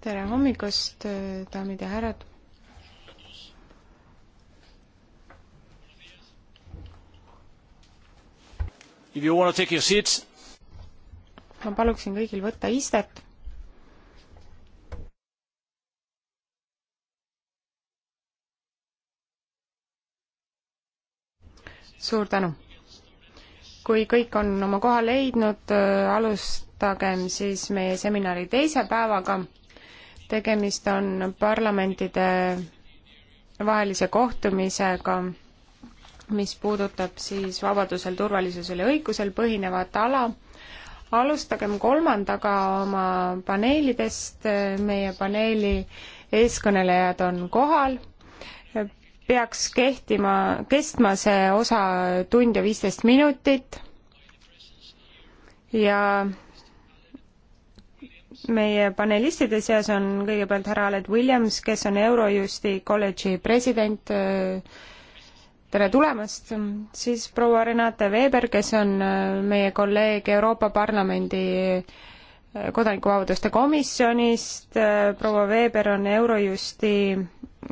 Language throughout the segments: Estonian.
tere hommikust, daamid ja härrad. ma paluksin kõigil võtta istet suur tänu! kui kõik on oma koha leidnud, äh, alustagem siis meie seminari teise päevaga. tegemist on parlamentide vahelise kohtumisega, mis puudutab siis vabadusel, turvalisusel ja õigusel põhinevat ala. alustagem kolmandaga oma paneelidest, meie paneeli eeskõnelejad on kohal peaks kehtima, kestma see osa tund ja viisteist minutit ja meie panelistide seas on kõigepealt härra Aled Williams, kes on Eurojusti kolledži president, tere tulemast, siis proua Renate Veber, kes on meie kolleeg Euroopa Parlamendi kodanikuvabaduste komisjonist, proua Veber on Eurojusti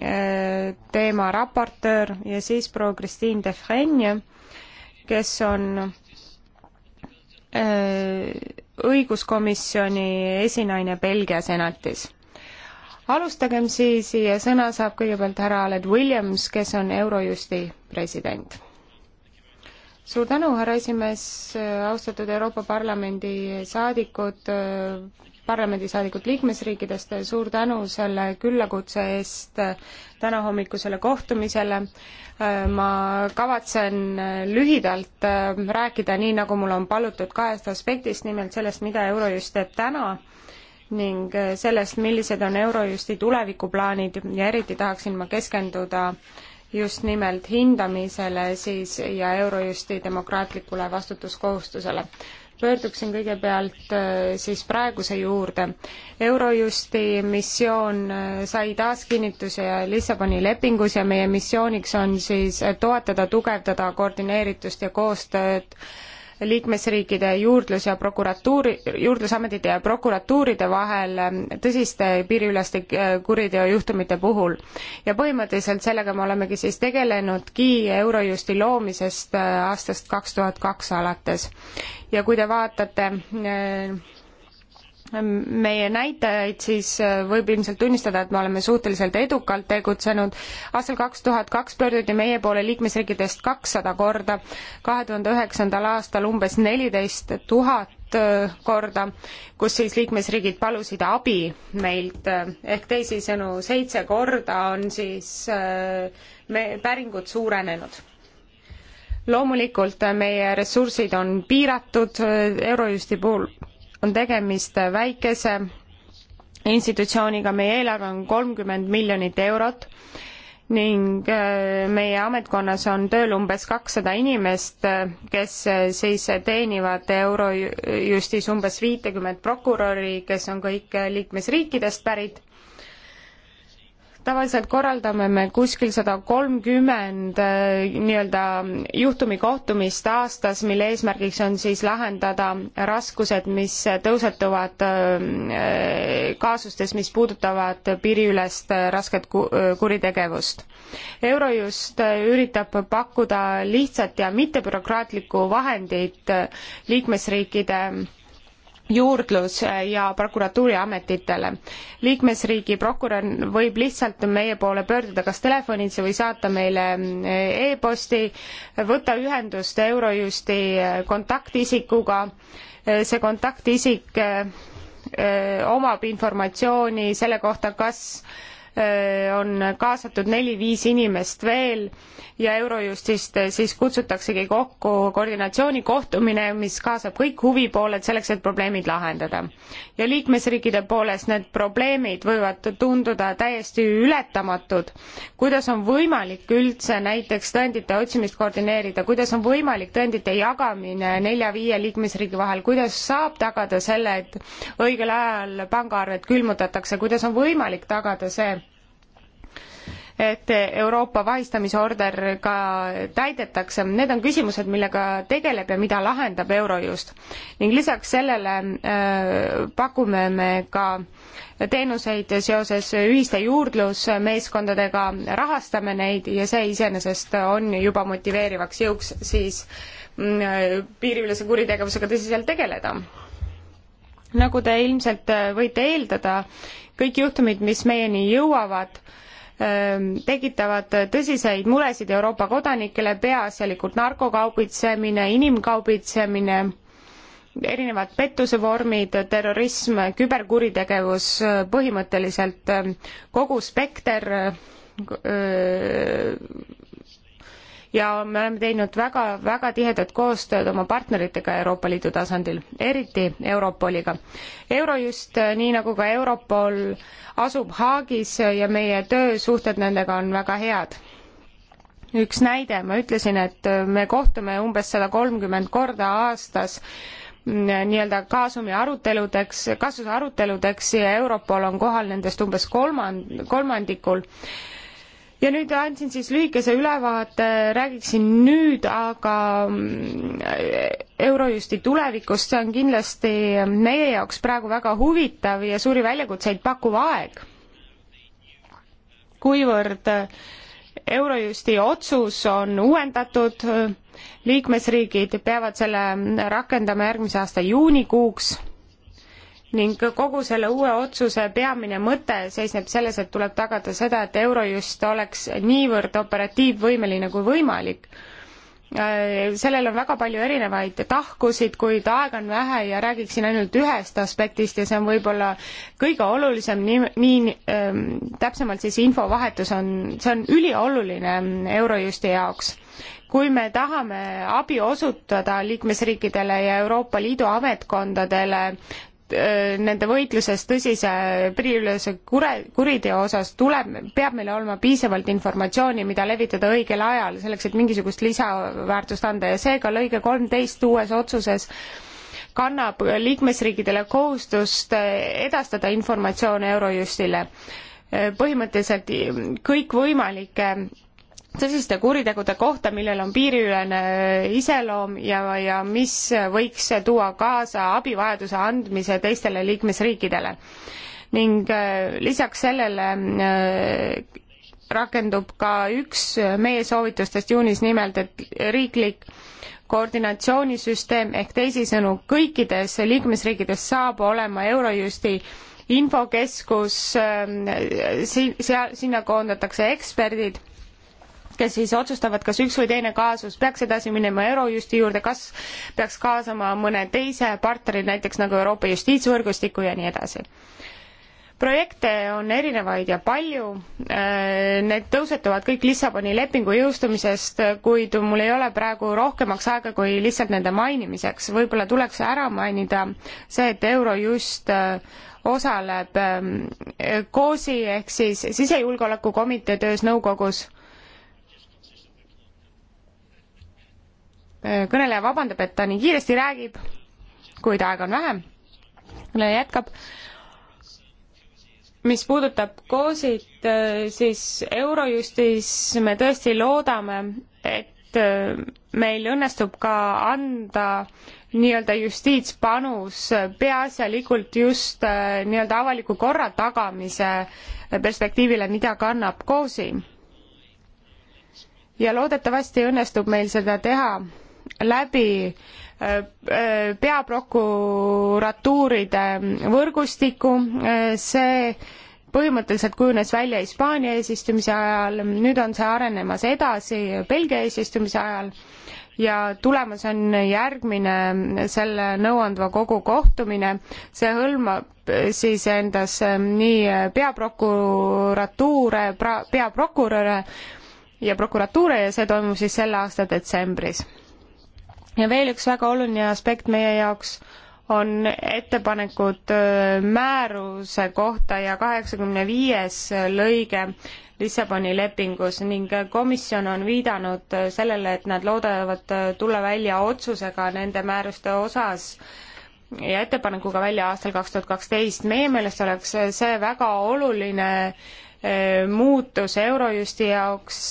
Äh, teema raportöör ja siis proua Christine Defrenne, kes on äh, õiguskomisjoni esinaine Belgia senatis. alustagem siis ja sõna saab kõigepealt härra Aled Williams, kes on Eurojusti president. suur tänu, härra esimees, äh, austatud Euroopa Parlamendi saadikud, parlamendisaadikud liikmesriikidest, suur tänu selle küllakutse eest tänahommikusele kohtumisele. ma kavatsen lühidalt äh, rääkida, nii nagu mul on palutud, kahest aspektist, nimelt sellest, mida Eurojust teeb täna ning äh, sellest, millised on Eurojusti tulevikuplaanid ja eriti tahaksin ma keskenduda just nimelt hindamisele siis ja Eurojusti demokraatlikule vastutuskohustusele pöörduksin kõigepealt äh, siis praeguse juurde. Eurojusti missioon äh, sai taas kinnituse Lissaboni lepingus ja meie missiooniks on siis äh, toetada, tugevdada koordineeritust ja koostööd liikmesriikide juurdlus ja prokuratuuri, juurdlusametite ja prokuratuuride vahel ähm, tõsiste piiriüleste äh, kuriteojuhtumite puhul. ja põhimõtteliselt sellega me olemegi siis tegelenudki Eurojusti loomisest äh, aastast kaks tuhat kaks alates. ja kui te vaatate äh, meie näitajaid, siis äh, võib ilmselt tunnistada, et me oleme suhteliselt edukalt tegutsenud. aastal kaks tuhat kaks pöörduti meie poole liikmesriikidest kakssada korda, kahe tuhande üheksandal aastal umbes neliteist tuhat äh, korda, kus siis liikmesriigid palusid abi meilt, äh, ehk teisisõnu, seitse korda on siis me päringud suurenenud loomulikult meie ressursid on piiratud, Eurojusti puhul on tegemist väikese institutsiooniga, meie eelarve on kolmkümmend miljonit eurot ning äh, meie ametkonnas on tööl umbes kakssada inimest, äh, kes äh, siis teenivad Eurojustis umbes viitekümmet prokuröri, kes on kõik liikmesriikidest pärit tavaliselt korraldame me kuskil sada kolmkümmend äh, nii-öelda juhtumikohtumist aastas, mille eesmärgiks on siis lahendada raskused, mis tõusetuvad äh, kaasustes, mis puudutavad piiriülest äh, rasket kuritegevust. Eurojust üritab pakkuda lihtsat ja mittebürokraatlikku vahendit liikmesriikide juurdlus ja prokuratuuri ametitele. liikmesriigi prokurör võib lihtsalt meie poole pöörduda kas telefonitsi või saata meile e-posti, võtta ühendust Eurojusti kontaktisikuga, see kontaktisik eh, eh, omab informatsiooni selle kohta, kas Äh, on kaasatud neli-viis inimest veel ja Eurojustist äh, siis kutsutaksegi kokku koordinatsioonikohtumine, mis kaasab kõik huvipooled selleks, et probleemid lahendada. ja liikmesriikide poolest need probleemid võivad tunduda täiesti ületamatud. kuidas on võimalik üldse näiteks tõendite otsimist koordineerida, kuidas on võimalik tõendite jagamine nelja-viie liikmesriigi vahel, kuidas saab tagada selle, et õigel ajal pangaarved külmutatakse, kuidas on võimalik tagada see, et Euroopa vahistamisorder ka täidetakse. Need on küsimused, millega tegeleb ja mida lahendab Eurojust. ning lisaks sellele äh, pakume me ka teenuseid seoses ühiste juurdlusmeeskondadega, rahastame neid ja see iseenesest on juba motiveerivaks jõuks siis mm, piiriülese kuritegevusega tõsiselt tegeleda. nagu te ilmselt võite eeldada, kõik juhtumid, mis meieni jõuavad, Ähm, tekitavad tõsiseid muresid Euroopa kodanikele, peaasjalikult narkokaubitsemine, inimkaubitsemine, erinevad pettusevormid, terrorism, küberkuritegevus, põhimõtteliselt ähm, kogu spekter äh, ja me oleme teinud väga, väga tihedat koostööd oma partneritega Euroopa Liidu tasandil, eriti Europoliga. Eurojust, nii nagu ka Europol, asub Haagis ja meie töösuhted nendega on väga head üks näide, ma ütlesin, et me kohtume umbes sada kolmkümmend korda aastas nii-öelda kaasumi aruteludeks, kaasuse aruteludeks ja Europol on kohal nendest umbes kolmand-, kolmandikul ja nüüd andsin siis lühikese ülevaate, räägiksin nüüd aga mm, Eurojusti tulevikust, see on kindlasti meie jaoks praegu väga huvitav ja suuri väljakutseid pakkuv aeg. kuivõrd Eurojusti otsus on uuendatud, liikmesriigid peavad selle rakendama järgmise aasta juunikuuks ning kogu selle uue otsuse peamine mõte seisneb selles, et tuleb tagada seda, et Eurojust oleks niivõrd operatiivvõimeline kui võimalik. Äh, sellel on väga palju erinevaid tahkusid, kuid aega on vähe ja räägiksin ainult ühest aspektist ja see on võib-olla kõige olulisem, nii, nii ähm, täpsemalt siis infovahetus on, see on ülioluline Eurojusti jaoks kui me tahame abi osutada liikmesriikidele ja Euroopa Liidu ametkondadele Äh, nende võitluses tõsise piiriülese kure, kuriteo osas tuleb, peab meil olema piisavalt informatsiooni, mida levitada õigel ajal, selleks et mingisugust lisaväärtust anda ja seega lõige kolmteist uues otsuses kannab liikmesriikidele kohustust äh, edastada informatsioon Eurojustile äh, põhimõtteliselt kõikvõimalike tõsiste kuritegude kohta, millel on piiriülene äh, iseloom ja, ja mis võiks tuua kaasa abivajaduse andmise teistele liikmesriikidele. ning äh, lisaks sellele äh, rakendub ka üks meie soovitustest juunis, nimelt et riiklik koordinatsioonisüsteem ehk teisisõnu kõikides liikmesriikides saab olema Eurojusti infokeskus, siin, seal, sinna koondatakse eksperdid kes siis otsustavad, kas üks või teine kaasus peaks edasi minema Eurojusti juurde, kas peaks kaasama mõne teise partneri, näiteks nagu Euroopa justiitsvõrgustiku ja nii edasi projekte on erinevaid ja palju, äh, need tõusetuvad kõik Lissaboni lepingu jõustumisest, kuid mul ei ole praegu rohkemaks aega kui lihtsalt nende mainimiseks, võib-olla tuleks ära mainida see, et Eurojust äh, osaleb COSI ähm, ehk siis sisejulgeolekukomitee töös nõukogus kõneleja vabandab, et ta nii kiiresti räägib, kuid aega on vähem. kõneleja jätkab. mis puudutab koosid, siis Eurojustis me tõesti loodame, et meil õnnestub ka anda nii-öelda justiitspanus peaasjalikult just äh, nii-öelda avaliku korra tagamise perspektiivile, mida kannab koosi ja loodetavasti õnnestub meil seda teha läbi äh, äh, peaprokuratuuride võrgustiku, äh, see põhimõtteliselt kujunes välja Hispaania eesistumise ajal, nüüd on see arenemas edasi Belgia eesistumise ajal ja tulemas on järgmine selle nõuandva kogu kohtumine, see hõlmab siis endas nii peaprokuratuure, peaprokuröre ja prokuratuure ja see toimub siis selle aasta detsembris ja veel üks väga oluline aspekt meie jaoks on ettepanekud määruse kohta ja kaheksakümne viies lõige Lissaboni lepingus ning komisjon on viidanud sellele, et nad loodavad tulla välja otsusega nende määruste osas ja ettepanekuga välja aastal kaks tuhat kaksteist. meie meelest oleks see väga oluline muutus Eurojusti jaoks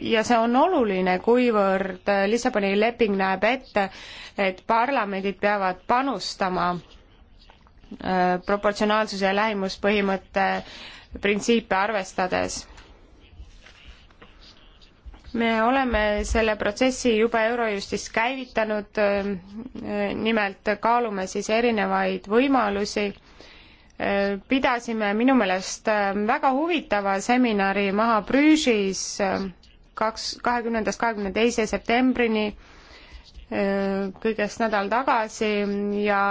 ja see on oluline, kuivõrd Lissaboni leping näeb ette, et parlamendid peavad panustama äh, proportsionaalsuse ja lähimuspõhimõtte printsiipe arvestades. me oleme selle protsessi juba Eurojustis käivitanud, äh, nimelt kaalume siis erinevaid võimalusi pidasime minu meelest äh, väga huvitava seminari maha Brüžis äh, kaks, kahekümnendast kahekümne teise septembrini äh, kõigest nädal tagasi ja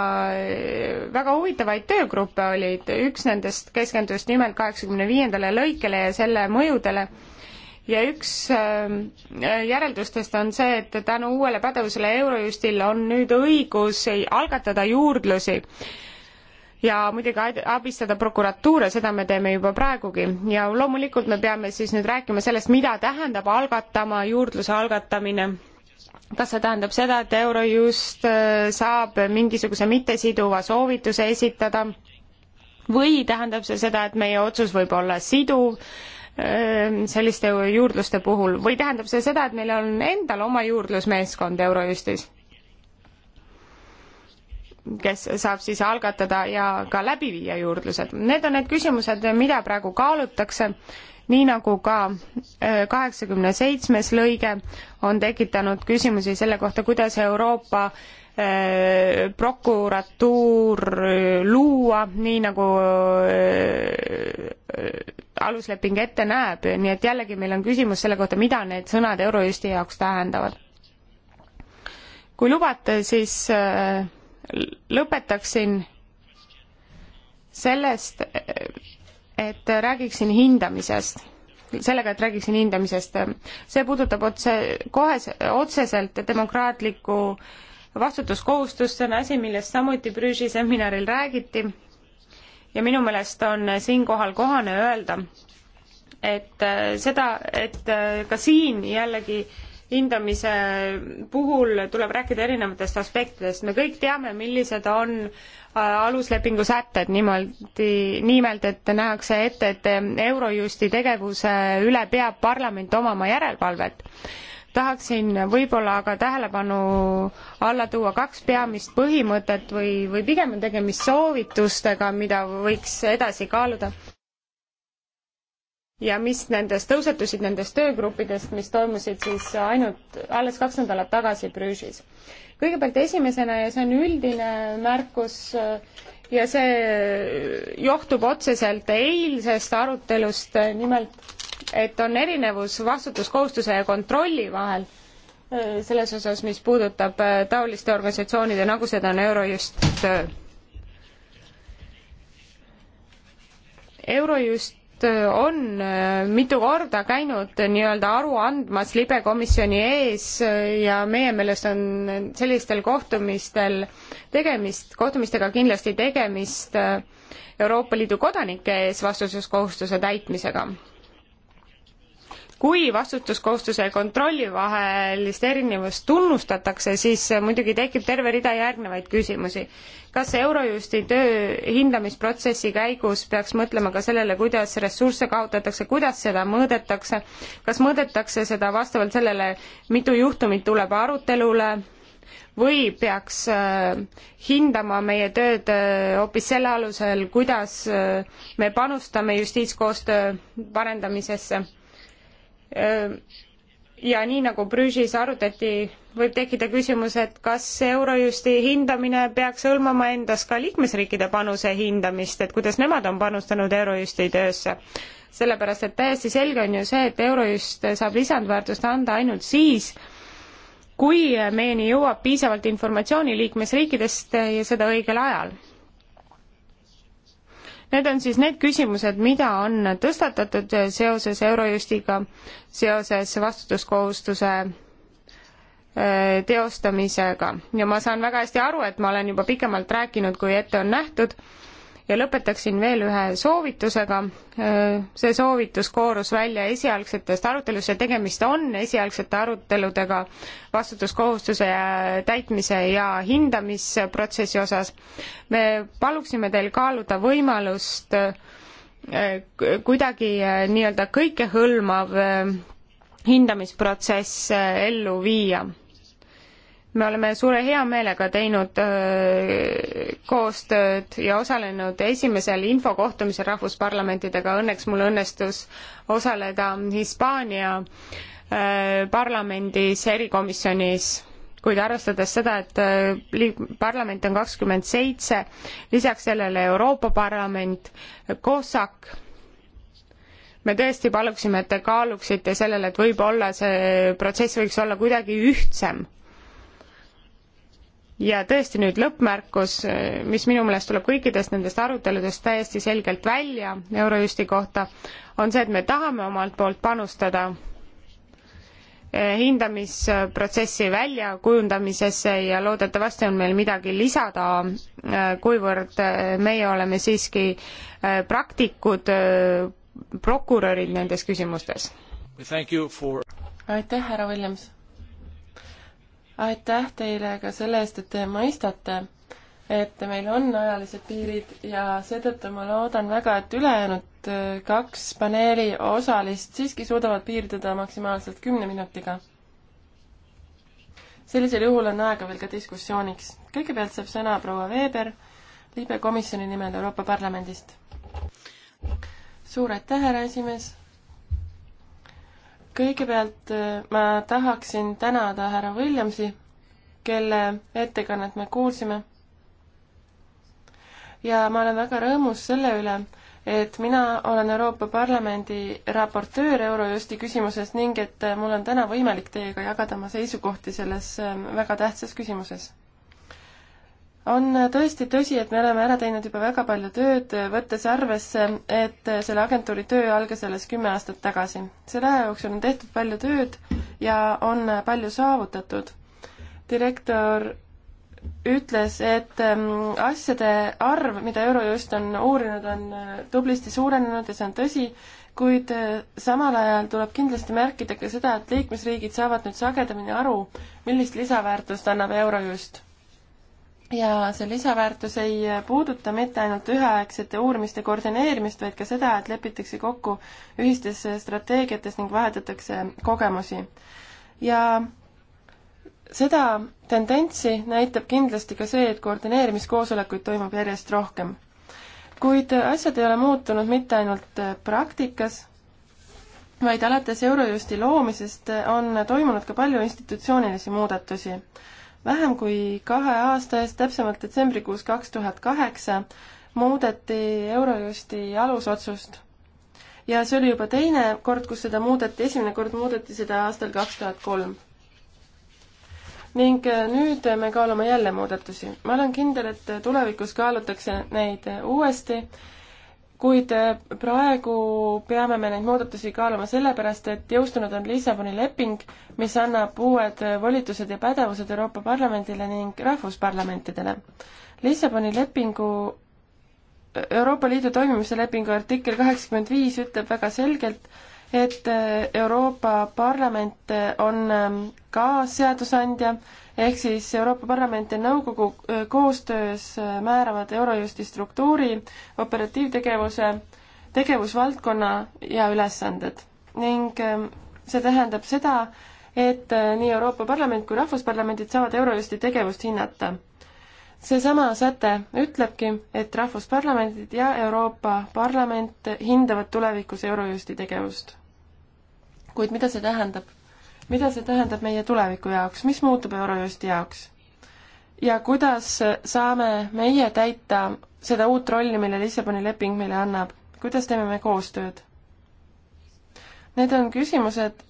väga huvitavaid töögruppe olid, üks nendest keskendus nimelt kaheksakümne viiendale lõikele ja selle mõjudele ja üks järeldustest on see, et tänu uuele pädevusele Eurojustil on nüüd õigus algatada juurdlusi ja muidugi abistada prokuratuure, seda me teeme juba praegugi ja loomulikult me peame siis nüüd rääkima sellest, mida tähendab algatama juurdluse algatamine kas see tähendab seda, et Eurojust äh, saab mingisuguse mittesiduva soovituse esitada või tähendab see seda, et meie otsus võib olla siduv äh, selliste juurdluste puhul või tähendab see seda, et meil on endal oma juurdlusmeeskond Eurojustis? kes saab siis algatada ja ka läbi viia juurdlused. Need on need küsimused, mida praegu kaalutakse, nii nagu ka äh, kaheksakümne seitsmes lõige on tekitanud küsimusi selle kohta, kuidas Euroopa äh, prokuratuur äh, luua, nii nagu alusleping ette näeb, nii et jällegi meil on küsimus selle kohta, mida need sõnad Eurojusti jaoks tähendavad. kui lubate, siis äh, lõpetaksin sellest, et räägiksin hindamisest, sellega, et räägiksin hindamisest. see puudutab otse, kohe, otseselt demokraatlikku vastutuskohustust, see on asi, millest samuti Brüži seminaril räägiti ja minu meelest on siinkohal kohane öelda, et äh, seda, et äh, ka siin jällegi äh, hindamise puhul tuleb rääkida erinevatest aspektidest. me kõik teame, millised on äh, aluslepingu sätted, niimoodi, nimelt et nähakse ette, et Eurojusti tegevuse üle peab parlament omama järelevalvet tahaksin võib-olla aga tähelepanu alla tuua kaks peamist põhimõtet või, või pigem on tegemist soovitustega, mida võiks edasi kaaluda ja mis nendest tõusetusid nendest töögruppidest, mis toimusid siis ainult alles kaks nädalat tagasi Brüžis. kõigepealt esimesena ja see on üldine märkus ja see johtub otseselt eilsest arutelust, nimelt et on erinevus vastutuskohustuse ja kontrolli vahel selles osas, mis puudutab äh, taoliste organisatsioonide, nagu seda on Eurojust. Äh, Eurojust Liit äh, on äh, mitu korda käinud äh, nii-öelda aru andmas libekomisjoni ees ja meie meelest on sellistel kohtumistel tegemist, kohtumistega kindlasti tegemist Euroopa Liidu kodanike ees vastutuskohustuse täitmisega kui vastutuskohustuse ja kontrolli vahelist erinevust tunnustatakse, siis muidugi tekib terve rida järgnevaid küsimusi. kas Eurojusti töö hindamisprotsessi käigus peaks mõtlema ka sellele, kuidas ressursse kaotatakse, kuidas seda mõõdetakse, kas mõõdetakse seda vastavalt sellele, mitu juhtumit tuleb arutelule, või peaks äh, hindama meie tööd äh, hoopis selle alusel, kuidas äh, me panustame justiitskoostöö parendamisesse Ehm, ja nii nagu Brüžis arutati, võib tekkida küsimus, et kas Eurojusti hindamine peaks hõlmama endas ka liikmesriikide panuse hindamist, et kuidas nemad on panustanud Eurojusti töösse. sellepärast, et täiesti selge on ju see, et Eurojust saab lisandväärtust anda ainult siis, kui meieni jõuab piisavalt informatsiooni liikmesriikidest ja seda õigel ajal Need on siis need küsimused, mida on tõstatatud seoses Eurojustiga, seoses vastutuskohustuse äh, teostamisega ja ma saan väga hästi aru, et ma olen juba pikemalt rääkinud, kui ette on nähtud ja lõpetaksin veel ühe soovitusega. see soovitus koorus välja esialgsetest arutelust ja tegemist on esialgsete aruteludega vastutuskohustuse äh, täitmise ja hindamisprotsessi osas. me paluksime teil kaaluda võimalust äh, kuidagi äh, nii-öelda kõikehõlmav hindamisprotsess ellu viia me oleme suure heameelega teinud öö, äh, koostööd ja osalenud esimesel infokohtumisel rahvusparlamentidega, õnneks mul õnnestus osaleda Hispaania öö, äh, parlamendis erikomisjonis, kuid arvestades seda, et öö, äh, parlament on kakskümmend seitse, lisaks sellele Euroopa Parlament, COSAC, me tõesti paluksime, et te kaaluksite sellele, et võib-olla see protsess võiks olla kuidagi ühtsem ja tõesti nüüd lõppmärkus, mis minu meelest tuleb kõikidest nendest aruteludest täiesti selgelt välja Eurojusti kohta, on see, et me tahame omalt poolt panustada eh, hindamisprotsessi väljakujundamisesse ja loodetavasti on meil midagi lisada, eh, kuivõrd eh, meie oleme siiski praktikud, prokurörid nendes küsimustes. For... aitäh, härra Williams! aitäh teile ka selle eest, et te mõistate, et meil on ajalised piirid ja seetõttu ma loodan väga, et ülejäänud äh, kaks paneeli osalist siiski suudavad piirduda maksimaalselt kümne minutiga. sellisel juhul on aega veel ka diskussiooniks. kõigepealt saab sõna proua Veeber, liibekomisjoni nimel Euroopa Parlamendist. suur aitäh, härra esimees kõigepealt äh, ma tahaksin tänada härra Williamsi, kelle ettekannet me kuulsime. ja ma olen väga rõõmus selle üle, et mina olen Euroopa Parlamendi raportöör Eurojusti küsimuses ning et äh, mul on täna võimalik teiega jagada oma seisukohti selles äh, väga tähtsas küsimuses on tõesti tõsi, et me oleme ära teinud juba väga palju tööd, võttes arvesse, et selle agentuuri töö algas alles kümme aastat tagasi. selle aja jooksul on tehtud palju tööd ja on palju saavutatud. direktor ütles, et mm, asjade arv, mida Eurojust on uurinud, on äh, tublisti suurenenud ja see on tõsi, kuid äh, samal ajal tuleb kindlasti märkida ka seda, et liikmesriigid saavad nüüd sagedamini aru, millist lisaväärtust annab Eurojust ja see lisaväärtus ei puuduta mitte ainult üheaegsete uurimiste koordineerimist, vaid ka seda, et lepitakse kokku ühistes strateegiates ning vahetatakse kogemusi. ja seda tendentsi näitab kindlasti ka see, et koordineerimiskoosolekuid toimub järjest rohkem. kuid asjad ei ole muutunud mitte ainult praktikas, vaid alates Eurojusti loomisest on toimunud ka palju institutsioonilisi muudatusi vähem kui kahe aasta eest, täpsemalt detsembrikuus kaks tuhat kaheksa, muudeti Eurojusti alusotsust. ja see oli juba teine kord, kus seda muudeti, esimene kord muudeti seda aastal kaks tuhat kolm. ning äh, nüüd me kaalume jälle muudatusi. ma olen kindel, et tulevikus kaalutakse neid uuesti kuid äh, praegu peame me neid muudatusi kaaluma sellepärast, et jõustunud on Lissaboni leping, mis annab uued äh, volitused ja pädevused Euroopa Parlamendile ning rahvusparlamentidele. Lissaboni lepingu, Euroopa Liidu toimimise lepingu artikkel kaheksakümmend viis ütleb väga selgelt, et äh, Euroopa Parlament äh, on ähm, ka seadusandja, ehk siis Euroopa Parlament ja Nõukogu äh, koostöös määravad Eurojusti struktuuri, operatiivtegevuse, tegevusvaldkonna ja ülesanded. ning ähm, see tähendab seda, et nii Euroopa Parlament kui Rahvusparlamendid saavad Eurojusti tegevust hinnata seesama säte ütlebki, et rahvusparlamendid ja Euroopa Parlament hindavad tulevikus Eurojusti tegevust kuid mida see tähendab? mida see tähendab meie tuleviku jaoks, mis muutub Eurojusti jaoks? ja kuidas saame meie täita seda uut rolli, mille Lissaboni leping meile annab? kuidas teeme me koostööd? Need on küsimused,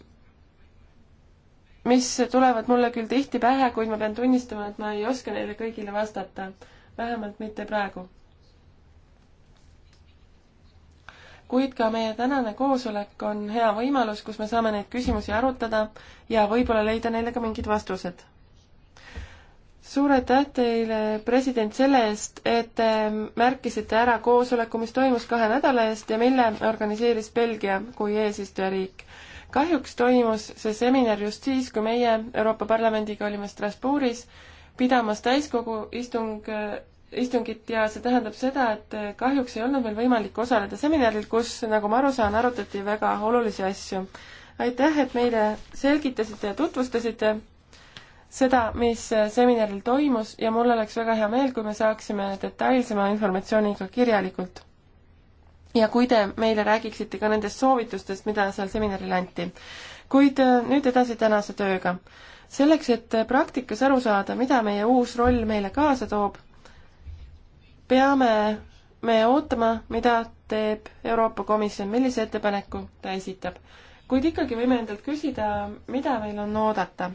mis tulevad mulle küll tihti pähe, kuid ma pean tunnistama, et ma ei oska neile kõigile vastata. vähemalt mitte praegu kuid ka meie tänane koosolek on hea võimalus, kus me saame neid küsimusi arutada ja võib-olla leida neile ka mingid vastused. suur aitäh teile, president, selle eest, et te märkisite ära koosoleku, mis toimus kahe nädala eest ja mille organiseeris Belgia kui eesistujariik. kahjuks toimus see seminar just siis, kui meie Euroopa Parlamendiga olime Strasbourgis pidamas täiskogu istung istungit ja see tähendab seda, et kahjuks ei olnud meil võimalik osaleda seminaril, kus, nagu ma aru saan, arutati väga olulisi asju. aitäh, et meile selgitasite ja tutvustasite seda, mis seminaril toimus ja mul oleks väga hea meel, kui me saaksime detailsema informatsiooni ka kirjalikult. ja kui te meile räägiksite ka nendest soovitustest, mida seal seminaril anti. kuid äh, nüüd edasi tänase tööga. selleks, et praktikas aru saada, mida meie uus roll meile kaasa toob peame me ootama, mida teeb Euroopa Komisjon, millise ettepaneku ta esitab. kuid ikkagi võime endalt küsida, mida meil on oodata.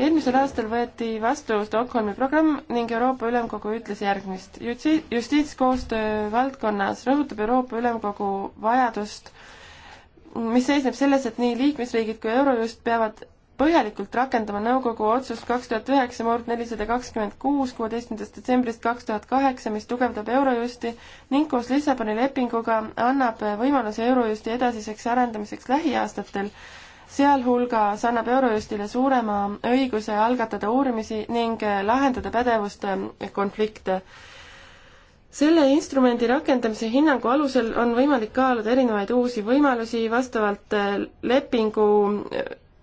eelmisel aastal võeti vastu Stockholmi programm ning Euroopa Ülemkogu ütles järgmist. justiitskoostöö valdkonnas rõhutab Euroopa Ülemkogu vajadust mis seisneb selles, et nii liikmesriigid kui Eurojust peavad põhjalikult rakendama nõukogu otsust kaks tuhat üheksa murd nelisada kakskümmend kuus kuueteistkümnendast detsembrist kaks tuhat kaheksa, mis tugevdab Eurojusti ning koos Lissaboni lepinguga annab võimaluse Eurojusti edasiseks arendamiseks lähiaastatel. sealhulgas annab Eurojustile suurema õiguse algatada uurimisi ning lahendada pädevuste konflikte selle instrumendi rakendamise hinnangu alusel on võimalik kaaluda erinevaid uusi võimalusi vastavalt lepingu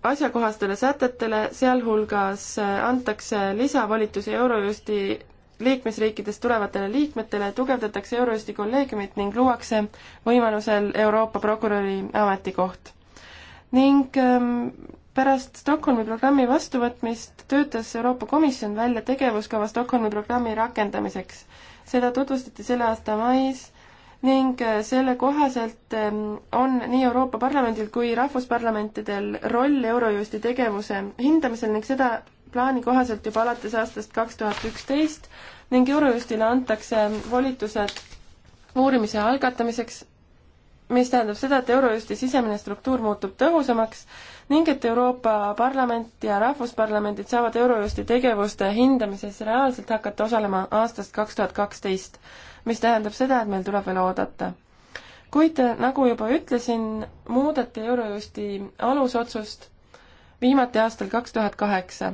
asjakohastele sätetele, sealhulgas äh, antakse lisavolitusi Eurojusti liikmesriikidest tulevatele liikmetele, tugevdatakse Eurojusti kolleegiumit ning luuakse võimalusel Euroopa prokuröri ametikoht. ning ähm, pärast Stockholmi programmi vastuvõtmist töötas Euroopa Komisjon välja tegevuskava Stockholmi programmi rakendamiseks. seda tutvustati selle aasta mais ning äh, selle kohaselt ähm, on nii Euroopa Parlamendil kui rahvusparlamentidel roll Eurojusti tegevuse hindamisel ning seda plaani kohaselt juba alates aastast kaks tuhat üksteist ning Eurojustile antakse volitused uurimise algatamiseks mis tähendab seda, et Eurojusti sisemine struktuur muutub tõhusamaks ning et Euroopa Parlament ja rahvusparlamendid saavad Eurojusti tegevuste hindamises reaalselt hakata osalema aastast kaks tuhat kaksteist, mis tähendab seda, et meil tuleb veel oodata. kuid nagu juba ütlesin, muudeti Eurojusti alusotsust viimati aastal kaks tuhat kaheksa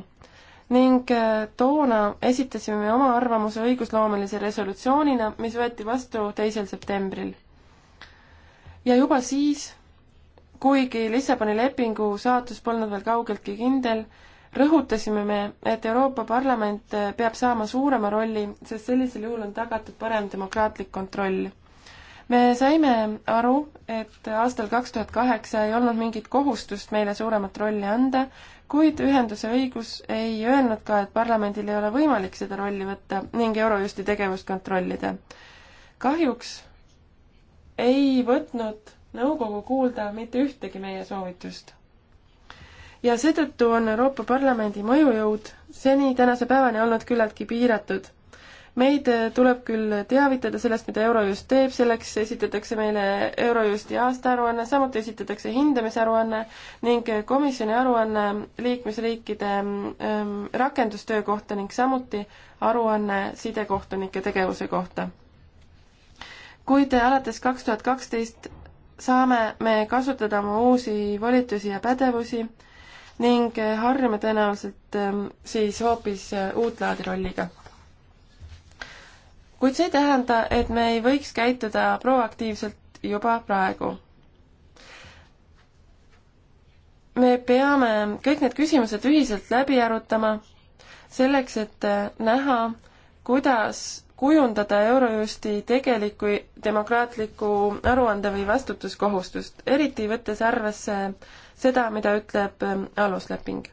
ning äh, toona esitasime oma arvamuse õigusloomelise resolutsioonina, mis võeti vastu teisel septembril ja juba siis, kuigi Lissaboni lepingu saatus polnud veel kaugeltki kindel, rõhutasime me, et Euroopa Parlament äh, peab saama suurema rolli, sest sellisel juhul on tagatud parem demokraatlik kontroll. me saime aru, et aastal kaks tuhat kaheksa ei olnud mingit kohustust meile suuremat rolli anda, kuid ühenduse õigus ei öelnud ka, et parlamendil ei ole võimalik seda rolli võtta ning Eurojusti tegevust kontrollida. kahjuks ei võtnud nõukogu kuulda mitte ühtegi meie soovitust. ja seetõttu on Euroopa Parlamendi mõjujõud seni tänase päevani olnud küllaltki piiratud. meid tuleb küll teavitada sellest, mida Eurojust teeb, selleks esitatakse meile Eurojusti aastaaruanne, samuti esitatakse hindamisaruanne ning komisjoni aruanne liikmesriikide ähm, rakendustöö kohta ning samuti aruanne sidekohtunike tegevuse kohta kuid alates kaks tuhat kaksteist saame me kasutada oma uusi volitusi ja pädevusi ning harjume tõenäoliselt ähm, siis hoopis äh, uut laadi rolliga. kuid see ei tähenda, et me ei võiks käituda proaktiivselt juba praegu. me peame kõik need küsimused ühiselt läbi arutama, selleks et äh, näha, kuidas kujundada Eurojusti tegelikku demokraatlikku aruande või vastutuskohustust, eriti võttes arvesse seda, mida ütleb ähm, alusleping.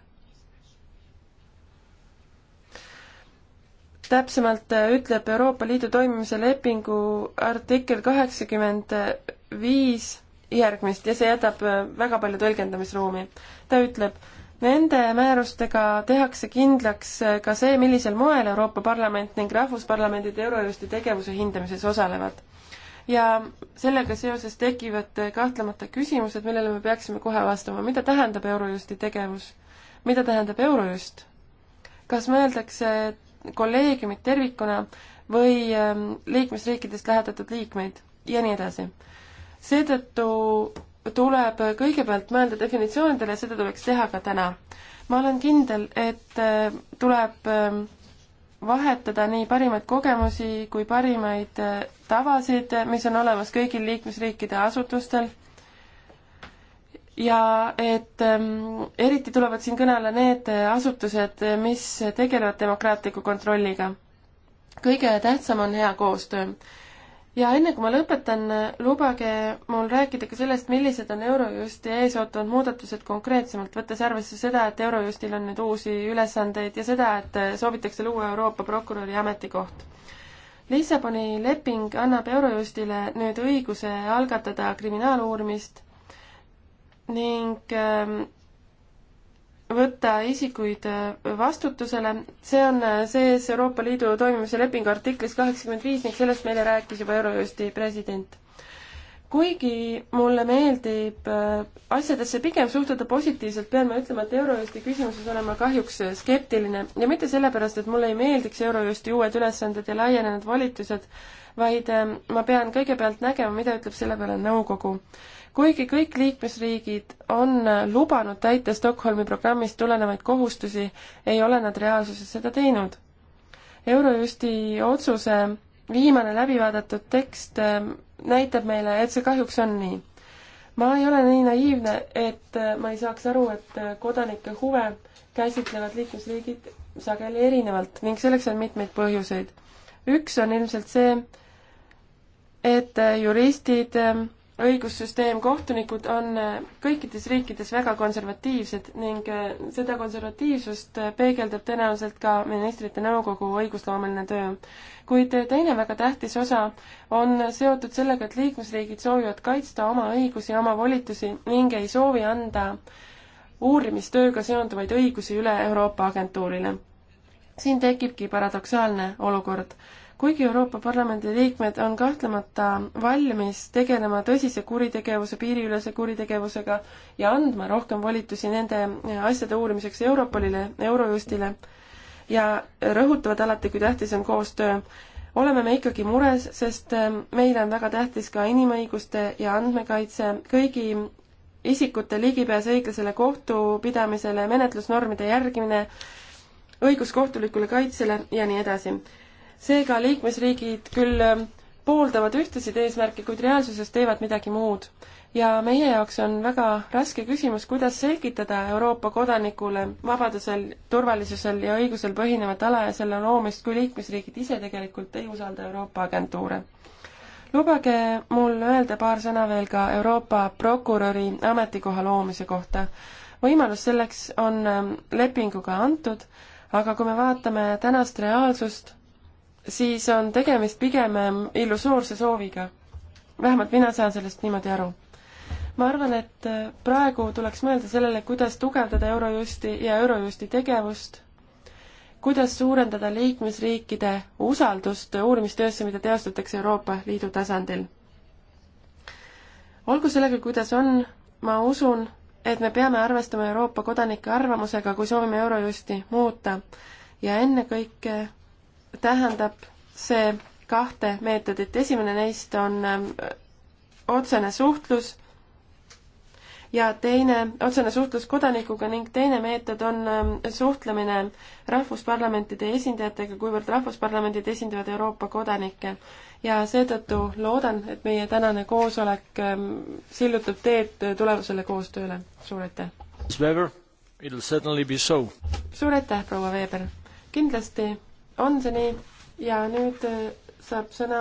täpsemalt äh, ütleb Euroopa Liidu toimimise lepingu artikkel kaheksakümmend viis järgmist ja see jätab äh, väga palju tõlgendamisruumi. ta ütleb, Nende määrustega tehakse kindlaks äh, ka see, millisel moel Euroopa Parlament ning rahvusparlamendid Eurojusti tegevuse hindamises osalevad. ja sellega seoses tekivad äh, kahtlemata küsimused, millele me peaksime kohe vastama. mida tähendab Eurojusti tegevus? mida tähendab Eurojust? kas mõeldakse kolleegiumit tervikuna või ähm, liikmesriikidest lähetatud liikmeid ja nii edasi? seetõttu tuleb kõigepealt mõelda definitsioonidele, seda tuleks teha ka täna. ma olen kindel, et äh, tuleb äh, vahetada nii parimaid kogemusi kui parimaid äh, tavasid, mis on olemas kõigil liikmesriikide asutustel. ja et ähm, eriti tulevad siin kõne alla need asutused, mis tegelevad demokraatliku kontrolliga. kõige tähtsam on hea koostöö ja enne kui ma lõpetan, lubage mul rääkida ka sellest, millised on Eurojusti ees ootavad muudatused konkreetsemalt, võttes arvesse seda, et Eurojustil on nüüd uusi ülesandeid ja seda, et soovitakse luua Euroopa prokuröri ametikoht. Lissaboni leping annab Eurojustile nüüd õiguse algatada kriminaaluurimist ning ähm, võtta isikuid äh, vastutusele, see on äh, sees Euroopa Liidu toimimise lepingu artiklis kaheksakümmend viis ning sellest meile rääkis juba Eurojusti president. kuigi mulle meeldib äh, asjadesse pigem suhtuda positiivselt, pean ma ütlema, et Eurojusti küsimuses olen ma kahjuks skeptiline ja mitte sellepärast, et mulle ei meeldiks Eurojusti uued ülesanded ja laienenud volitused, vaid ma pean kõigepealt nägema, mida ütleb selle peale nõukogu no kuigi kõik liikmesriigid on äh, lubanud täita Stockholmi programmist tulenevaid kohustusi, ei ole nad reaalsuses seda teinud. Eurojusti otsuse viimane läbivaadatud tekst äh, näitab meile, et see kahjuks on nii. ma ei ole nii naiivne, et äh, ma ei saaks aru, et kodanike huve käsitlevad liikmesriigid sageli erinevalt ning selleks on mitmeid põhjuseid. üks on ilmselt see, et juristid õigussüsteem, kohtunikud on äh, kõikides riikides väga konservatiivsed ning äh, seda konservatiivsust äh, peegeldab tõenäoliselt ka ministrite nõukogu õigusloomeline töö. kuid teine väga tähtis osa on seotud sellega, et liikmesriigid soovivad kaitsta oma õigusi, oma volitusi ning ei soovi anda uurimistööga seonduvaid õigusi üle Euroopa agentuurile. siin tekibki paradoksaalne olukord kuigi Euroopa Parlamendi liikmed on kahtlemata valmis tegelema tõsise kuritegevuse, piiriülese kuritegevusega ja andma rohkem volitusi nende asjade uurimiseks Europolile, Eurojustile ja rõhutavad alati, kui tähtis on koostöö, oleme me ikkagi mures, sest meile on väga tähtis ka inimõiguste ja andmekaitse, kõigi isikute ligipääs õiglasele kohtupidamisele, menetlusnormide järgimine, õigus kohtulikule kaitsele ja nii edasi seega liikmesriigid küll ähm, pooldavad ühtesid eesmärke, kuid reaalsuses teevad midagi muud. ja meie jaoks on väga raske küsimus, kuidas selgitada Euroopa kodanikule vabadusel, turvalisusel ja õigusel põhinevat ala ja selle loomist, kui liikmesriigid ise tegelikult ei usalda Euroopa agentuure. lubage mul öelda paar sõna veel ka Euroopa prokuröri ametikoha loomise kohta. võimalus selleks on ähm, lepinguga antud, aga kui me vaatame tänast reaalsust, siis on tegemist pigem ähm, illusoorse sooviga. vähemalt mina saan sellest niimoodi aru. ma arvan, et äh, praegu tuleks mõelda sellele, kuidas tugevdada Eurojusti ja Eurojusti tegevust, kuidas suurendada liikmesriikide usaldust uurimistöösse, mida teostatakse Euroopa Liidu tasandil. olgu sellega, kuidas on, ma usun, et me peame arvestama Euroopa kodanike arvamusega, kui soovime Eurojusti muuta ja ennekõike tähendab see kahte meetodit. esimene neist on ähm, otsene suhtlus ja teine, otsene suhtlus kodanikuga ning teine meetod on ähm, suhtlemine rahvusparlamentide esindajatega, kuivõrd rahvusparlamendid esindavad Euroopa kodanikke. ja seetõttu loodan, et meie tänane koosolek ähm, sillutab teed tulevasele koostööle. suur aitäh! suur aitäh, proua Weber! kindlasti on see nii? ja nüüd äh, saab sõna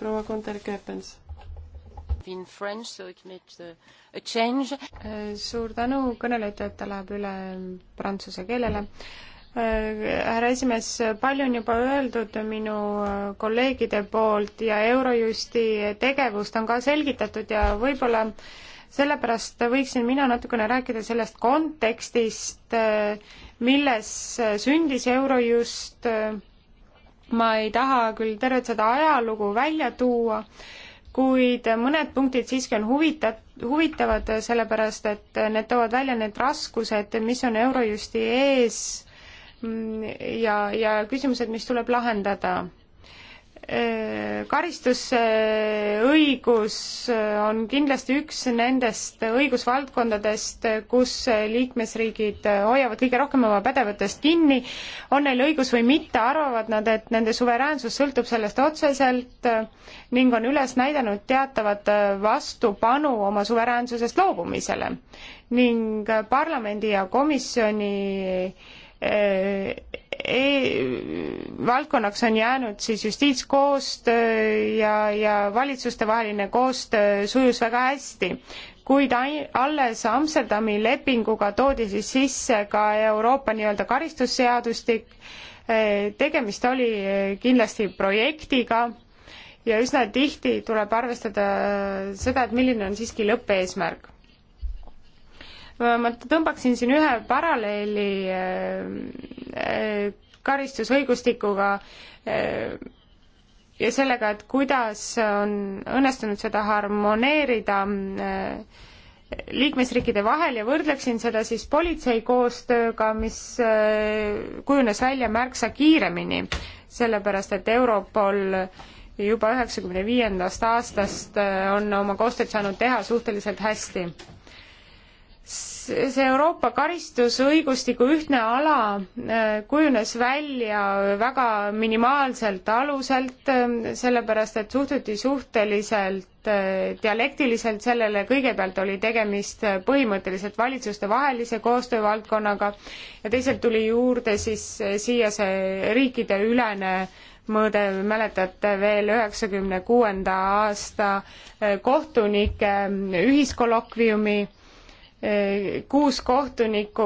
proua Konter-Kööpens. In French, so it makes a, a change. Äh, suur tänu kõnelejatele, et ta läheb üle prantsuse keelele. Äh, härra esimees, palju on juba öeldud minu kolleegide poolt ja Eurojusti tegevust on ka selgitatud ja võib-olla äh, sellepärast võiksin mina natukene rääkida sellest kontekstist, milles sündis Eurojust. ma ei taha küll tervet seda ajalugu välja tuua, kuid mõned punktid siiski on huvitavad, huvitavad, sellepärast et need toovad välja need raskused, mis on Eurojusti ees mm, ja, ja küsimused, mis tuleb lahendada karistusõigus on kindlasti üks nendest õigusvaldkondadest, kus liikmesriigid hoiavad kõige rohkem oma pädevutest kinni, on neil õigus või mitte, arvavad nad, et nende suveräänsus sõltub sellest otseselt ning on üles näidanud teatavat vastupanu oma suveräänsusest loobumisele. ning parlamendi ja komisjoni eh, e valdkonnaks on jäänud siis justiitskoostöö ja, ja valitsustevaheline koostöö sujus väga hästi, kuid alles Amsterdami lepinguga toodi siis sisse ka Euroopa nii-öelda karistusseadustik, e, tegemist oli kindlasti projektiga ja üsna tihti tuleb arvestada seda, et milline on siiski lõppeesmärk Äh, ma tõmbaksin siin ühe paralleeli äh, äh, karistusõigustikuga ja sellega, et kuidas on õnnestunud seda harmoneerida liikmesriikide vahel ja võrdleksin seda siis politsei koostööga, mis kujunes välja märksa kiiremini, sellepärast et Europol juba üheksakümne viiendast aastast on oma koostööd saanud teha suhteliselt hästi see Euroopa karistusõigustiku ühtne ala äh, kujunes välja väga minimaalselt aluselt, äh, sellepärast et suhtuti suhteliselt äh, dialektiliselt sellele, kõigepealt oli tegemist põhimõtteliselt valitsustevahelise koostöövaldkonnaga ja teisalt tuli juurde siis siia see riikideülene mõõde, mäletate veel üheksakümne kuuenda aasta kohtunike ühiskolokviumi kuus kohtunikku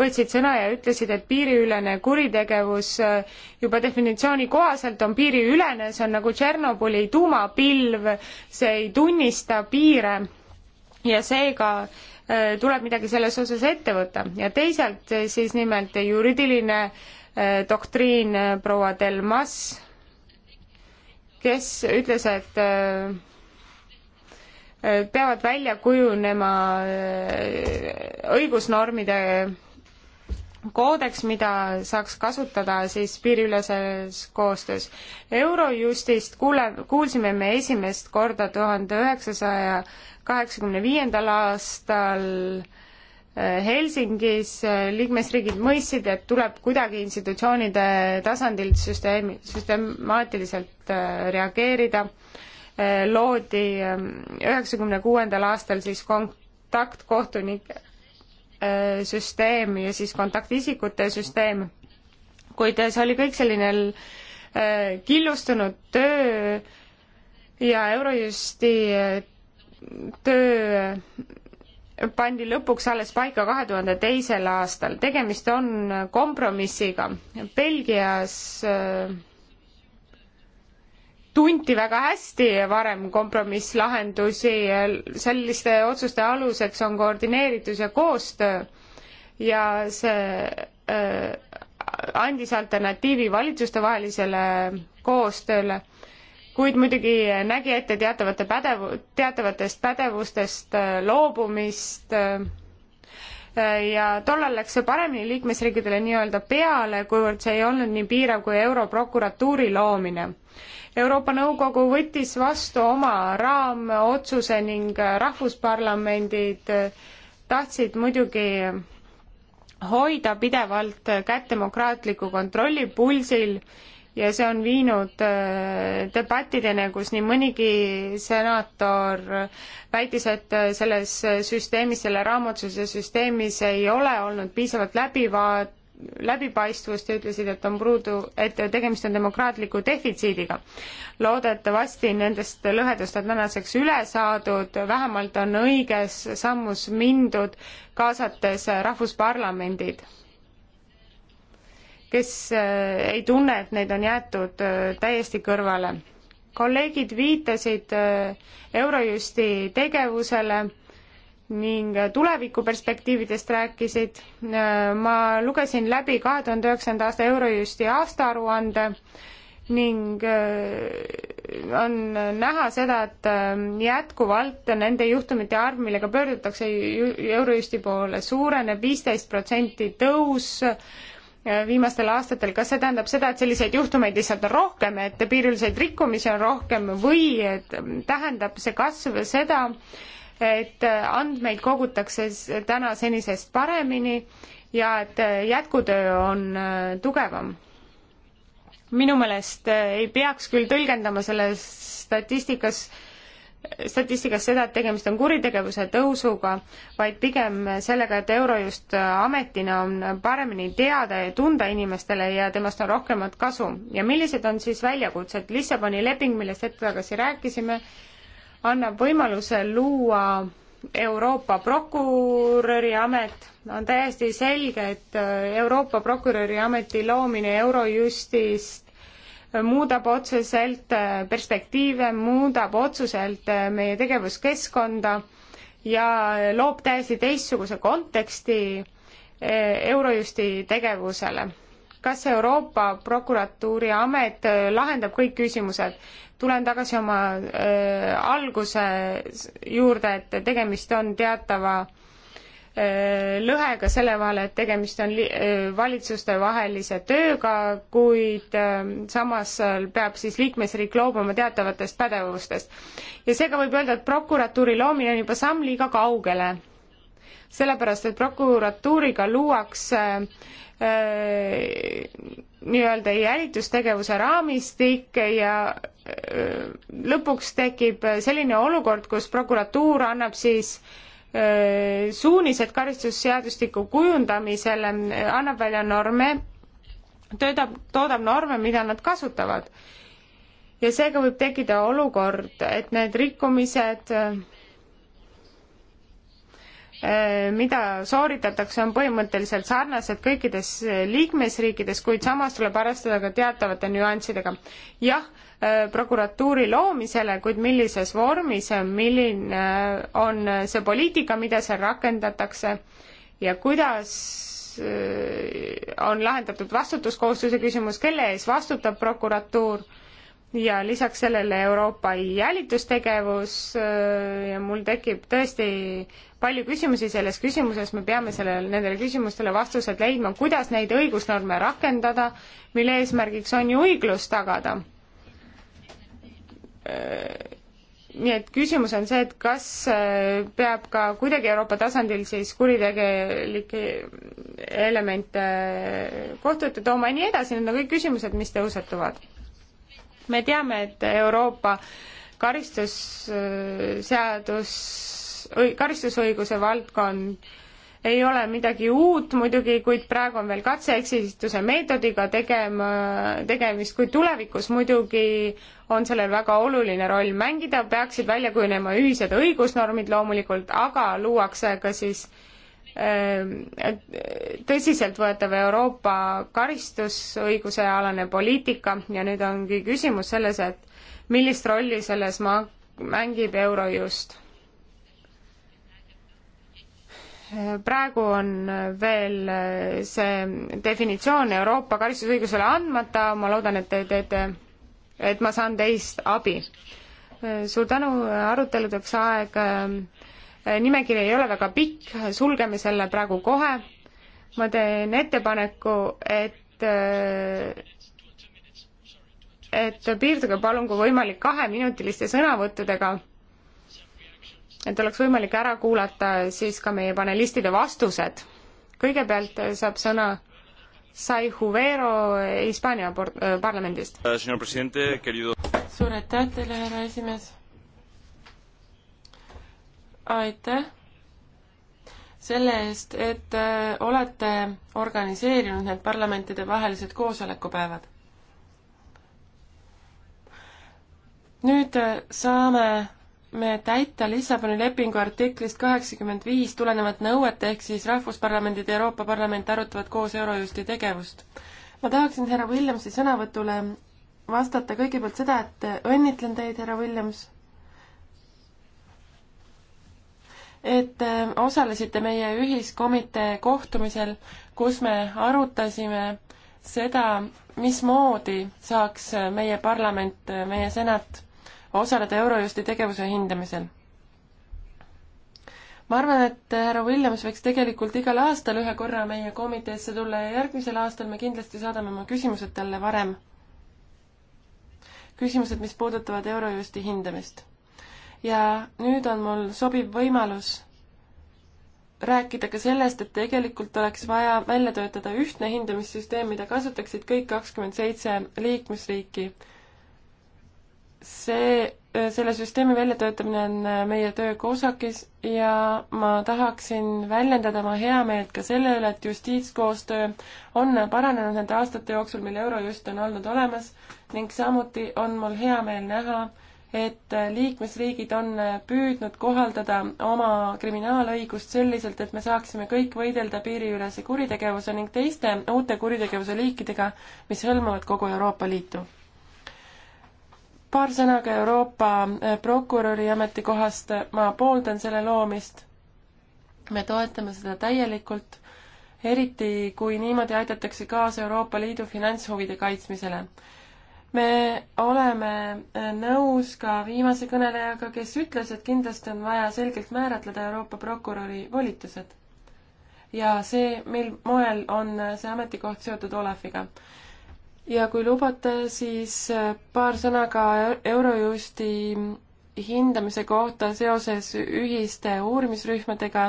võtsid sõna ja ütlesid, et piiriülene kuritegevus eh, juba definitsiooni kohaselt on piiriülene, see on nagu Tšernobõli tuumapilv, see ei tunnista piire ja seega eh, tuleb midagi selles osas ette võtta ja teisalt eh, siis nimelt juriidiline doktriin proua Delmas, kes ütles, et peavad välja kujunema äh, õigusnormide koodeks, mida saaks kasutada siis piiriüleses koostöös. Eurojustist kuule, kuulsime me esimest korda tuhande üheksasaja kaheksakümne viiendal aastal äh, Helsingis äh, liikmesriigid mõistsid, et tuleb kuidagi institutsioonide tasandil süsteemi, süstemaatiliselt reageerida äh, loodi ehm, üheksakümne kuuendal aastal siis kontaktkohtunike ehm, süsteem ja siis kontaktisikute süsteem, kuid see oli kõik selline ehm, killustunud töö ja Eurojusti töö pandi lõpuks alles paika kahe tuhande teisel aastal. tegemist on kompromissiga. Belgias äh, tunti väga hästi varem kompromisslahendusi, selliste otsuste aluseks on koordineeritus ja koostöö ja see äh, andis alternatiivi valitsustevahelisele koostööle, kuid muidugi nägi ette teatavate pädevu-, teatavatest pädevustest äh, loobumist äh, äh ja tollal läks see paremini liikmesriikidele nii-öelda peale, kuivõrd see ei olnud nii piirav kui Europrokuratuuri loomine Euroopa Nõukogu võttis vastu oma raamotsuse ning rahvusparlamendid tahtsid muidugi hoida pidevalt kätt demokraatliku kontrolli pulsil ja see on viinud äh, debattideni, kus nii mõnigi senaator väitis, et selles süsteemis, selle raamotsuse süsteemis ei ole olnud piisavalt läbivaat-, läbipaistvust ja ütlesid, et on puudu, et tegemist on demokraatliku defitsiidiga. loodetavasti nendest lõhedest on tänaseks üle saadud, vähemalt on õiges sammus mindud, kaasates rahvusparlamendid, kes äh, ei tunne, et neid on jäetud äh, täiesti kõrvale. kolleegid viitasid äh, Eurojusti tegevusele ning tulevikuperspektiividest rääkisid. ma lugesin läbi kahe tuhande üheksanda aasta Eurojusti aastaaruande ning äh, on näha seda, et äh, jätkuvalt nende juhtumite arv, millega pöördutakse Eurojusti poole suureneb, suureneb viisteist protsenti tõus äh, viimastel aastatel, kas see tähendab seda, et selliseid juhtumeid lihtsalt on rohkem, et piiriüleseid rikkumisi on rohkem või tähendab see kasv seda, et andmeid kogutakse täna senisest paremini ja et jätkutöö on äh, tugevam. minu meelest äh, ei peaks küll tõlgendama selles statistikas statistikas seda, et tegemist on kuritegevuse tõusuga, vaid pigem sellega, et Eurojust ametina on paremini teada ja tunda inimestele ja temast on rohkemat kasu. ja millised on siis väljakutsed? Lissaboni leping, millest hetk tagasi rääkisime, annab võimaluse luua Euroopa prokuröri amet, on täiesti selge, et äh, Euroopa prokuröri ameti loomine Eurojustist muudab otseselt äh, perspektiive, muudab otseselt äh, meie tegevuskeskkonda ja loob täiesti teistsuguse konteksti Eurojusti tegevusele. kas Euroopa prokuratuuri amet lahendab kõik küsimused? tulen tagasi oma äh, alguse juurde, et tegemist on teatava äh, lõhega selle vahel, et tegemist on li- äh,, valitsustevahelise tööga, kuid ähm, äh, samas peab siis liikmesriik loobuma teatavatest pädevustest. ja seega võib öelda, et prokuratuuri loomine on juba samm liiga kaugele. sellepärast, et prokuratuuriga luuakse äh, äh, nii-öelda jälitustegevuse raamistik ja äh, lõpuks tekib selline olukord, kus prokuratuur annab siis äh, suunised karistusseadustiku kujundamisele, annab välja norme, töötab, toodab norme, mida nad kasutavad. ja seega võib tekkida olukord, et need rikkumised äh, Äh, mida sooritatakse, on põhimõtteliselt sarnased kõikides äh, liikmesriikides, kuid samas tuleb arvestada ka teatavate nüanssidega. jah, äh, prokuratuuri loomisele, kuid millises vormis, milline on see poliitika, mida seal rakendatakse ja kuidas on lahendatud vastutuskohustuse küsimus, kelle ees vastutab prokuratuur ja lisaks sellele Euroopa jälitustegevus äh, ja mul tekib tõesti palju küsimusi selles küsimuses, me peame sellele, nendele küsimustele vastused leidma, kuidas neid õigusnorme rakendada, mille eesmärgiks on ju õiglus tagada. Äh, nii et küsimus on see, et kas äh, peab ka kuidagi Euroopa tasandil siis kuritegelikke elemente kohtu ette tooma ja nii edasi, need on kõik küsimused, mis tõusetuvad me teame, et Euroopa karistusseadus, karistusõiguse valdkond ei ole midagi uut muidugi, kuid praegu on veel katse-eksituse meetodiga tegema, tegemist, kuid tulevikus muidugi on sellel väga oluline roll mängida, peaksid välja kujunema ühised õigusnormid loomulikult, aga luuakse ka siis äh, Ehm, tõsiseltvõetav Euroopa karistusõiguse alane poliitika ja nüüd ongi küsimus selles, et millist rolli selles ma-, mängib Eurojust. praegu on veel eh, see definitsioon Euroopa karistusõigusele andmata, ma loodan, et te teete, et ma saan teist abi. Eh, suur tänu, aruteludeks aeg ehm, Äh, nimekiri ei ole väga pikk, sulgeme selle praegu kohe. ma teen ettepaneku, et äh, et piirduge palun kui võimalik kaheminutiliste sõnavõttudega, et oleks võimalik ära kuulata siis ka meie panelistide vastused. kõigepealt saab sõna Sai Juvero Hispaania äh, parlamendist. suur aitäh teile, härra esimees aitäh selle eest, et äh, olete organiseerinud need parlamentide vahelised koosolekupäevad. nüüd äh, saame me täita Lissaboni lepingu artiklist kaheksakümmend viis tulenevat nõuet, ehk siis Rahvusparlamendid ja Euroopa Parlament arutavad koos Eurojusti tegevust. ma tahaksin härra Williamsi sõnavõtule vastata kõigepealt seda, et õnnitlen teid, härra Williams et äh, osalesite meie ühiskomitee kohtumisel, kus me arutasime seda, mismoodi saaks meie parlament, meie senat osaleda Eurojusti tegevuse hindamisel. ma arvan, et härra Williams võiks tegelikult igal aastal ühe korra meie komiteesse tulla ja järgmisel aastal me kindlasti saadame oma küsimused talle varem. küsimused, mis puudutavad Eurojusti hindamist ja nüüd on mul sobiv võimalus rääkida ka sellest, et tegelikult oleks vaja välja töötada ühtne hindamissüsteem, mida kasutaksid kõik kakskümmend seitse liikmesriiki. see, selle süsteemi väljatöötamine on meie töö COSAC-is ja ma tahaksin väljendada oma heameelt ka selle üle, et justiitskoostöö on paranenud nende aastate jooksul, mil Eurojust on olnud olemas ning samuti on mul hea meel näha, et liikmesriigid on püüdnud kohaldada oma kriminaalõigust selliselt, et me saaksime kõik võidelda piiriülese kuritegevuse ning teiste uute kuritegevuse liikidega, mis hõlmavad kogu Euroopa Liitu. paar sõna ka Euroopa prokuröri ametikohast, ma pooldan selle loomist, me toetame seda täielikult, eriti kui niimoodi aidatakse kaasa Euroopa Liidu finantshuvide kaitsmisele me oleme äh, nõus ka viimase kõnelejaga, kes ütles, et kindlasti on vaja selgelt määratleda Euroopa prokuröri volitused. ja see, mil moel on äh, see ametikoht seotud Olafiga. ja kui lubate, siis äh, paar sõna ka Eurojusti hindamise kohta seoses ühiste uurimisrühmadega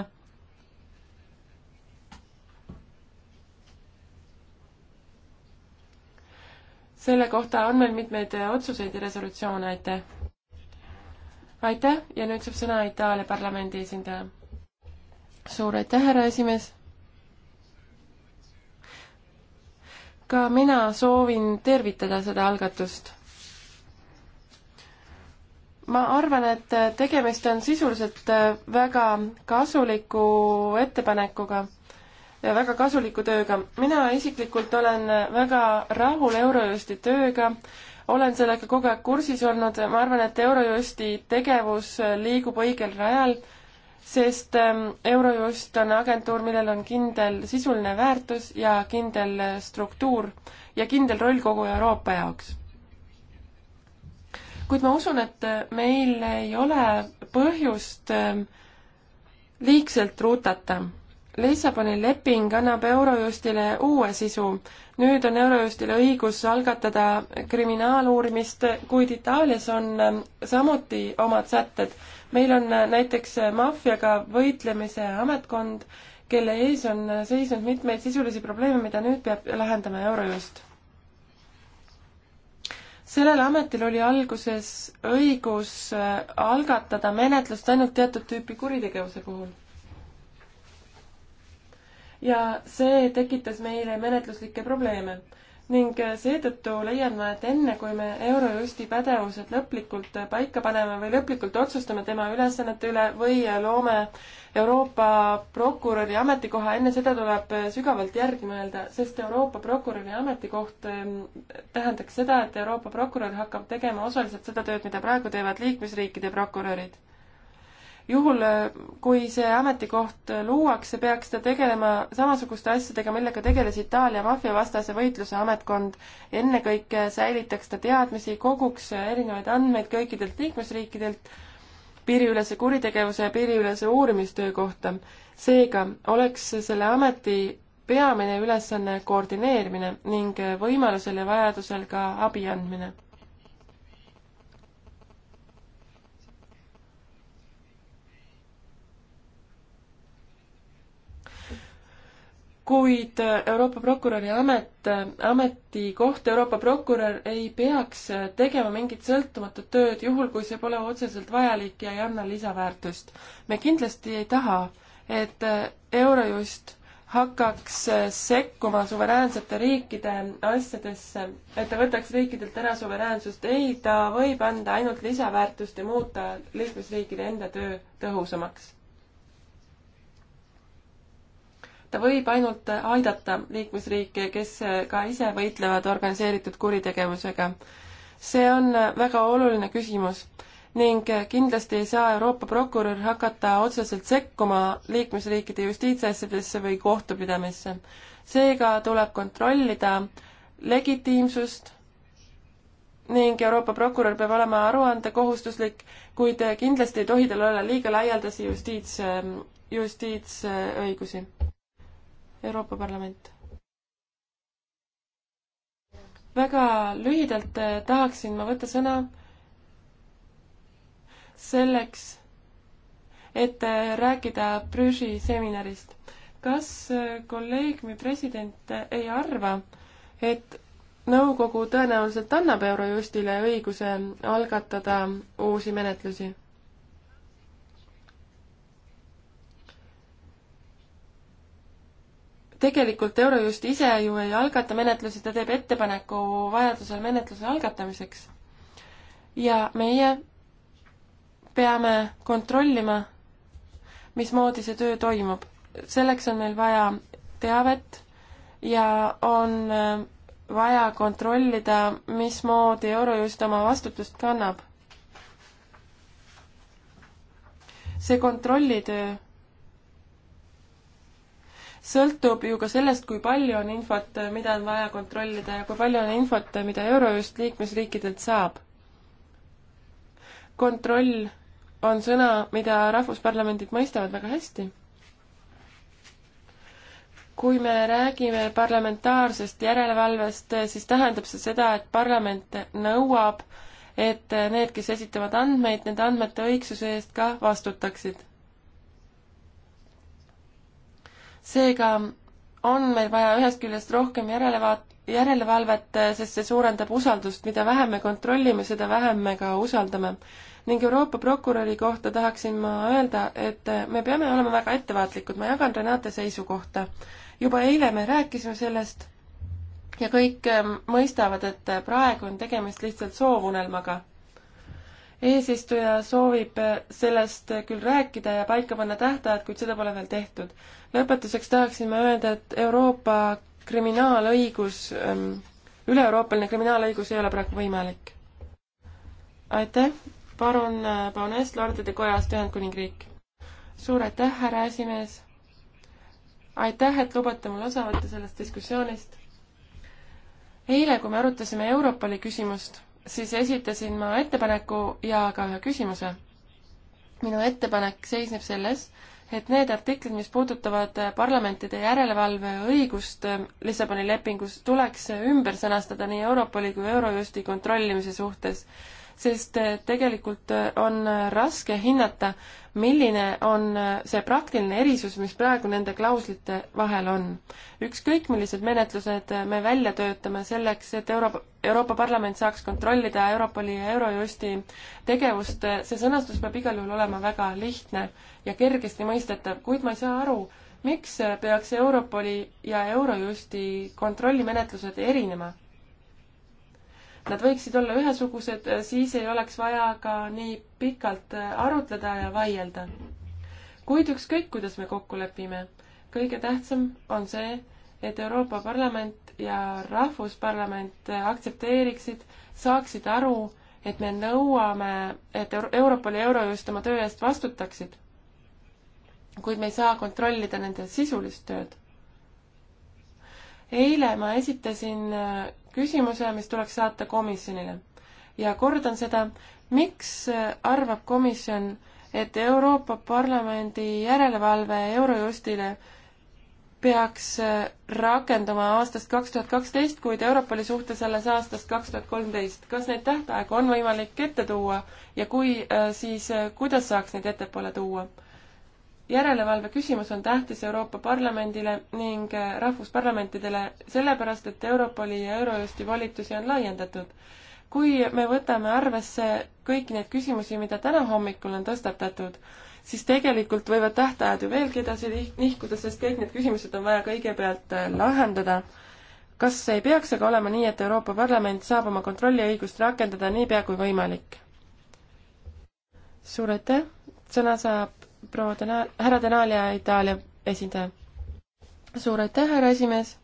selle kohta on meil mitmeid otsuseid ja resolutsioone, aitäh! aitäh ja nüüd saab sõna Itaalia parlamendi esindaja. suur aitäh, härra esimees! ka mina soovin tervitada seda algatust. ma arvan, et tegemist on sisuliselt väga kasuliku ettepanekuga väga kasuliku tööga. mina isiklikult olen väga rahul Eurojusti tööga, olen sellega kogu aeg kursis olnud, ma arvan, et Eurojusti tegevus liigub õigel rajal, sest ähm, Eurojust on agentuur, millel on kindel sisuline väärtus ja kindel struktuur ja kindel roll kogu Euroopa jaoks. kuid ma usun, et meil ei ole põhjust ähm, liigselt ruutata Lissaboni leping annab Eurojustile uue sisu. nüüd on Eurojustile õigus algatada kriminaaluurimist, kuid Itaalias on ähm, samuti omad sätted. meil on äh, näiteks äh, maffiaga võitlemise ametkond, kelle ees on äh, seisnud mitmeid sisulisi probleeme, mida nüüd peab lahendama Eurojust. sellel ametil oli alguses õigus algatada menetlust ainult teatud tüüpi kuritegevuse puhul ja see tekitas meile menetluslikke probleeme ning äh, seetõttu leian ma, et enne kui me Eurojusti pädevused lõplikult äh, paika paneme või lõplikult otsustame tema ülesannete üle või äh, loome Euroopa prokuröri ametikoha, enne seda tuleb sügavalt järgi mõelda, sest Euroopa prokuröri ametikoht ähm, tähendaks seda, et Euroopa prokurör hakkab tegema osaliselt seda tööd, mida praegu teevad liikmesriikide prokurörid juhul, kui see ametikoht luuakse, peaks ta tegelema samasuguste asjadega, millega tegeles Itaalia maffiavastase võitluse ametkond. ennekõike säilitaks ta teadmisi, koguks erinevaid andmeid kõikidelt liikmesriikidelt piiriülese kuritegevuse ja piiriülese uurimistöö kohta. seega oleks selle ameti peamine ülesanne koordineerimine ning võimalusel ja vajadusel ka abi andmine kuid äh, Euroopa prokuröri amet, äh, ametikoht Euroopa prokurör ei peaks äh, tegema mingit sõltumatut tööd, juhul kui see pole otseselt vajalik ja ei anna lisaväärtust. me kindlasti ei taha, et Eurojust hakkaks sekkuma suveräänsete riikide asjadesse, et ta võtaks riikidelt ära suveräänsust. ei, ta võib anda ainult lisaväärtust ja muuta liikmesriikide enda töö tõhusamaks ta võib ainult aidata liikmesriike, kes ka ise võitlevad organiseeritud kuritegevusega. see on väga oluline küsimus ning kindlasti ei saa Euroopa prokurör hakata otseselt sekkuma liikmesriikide justiitsasjadesse või kohtupidamisse. seega tuleb kontrollida legitiimsust ning Euroopa prokurör peab olema aruandekohustuslik, kuid kindlasti ei tohi tal olla liiga laialdasi justiits, justiitsõigusi Euroopa Parlament. väga lühidalt eh, tahaksin ma võtta sõna selleks, et eh, rääkida Brüži seminarist. kas eh, kolleegiumi president ei arva, et nõukogu tõenäoliselt annab Eurojustile õiguse algatada uusi menetlusi? tegelikult Eurojust ise ju ei algata menetlusi, ta teeb ettepaneku vajadusel menetluse algatamiseks. ja meie peame kontrollima, mismoodi see töö toimub. selleks on meil vaja teavet ja on äh, vaja kontrollida, mismoodi Eurojust oma vastutust kannab. see kontrollitöö sõltub ju ka sellest, kui palju on infot, mida on vaja kontrollida ja kui palju on infot, mida Eurojust liikmesriikidelt saab. kontroll on sõna, mida rahvusparlamendid mõistavad väga hästi. kui me räägime parlamentaarsest järelevalvest, siis tähendab see seda, et parlament nõuab, et need, kes esitavad andmeid, nende andmete õigsuse eest ka vastutaksid seega on meil vaja ühest küljest rohkem järelevaat-, järelevalvet, eh, sest see suurendab usaldust, mida vähem me kontrollime, seda vähem me ka usaldame. ning Euroopa prokuröri kohta tahaksin ma öelda, et eh, me peame olema väga ettevaatlikud, ma jagan Renate seisukohta. juba eile me rääkisime sellest ja kõik eh, mõistavad, et praegu on tegemist lihtsalt soovunelmaga eesistuja soovib sellest küll rääkida ja paika panna tähtajad, kuid seda pole veel tehtud. lõpetuseks tahaksin ma öelda, et Euroopa kriminaalõigus, ähm, üle-euroopaline kriminaalõigus ei ole praegu võimalik. aitäh, parun äh, Paunes Lordide Kojast, Ühendkuningriik. suur aitäh, härra esimees. aitäh, et lubate mul osa võtta sellest diskussioonist. eile, kui me arutasime Europoli küsimust siis esitasin ma ettepaneku ja ka ühe küsimuse. minu ettepanek seisneb selles, et need artiklid, mis puudutavad parlamentide järelevalve õigust äh, Lissaboni lepingus, tuleks ümber sõnastada nii Europoli kui Eurojusti kontrollimise suhtes, sest äh, tegelikult äh, on raske hinnata, milline on äh, see praktiline erisus, mis praegu nende klauslite vahel on. ükskõik, millised menetlused äh, me välja töötame selleks, et Euroopa, Euroopa Parlament saaks kontrollida Europoli ja Eurojusti tegevust, äh, see sõnastus peab igal juhul olema väga lihtne ja kergesti mõistetav, kuid ma ei saa aru, miks peaks Europoli ja Eurojusti kontrollimenetlused erinema nad võiksid olla ühesugused, äh, siis ei oleks vaja ka nii pikalt äh, arutleda ja vaielda. kuid ükskõik, kuidas me kokku lepime, kõige tähtsam on see, et Euroopa Parlament ja Rahvusparlament äh, aktsepteeriksid, saaksid aru, et me nõuame, et Europol ja Eurojust oma töö eest vastutaksid. kuid me ei saa kontrollida nende sisulist tööd eile ma esitasin küsimuse, mis tuleks saata komisjonile. ja kordan seda, miks arvab komisjon, et Euroopa Parlamendi järelevalve Eurojustile peaks rakenduma aastast kaks tuhat kaksteist, kuid Europoli suhtes alles aastast kaks tuhat kolmteist. kas neid tähtaegu on võimalik ette tuua ja kui, äh, siis äh, kuidas saaks neid ettepoole tuua? järelevalve küsimus on tähtis Euroopa Parlamendile ning äh, rahvusparlamentidele, sellepärast et Europoli ja Eurojusti volitusi on laiendatud. kui me võtame arvesse kõiki neid küsimusi, mida täna hommikul on tõstatatud, siis tegelikult võivad tähtajad ju veelgi edasi nihkuda, sest kõik need küsimused on vaja kõigepealt äh, lahendada. kas ei peaks aga olema nii, et Euroopa Parlament saab oma kontrolliõigust rakendada niipea kui võimalik? suur aitäh! sõna saab proua Dena-, härra Denalia, Itaalia esindaja. suur aitäh, härra esimees.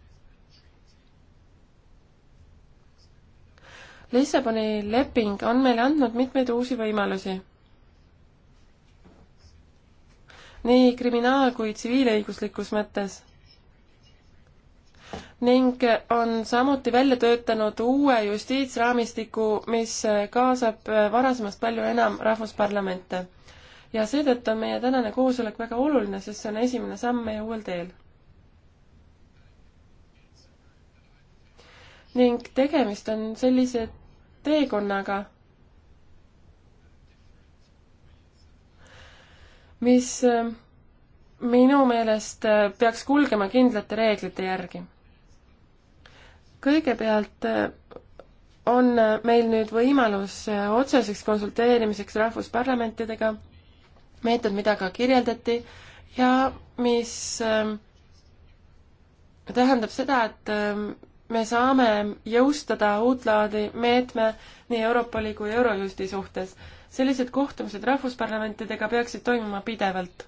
Lissaboni leping on meile andnud mitmeid uusi võimalusi. nii kriminaal- kui tsiviilõiguslikus mõttes. ning on samuti välja töötanud uue justiitsraamistiku, mis kaasab varasemast palju enam rahvusparlamente ja seetõttu on meie tänane koosolek väga oluline, sest see on esimene samm meie uuel teel. ning tegemist on sellise teekonnaga, mis äh, minu meelest äh, peaks kulgema kindlate reeglite järgi. kõigepealt äh, on meil nüüd võimalus otseseks konsulteerimiseks rahvusparlamentidega meetod, mida ka kirjeldati ja mis ähm, tähendab seda, et ähm, me saame jõustada uut laadi meetme nii Europoli kui Eurojusti suhtes. sellised kohtumised rahvusparlamentidega peaksid toimuma pidevalt.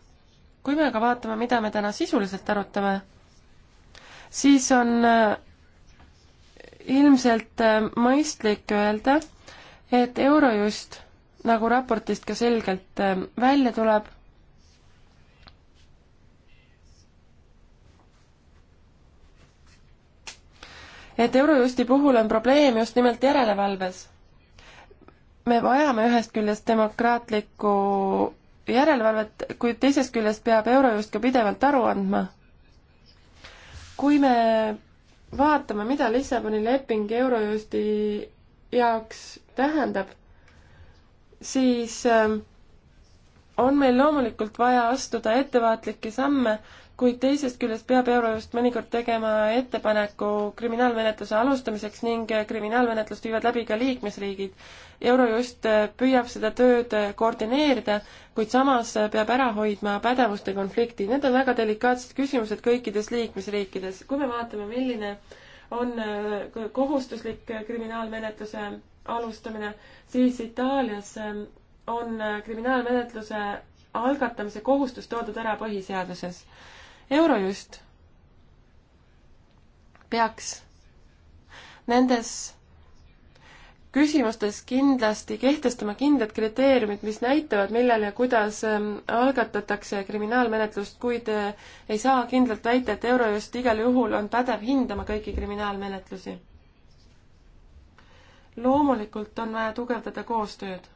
kui me aga vaatame, mida me täna sisuliselt arutame, siis on äh, ilmselt äh, mõistlik öelda, et Eurojust nagu raportist ka selgelt äh, välja tuleb, et Eurojusti puhul on probleem just nimelt järelevalves. me vajame ühest küljest demokraatlikku järelevalvet, kuid teisest küljest peab Eurojust ka pidevalt aru andma. kui me vaatame, mida Lissaboni leping Eurojusti jaoks tähendab, siis ähm, on meil loomulikult vaja astuda ettevaatlikke samme, kuid teisest küljest peab Eurojust mõnikord tegema ettepaneku kriminaalmenetluse alustamiseks ning äh, kriminaalmenetlust viivad läbi ka liikmesriigid. Eurojust äh, püüab seda tööd äh, koordineerida, kuid samas peab ära hoidma pädevuste konflikti. Need on väga delikaatsed küsimused kõikides liikmesriikides. kui me vaatame, milline on kohustuslik kriminaalmenetluse alustamine, siis Itaalias ähm, on äh, kriminaalmenetluse algatamise kohustus toodud ära põhiseaduses. Eurojust peaks nendes küsimustes kindlasti kehtestama kindlad kriteeriumid, mis näitavad, millal ja kuidas ähm, algatatakse kriminaalmenetlust, kuid äh, ei saa kindlalt väita, et Eurojust igal juhul on pädev hindama kõiki kriminaalmenetlusi loomulikult on vaja tugevdada koostööd.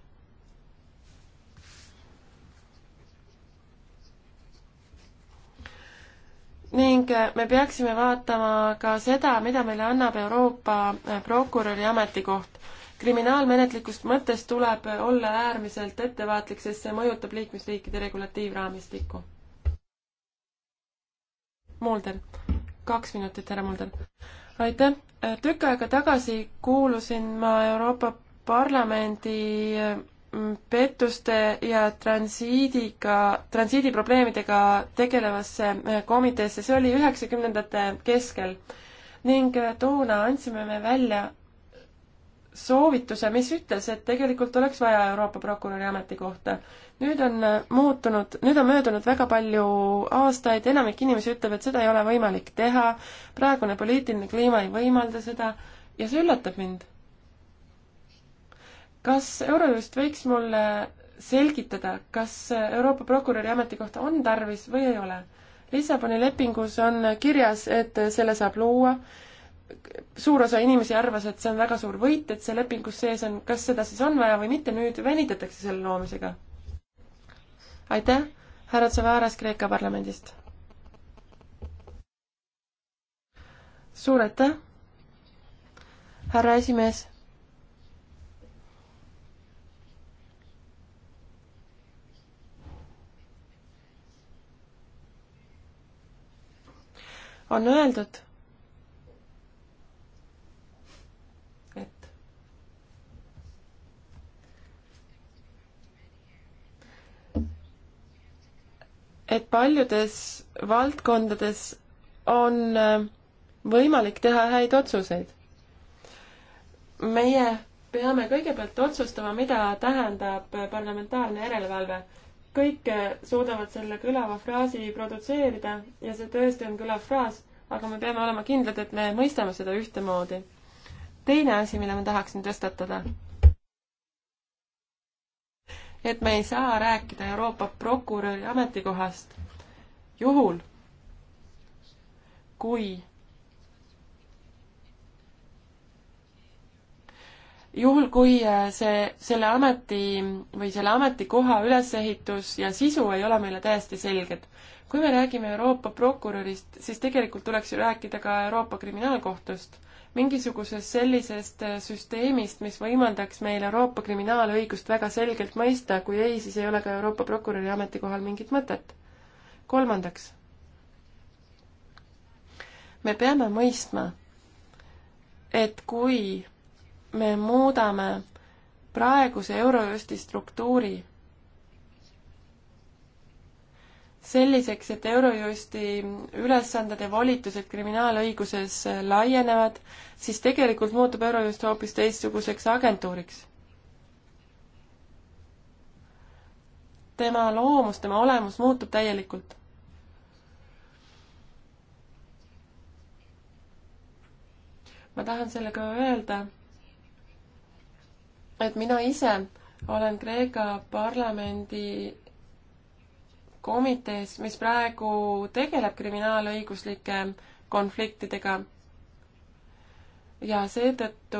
ning äh, me peaksime vaatama ka seda, mida meile annab Euroopa äh, prokuröri ametikoht. kriminaalmenetlikust mõttest tuleb äh, olla äärmiselt ettevaatlik, sest see mõjutab liikmesriikide regulatiivraamistikku. Mulder, kaks minutit, härra Mulder aitäh! Äh, tükk aega tagasi kuulusin ma Euroopa Parlamendi mm, pettuste ja transiidiga, transiidiprobleemidega tegelevasse äh, komiteesse, see oli üheksakümnendate keskel. ning äh, toona andsime me välja soovituse, mis ütles, et tegelikult oleks vaja Euroopa prokuröri ametikohta nüüd on äh, muutunud, nüüd on möödunud väga palju aastaid, enamik inimesi ütleb, et seda ei ole võimalik teha, praegune poliitiline kliima ei võimalda seda ja see üllatab mind. kas Eurojust võiks mulle selgitada, kas Euroopa prokuröri ametikohta on tarvis või ei ole? Lissaboni lepingus on kirjas, et selle saab luua, suur osa inimesi arvas, et see on väga suur võit, et see lepingus sees on, kas seda siis on vaja või mitte, nüüd venitatakse selle loomisega aitäh, härra Tsavaras Kreeka parlamendist. suur aitäh, härra esimees. on öeldud et paljudes valdkondades on äh, võimalik teha häid otsuseid. meie peame kõigepealt otsustama, mida tähendab äh, parlamentaarne järelevalve. kõik äh, suudavad selle kõlava fraasi produtseerida ja see tõesti on kõlav fraas, aga me peame olema kindlad, et me mõistame seda ühtemoodi. teine asi, mille ma tahaksin tõstatada et me ei saa rääkida Euroopa prokuröri ametikohast juhul, kui juhul, kui äh, see, selle ameti või selle ametikoha ülesehitus ja sisu ei ole meile täiesti selged. kui me räägime Euroopa prokurörist, siis tegelikult tuleks ju rääkida ka Euroopa Kriminaalkohtust mingisugusest sellisest äh, süsteemist, mis võimaldaks meil Euroopa kriminaalõigust väga selgelt mõista, kui ei, siis ei ole ka Euroopa prokuröri ametikohal mingit mõtet. kolmandaks, me peame mõistma, et kui me muudame praeguse Eurojusti struktuuri selliseks, et Eurojusti ülesanded ja volitused kriminaalõiguses laienevad, siis tegelikult muutub Eurojust hoopis teistsuguseks agentuuriks. tema loomus, tema olemus muutub täielikult ma tahan sellega öelda, et mina ise olen Kreeka parlamendi komitees, mis praegu tegeleb kriminaalõiguslike konfliktidega. ja seetõttu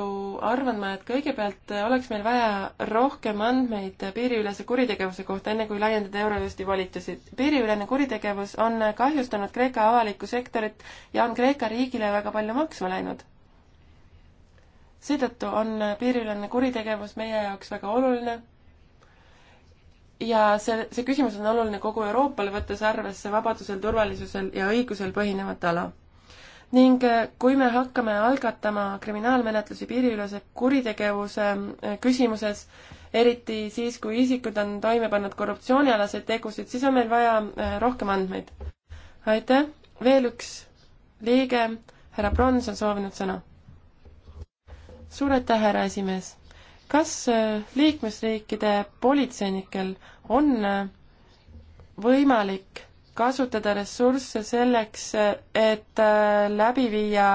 arvan ma, et kõigepealt oleks meil vaja rohkem andmeid piiriülese kuritegevuse kohta, enne kui laiendada Eurojusti volitusi. piiriülene kuritegevus on kahjustanud Kreeka avalikku sektorit ja on Kreeka riigile väga palju maksma läinud. seetõttu on piiriülene kuritegevus meie jaoks väga oluline ja see, see küsimus on oluline kogu Euroopale, võttes arvesse vabadusel, turvalisusel ja õigusel põhinevat ala. ning äh, kui me hakkame algatama kriminaalmenetlusi piiriülese kuritegevuse äh, küsimuses, eriti siis, kui isikud on toime pannud korruptsioonialaseid tegusid, siis on meil vaja äh, rohkem andmeid. aitäh, veel üks liige, härra Brons on soovinud sõna. suur aitäh, härra esimees kas äh, liikmesriikide politseinikel on äh, võimalik kasutada ressursse selleks, äh, et läbi viia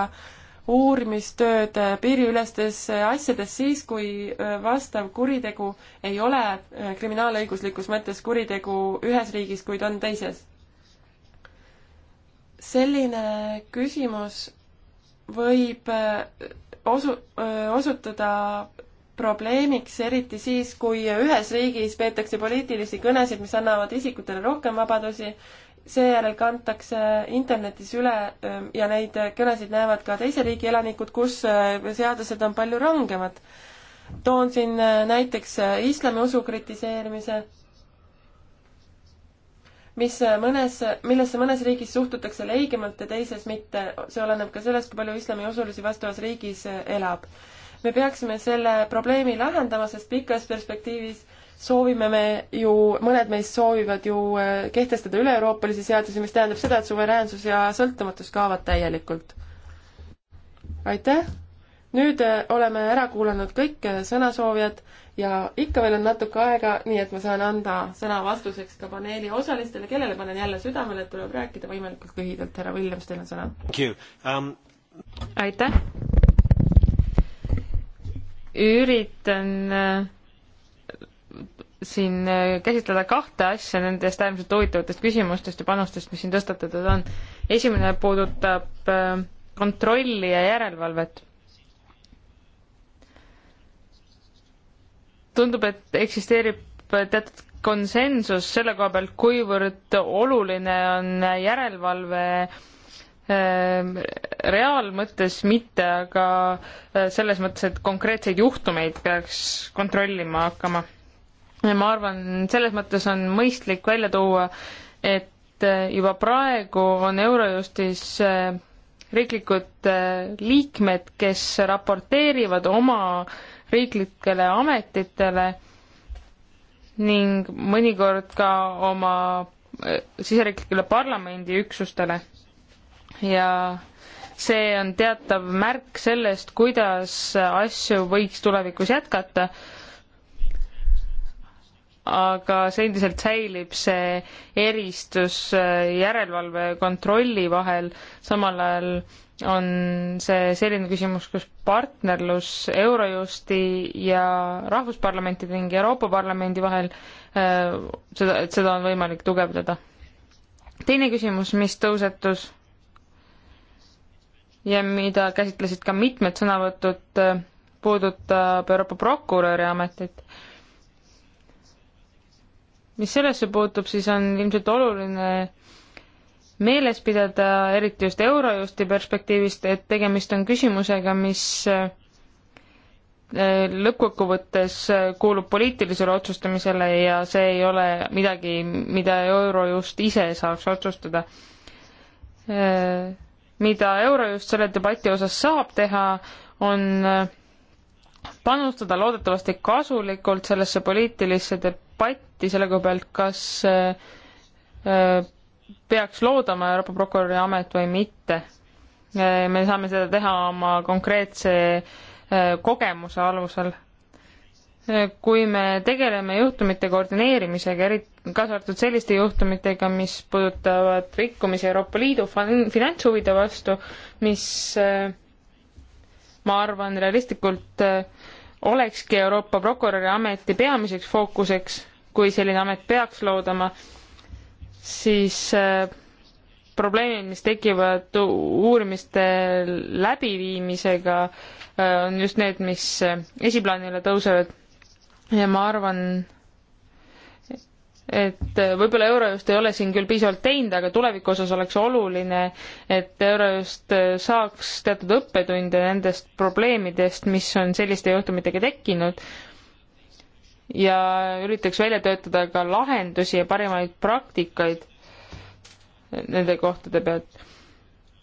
uurimistööd piiriülestes asjades siis, kui vastav kuritegu ei ole kriminaalõiguslikus mõttes kuritegu ühes riigis, kuid on teises. selline küsimus võib osu-, osutuda probleemiks, eriti siis, kui ühes riigis peetakse poliitilisi kõnesid, mis annavad isikutele rohkem vabadusi, seejärel kantakse internetis üle ja neid kõnesid näevad ka teise riigi elanikud, kus seadused on palju rangemad. toon siin näiteks islamiusu kritiseerimise, mis mõnes, millesse mõnes riigis suhtutakse leigemalt ja teises mitte. see oleneb ka sellest, kui palju islamiusulisi vastavas riigis elab me peaksime selle probleemi lahendama, sest pikas perspektiivis soovime me ju, mõned meist soovivad ju äh, kehtestada üle-euroopalisi seadusi, mis tähendab seda, et suveräänsus ja sõltumatus kaovad täielikult. aitäh! nüüd äh, oleme ära kuulanud kõik äh, sõnasoovijad ja ikka veel on natuke aega, nii et ma saan anda sõna vastuseks ka paneeli osalistele, kellele panen jälle südamele, et tuleb rääkida võimalikult lühidalt. härra Williams, teil on sõna. Um... aitäh! üritan äh, siin äh, käsitleda kahte asja nendest äärmiselt huvitavatest küsimustest ja panustest, mis siin tõstatatud on. esimene puudutab äh, kontrolli ja järelevalvet. tundub, et eksisteerib teatud konsensus selle koha pealt, kuivõrd oluline on järelevalve Ehm, reaalmõttes mitte, aga eh, selles mõttes, et konkreetseid juhtumeid peaks kontrollima hakkama. ma arvan, selles mõttes on mõistlik välja tuua, et eh, juba praegu on Eurojustis eh, riiklikud liikmed, kes raporteerivad oma riiklikele ametitele ning mõnikord ka oma siseriiklikele parlamendiüksustele ja see on teatav märk sellest, kuidas asju võiks tulevikus jätkata. aga see endiselt säilib, see eristus äh, järelevalve ja kontrolli vahel, samal ajal on see selline küsimus, kus partnerlus Eurojusti ja rahvusparlamentide ning Euroopa Parlamendi vahel, äh, seda, et seda on võimalik tugevdada. teine küsimus, mis tõusetus ja mida käsitlesid ka mitmed sõnavõtud, äh, puudutab Euroopa prokuröri ametit. mis sellesse puutub, siis on ilmselt oluline meeles pidada, eriti just Eurojusti perspektiivist, et tegemist on küsimusega, mis äh, lõppkokkuvõttes äh, kuulub poliitilisele otsustamisele ja see ei ole midagi, mida Eurojust ise saaks otsustada mida Eurojust selle debati osas saab teha, on äh, panustada loodetavasti kasulikult sellesse poliitilisse debatti selle koha pealt, kas äh, äh, peaks loodama Euroopa prokuröri amet või mitte. me saame seda teha oma konkreetse kogemuse alusel kui me tegeleme juhtumite koordineerimisega, eri, kaasa arvatud selliste juhtumitega, mis puudutavad rikkumisi Euroopa Liidu finantshuvide vastu, mis ma arvan, realistlikult olekski Euroopa prokuröri ameti peamiseks fookuseks, kui selline amet peaks loodama, siis probleemid, mis tekivad uurimiste läbiviimisega, on just need, mis esiplaanile tõusevad ja ma arvan, et võib-olla Eurojust ei ole siin küll piisavalt teinud, aga tuleviku osas oleks oluline, et Eurojust saaks teatud õppetunde nendest probleemidest, mis on selliste juhtumitega tekkinud ja üritaks välja töötada ka lahendusi ja parimaid praktikaid nende kohtade pealt.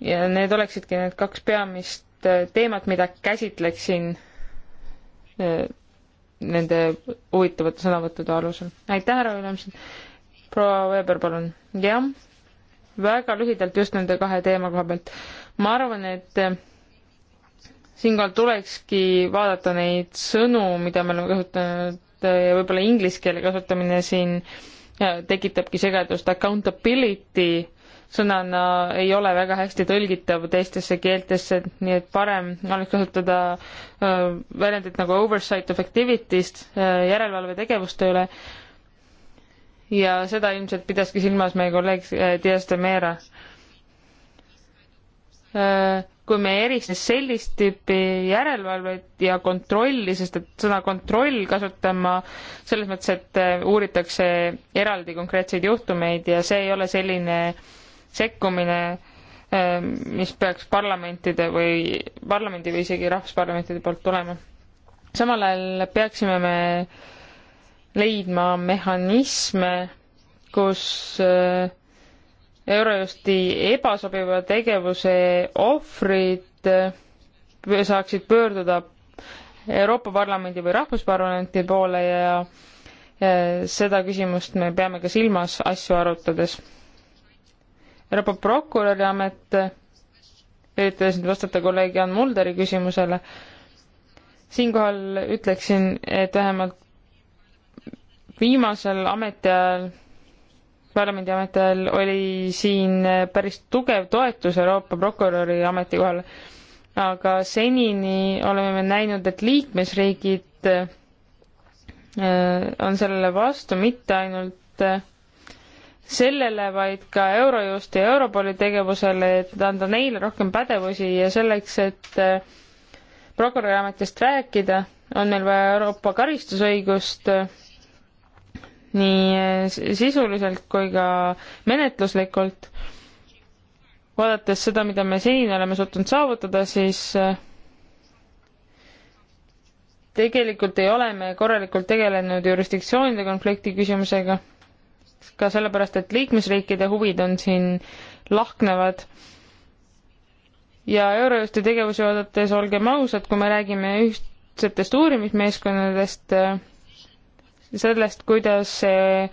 ja need oleksidki need kaks peamist teemat, mida käsitleksin nende huvitavate sõnavõttude alusel. aitäh, härra Ülemson. proua Veber, palun. jah, väga lühidalt just nende kahe teema koha pealt. ma arvan, et eh, siinkohal tulekski vaadata neid sõnu, mida me oleme kasutanud eh, ja võib-olla inglise keele kasutamine siin ja, eh, tekitabki segadust. Accountability sõnana äh, ei ole väga hästi tõlgitav teistesse keeltesse, nii et parem oleks kasutada äh, väljendit nagu oversight of activity'st äh,, järelevalve tegevuste üle. ja seda ilmselt pidaski silmas meie kolleeg äh, Dias de Mera äh,. kui me eristame sellist tüüpi järelevalvet ja kontrolli, sest et sõna kontroll kasutama selles mõttes, et äh, uuritakse eraldi konkreetseid juhtumeid ja see ei ole selline äh, sekkumine, ähm, mis peaks parlamentide või, parlamendi või isegi rahvusparlamentide poolt tulema. samal ajal peaksime me leidma mehhanisme, kus äh, Eurojusti ebasobiva tegevuse ohvrid äh, saaksid pöörduda Euroopa Parlamendi või Rahvusparlamendi poole ja, ja äh, seda küsimust me peame ka silmas asju arutades Euroopa prokuröri amet, üritasin vastata kolleeg Jan Mulderi küsimusele, siinkohal ütleksin, et vähemalt viimasel ametiajal, parlamendi ametiajal oli siin päris tugev toetus Euroopa prokuröri ametikohale, aga senini oleme me näinud, et liikmesriigid äh, on sellele vastu mitte ainult äh, sellele, vaid ka Eurojust ja Europoli tegevusele, et anda neile rohkem pädevusi ja selleks, et eh, prokuröri ametist rääkida, on meil vaja Euroopa karistusõigust eh, nii eh, sisuliselt kui ka menetluslikult. vaadates seda, mida me senini oleme suutnud saavutada, siis tegelikult ei ole me korralikult tegelenud jurisdiktsioonide konflikti küsimusega ka sellepärast, et liikmesriikide huvid on siin lahknevad ja Eurojusti tegevusi oodates olgem ausad, kui me räägime ühtsetest uurimismeeskonnadest, sellest, kuidas see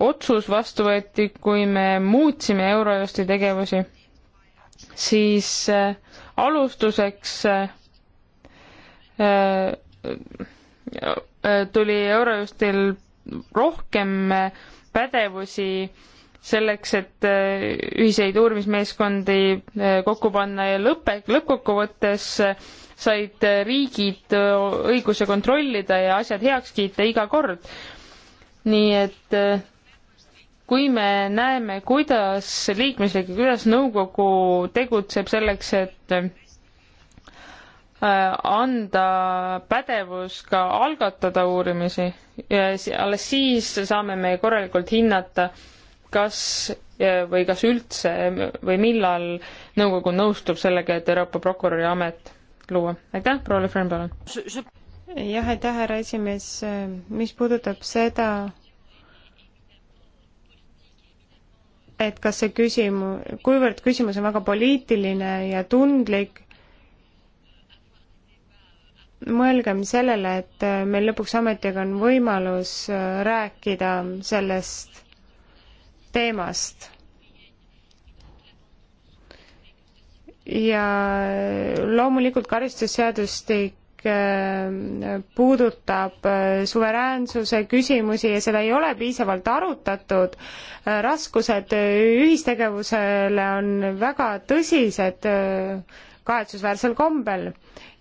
otsus vastu võeti, kui me muutsime Eurojusti tegevusi, siis äh, alustuseks äh, äh, tuli Eurojustil rohkem pädevusi selleks, et äh, ühiseid uurimismeeskondi äh, kokku panna ja lõpe, lõppkokkuvõttes äh, said riigid õiguse kontrollida ja asjad heaks kiita iga kord. nii et kui me näeme, kuidas liikmesriik ja kuidas nõukogu tegutseb selleks, et Äh, anda pädevus ka algatada uurimisi ja alles siis saame me korralikult hinnata, kas äh, või kas üldse või millal nõukogu nõustub sellega, et Euroopa prokuröri amet luua. aitäh, proua Lefren, palun! jah, aitäh, härra esimees, mis puudutab seda, et kas see küsimus, kuivõrd küsimus on väga poliitiline ja tundlik, mõelgem sellele, et äh, meil lõpuks ametiga on võimalus äh, rääkida sellest teemast. ja loomulikult karistusseadustik äh, puudutab suveräänsuse küsimusi ja seda ei ole piisavalt arutatud. raskused ühistegevusele on väga tõsised kahetsusväärsel kombel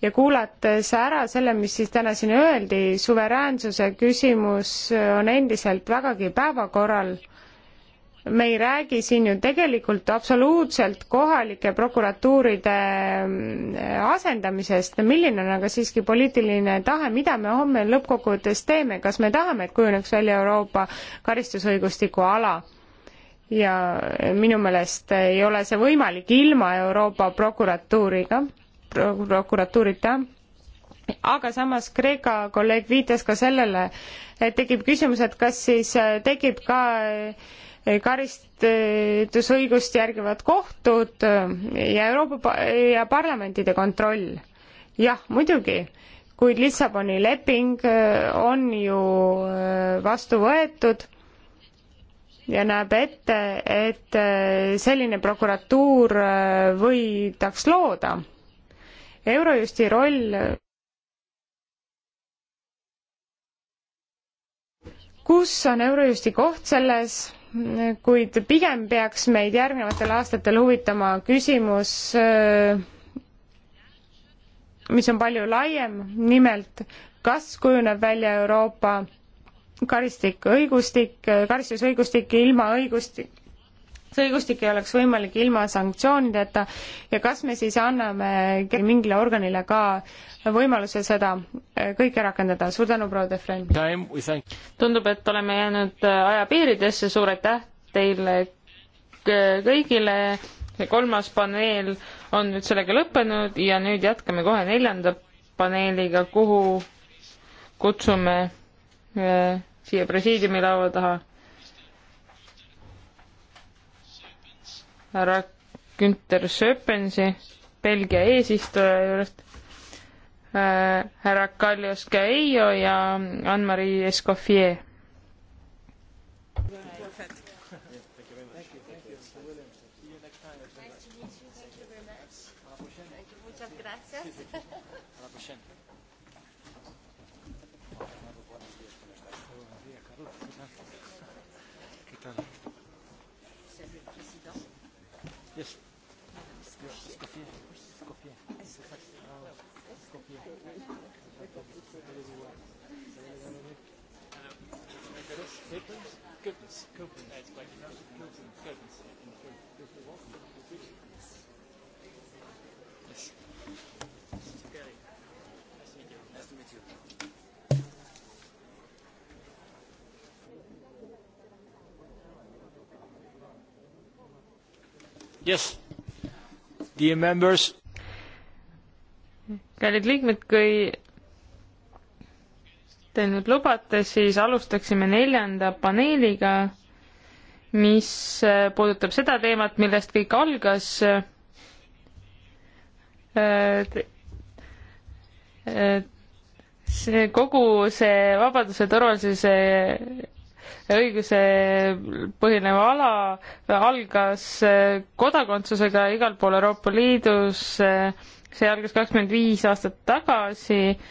ja kuulates ära selle, mis siis täna siin öeldi, suveräänsuse küsimus on endiselt vägagi päevakorral. me ei räägi siin ju tegelikult absoluutselt kohalike prokuratuuride mm, asendamisest, milline on aga siiski poliitiline tahe, mida me homme lõppkokkuvõttes teeme, kas me tahame, et kujuneks välja Euroopa karistusõigustiku ala? ja minu meelest ei ole see võimalik ilma Euroopa prokuratuuriga pro, prokuratuurita. aga samas Kreeka kolleeg viitas ka sellele, et tekib küsimus, et kas siis tekib ka eh, karistusõigust järgivad kohtud ja Euroopa ja parlamentide kontroll. jah, muidugi kuid Lissaboni leping eh, on ju eh, vastu võetud ja näeb ette, et äh, selline prokuratuur äh, võidaks looda. Eurojusti roll kus on Eurojusti koht selles, kuid pigem peaks meid järgnevatel aastatel huvitama küsimus, äh, mis on palju laiem, nimelt kas kujuneb välja Euroopa karistik, õigustik, karistusõigustik ilma õigustik, see õigustik ei oleks võimalik ilma sanktsioonideta ja kas me siis anname mingile organile ka võimaluse seda äh, kõike rakendada. suur tänu, proua Defren! tundub, et oleme jäänud äh, ajapiiridesse, suur aitäh teile kõigile, kolmas paneel on nüüd sellega lõppenud ja nüüd jätkame kohe neljanda paneeliga, kuhu kutsume äh, siia presiidiumi laua taha. härra Günter Schöpensi, Belgia eesistuja juurest äh,, härra Kaljus Gaeio ja Ann-Marie Escoffier Yes. Dear members. kallid liikmed, kui te nüüd lubate, siis alustaksime neljanda paneeliga, mis äh, puudutab seda teemat, millest kõik algas. Äh, äh, see kogu see vabaduse, turvalisuse õiguse põhinev ala algas äh, kodakondsusega igal pool Euroopa Liidus, äh, see algas kakskümmend viis aastat tagasi, äh,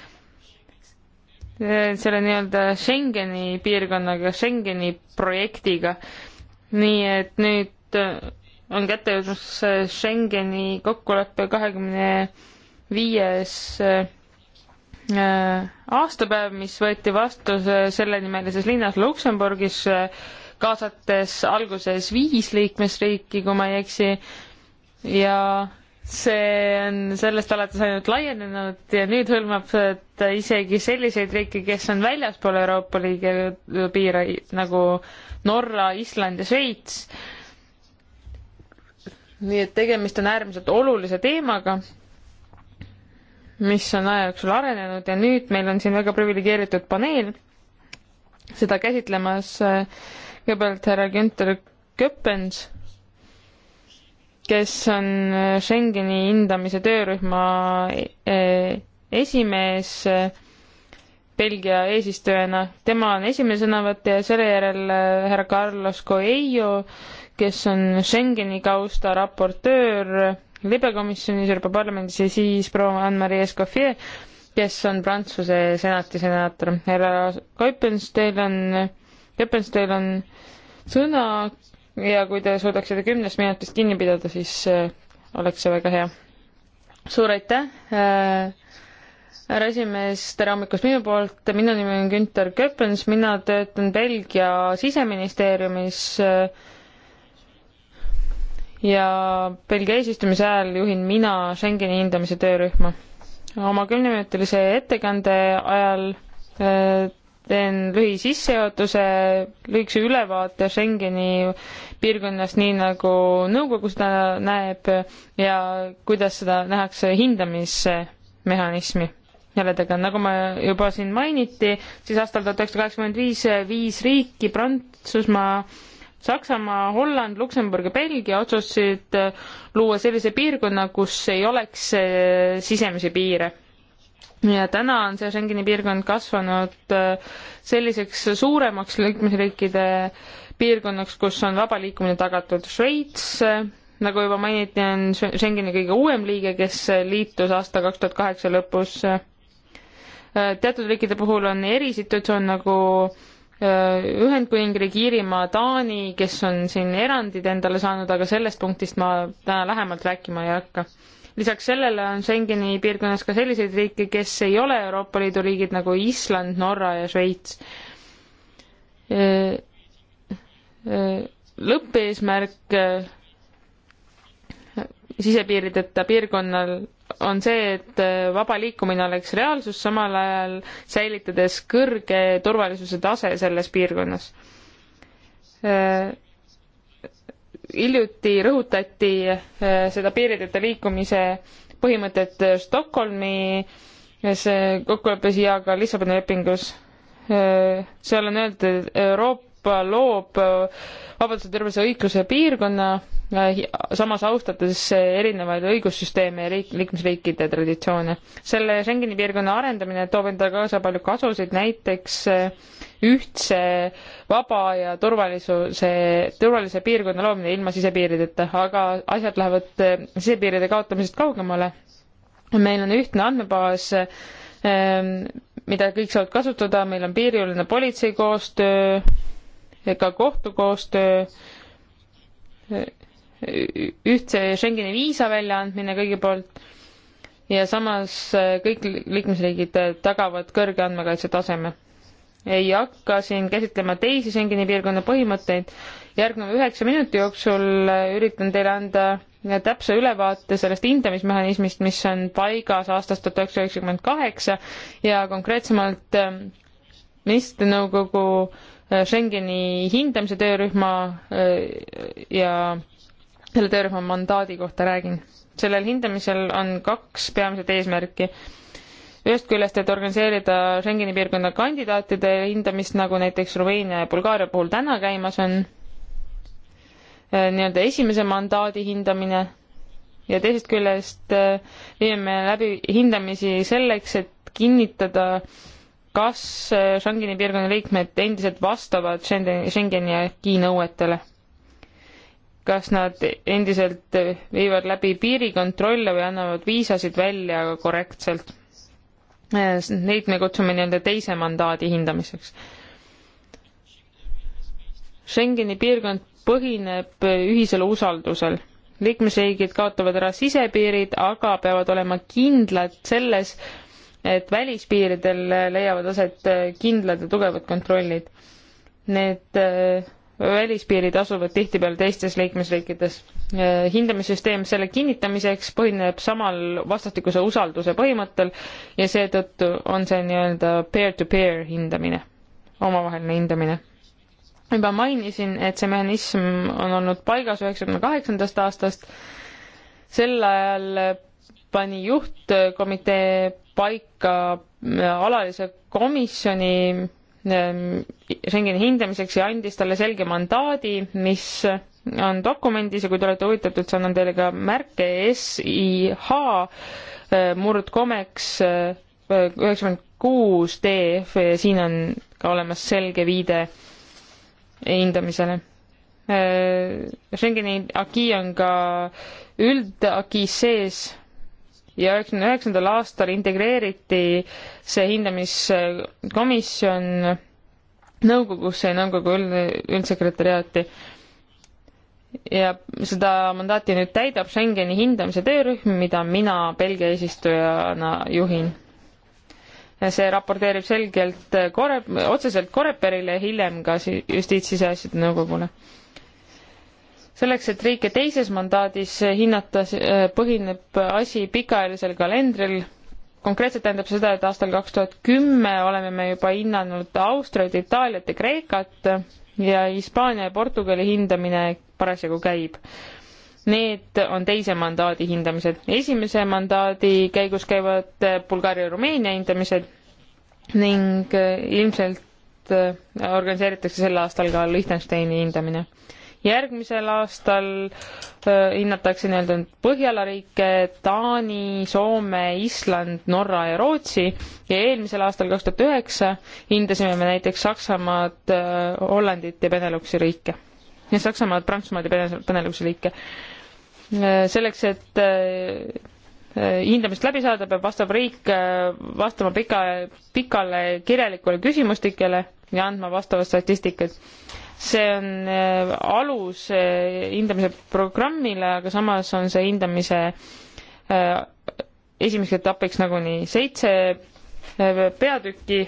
selle nii-öelda Schengeni piirkonnaga, Schengeni projektiga. nii et nüüd on kätte jõudmas Schengeni kokkulepe kahekümne viies 20 Äh, aastapäev, mis võeti vastu sellenimelises linnas Luksemburgis, äh, kaasates alguses viis liikmesriiki, kui ma ei eksi, ja see on sellest alates ainult laienenud ja nüüd hõlmab ta isegi selliseid riike, kes on väljaspool Euroopa Liidu piire nagu Norra, Island ja Šveits. nii et tegemist on äärmiselt olulise teemaga mis on aja jooksul arenenud ja nüüd meil on siin väga priviligeeritud paneel seda käsitlemas äh, kõigepealt härra Günther Köppens, kes on äh, Schengeni hindamise töörühma äh, esimees Belgia eesistujana. tema on esimene sõnavõtja ja selle järel härra Carlos Coelho, kes on Schengeni kausta raportöör libekomisjonis, Euroopa Parlamendis ja siis proua Anne-Marie Escoffier, kes on Prantsuse senati senaator. härra Koipens, teil on, Koipens, teil on sõna ja kui te suudaksite kümnest minutist kinni pidada, siis äh, oleks see väga hea. suur aitäh äh,! härra esimees, tere hommikust minu poolt, minu nimi on Günter Köppens, mina töötan Belgia siseministeeriumis äh, ja Belgia eesistumise ajal juhin mina Schengeni hindamise töörühma. oma kümneminutilise ettekande ajal äh, teen lühisissejuhatuse, lühikese ülevaate Schengeni piirkonnast, nii nagu nõukogu seda näeb ja kuidas seda nähakse hindamismehhanismi jäledega, nagu ma juba siin mainiti, siis aastal tuhat üheksasada kaheksakümmend viis viis riiki, Prantsusmaa, Saksamaa, Holland, Luksemburg ja Belgia otsustasid äh, luua sellise piirkonna, kus ei oleks äh, sisemisi piire. ja täna on see Schengeni piirkond kasvanud äh, selliseks suuremaks liikmesriikide piirkonnaks, kus on vaba liikumine tagatud. Šveits, nagu juba mainiti, on Schengeni kõige uuem liige, kes liitus aasta kaks tuhat kaheksa lõpus. teatud riikide puhul on erisituatsioon nagu Äh, Ühendkuningriik, Iirimaa, Taani, kes on siin erandid endale saanud, aga sellest punktist ma täna lähemalt rääkima ei hakka. lisaks sellele on Schengeni piirkonnas ka selliseid riike, kes ei ole Euroopa Liidu riigid nagu Island, Norra ja Šveits. Äh, äh, lõppeesmärk sisepiirideta piirkonnal on see, et äh, vaba liikumine oleks reaalsus, samal ajal säilitades kõrge turvalisuse tase selles piirkonnas. Äh, hiljuti rõhutati äh, seda piirideta liikumise põhimõtet Stockholmi kokkuleppes ja ka Lissaboni lepingus seal on öeldud, et Euroopa Euroopa loob äh, vabaduse, tervise, õigluse piirkonna, äh, samas austades erinevaid õigussüsteeme ja riik, liikmesriikide traditsioone. selle Schengeni piirkonna arendamine toob endaga kaasa palju kasusid, näiteks äh, ühtse vaba ja turvalisuse, turvalise piirkonna loomine ilma sisepiirideta, aga asjad lähevad sisepiiride kaotamisest kaugemale. meil on ühtne andmebaas mida kõik saavad kasutada, meil on piiriülene politsei koostöö, ka kohtukoostöö, ühtse Schengeni viisa väljaandmine kõigi poolt ja samas äh, kõik liikmesriigid äh, tagavad kõrge andmekaitse taseme. ei hakka siin käsitlema teisi Schengeni piirkonna põhimõtteid, järgneva üheksa minuti jooksul äh, üritan teile anda täpse ülevaate sellest hindamismehhanismist, mis on paigas aastast tuhat üheksasada üheksakümmend kaheksa ja konkreetsemalt ministrite nõukogu Äh, Schengeni hindamise töörühma äh, ja selle töörühma mandaadi kohta räägin. sellel hindamisel on kaks peamiset eesmärki. ühest küljest, et organiseerida Schengeni piirkonna kandidaatide hindamist, nagu näiteks Rumeenia ja Bulgaaria puhul täna käimas on, äh, nii-öelda esimese mandaadi hindamine ja teisest küljest viime läbi hindamisi selleks, et kinnitada äh, kas äh, Schengeni piirkonna liikmed endiselt vastavad Schengeni aki nõuetele? kas nad endiselt äh, viivad läbi piirikontrolle või annavad viisasid välja korrektselt? Äh, neid me kutsume nii-öelda teise mandaadi hindamiseks. Schengeni piirkond põhineb ühisel usaldusel liikmesriigid kaotavad ära sisepiirid, aga peavad olema kindlad selles, et välispiiridel leiavad aset äh, kindlad ja tugevad kontrollid. Need äh, välispiirid asuvad tihtipeale teistes liikmesriikides. Äh, hindamissüsteem selle kinnitamiseks põhineb samal vastastikuse usalduse põhimõttel ja seetõttu on see nii-öelda peer-to-peer hindamine, omavaheline hindamine. juba mainisin, et see mehhanism on olnud paigas üheksakümne kaheksandast aastast. sel ajal pani juhtkomitee paika äh, alalise komisjoni ähm, Schengeni hindamiseks ja andis talle selge mandaadi, mis on dokumendis ja kui te olete huvitatud, siis annan teile ka märke SIH äh, murdkomeks äh, üheksakümmend kuus DF ja siin on ka olemas selge viide hindamisele. Schengeni aki on ka üldaki sees ja üheksakümne üheksandal aastal integreeriti see hindamiskomisjon nõukogusse ja nõukogu üldsekretäriaati. ja seda mandaati nüüd täidab Schengeni hindamise töörühm, mida mina Belgia eesistujana juhin. see raporteerib selgelt kore-, otseselt Koreperile ja hiljem ka justiits- siseasjade nõukogule selleks, et riike teises mandaadis hinnata, äh, põhineb asi pikaajalisel kalendril. konkreetselt tähendab seda, et aastal kaks tuhat kümme oleme me juba hinnanud Austriat, Itaaliat ja Kreekat ja Hispaania ja Portugali hindamine parasjagu käib. Need on teise mandaadi hindamised. esimese mandaadi käigus käivad äh, Bulgaaria ja Rumeenia hindamised ning äh, ilmselt organiseeritakse sel aastal ka Liechtensteini hindamine järgmisel aastal hinnatakse nii-öelda Põhjala riike, Taani, Soome, Island, Norra ja Rootsi ja eelmisel aastal, kaks tuhat üheksa, hindasime me näiteks Saksamaad, Hollandit ja Beneluxi riike. ja Saksamaad, Prantsusmaad ja Beneluxi riike. selleks, et hindamist läbi saada, peab vastav riik vastama pika, pikale kirjalikule küsimustikele ja andma vastavat statistikat see on äh, alus äh, hindamise programmile, aga samas on see hindamise äh, esimeseks etapiks nagunii seitse peatükki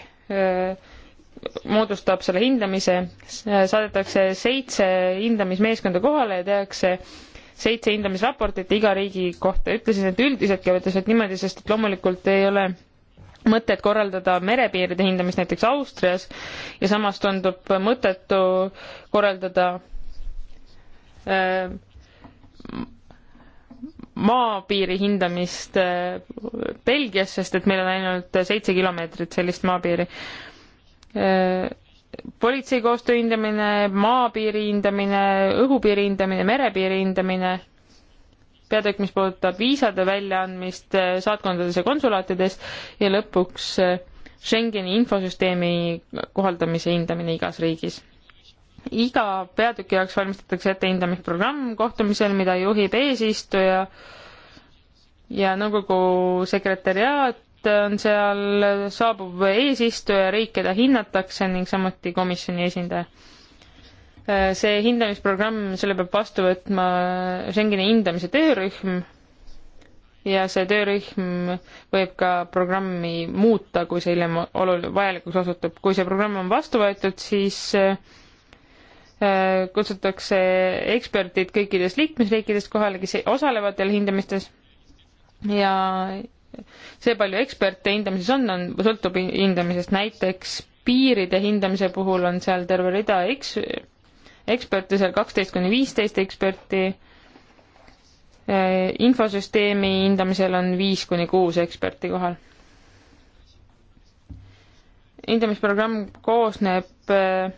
moodustab selle hindamise, saadetakse seitse hindamismeeskonda kohale ja tehakse seitse hindamisraportit iga riigi kohta. ütlesin, et üldiselt käib, ütles, et niimoodi, sest et loomulikult ei ole mõtet korraldada merepiiride hindamist näiteks Austrias ja samas tundub mõttetu korraldada äh, maapiiri hindamist äh, Belgias, sest et meil on ainult seitse kilomeetrit sellist maapiiri äh, politsei koostöö hindamine, maapiiri hindamine, õhupiiri hindamine, merepiiri hindamine peatükk, mis puudutab viisade väljaandmist eh, saatkondades ja konsulaatides ja lõpuks eh, Schengeni infosüsteemi kohaldamise hindamine igas riigis. iga peatüki jaoks valmistatakse ette hindamisprogramm kohtumisel, mida juhib eesistuja ja nõukogu sekretäriaat on seal, saabub eesistuja riik, keda hinnatakse ning samuti komisjoni esindaja Äh, see hindamisprogramm, selle peab vastu võtma Schengeni hindamise töörühm ja see töörühm võib ka programmi muuta, kui see hiljem olul-, vajalikuks osutub. kui see programm on vastu võetud, siis äh, kutsutakse eksperdid kõikidest liikmesriikidest kohale, kes osalevad jälle hindamistes ja see, palju eksperte hindamises on, on, sõltub hindamisest, näiteks piiride hindamise puhul on seal terve rida eks-, eksperti, seal kaksteist kuni viisteist eksperti, äh, infosüsteemi hindamisel on viis kuni kuus eksperti kohal. hindamisprogramm koosneb äh,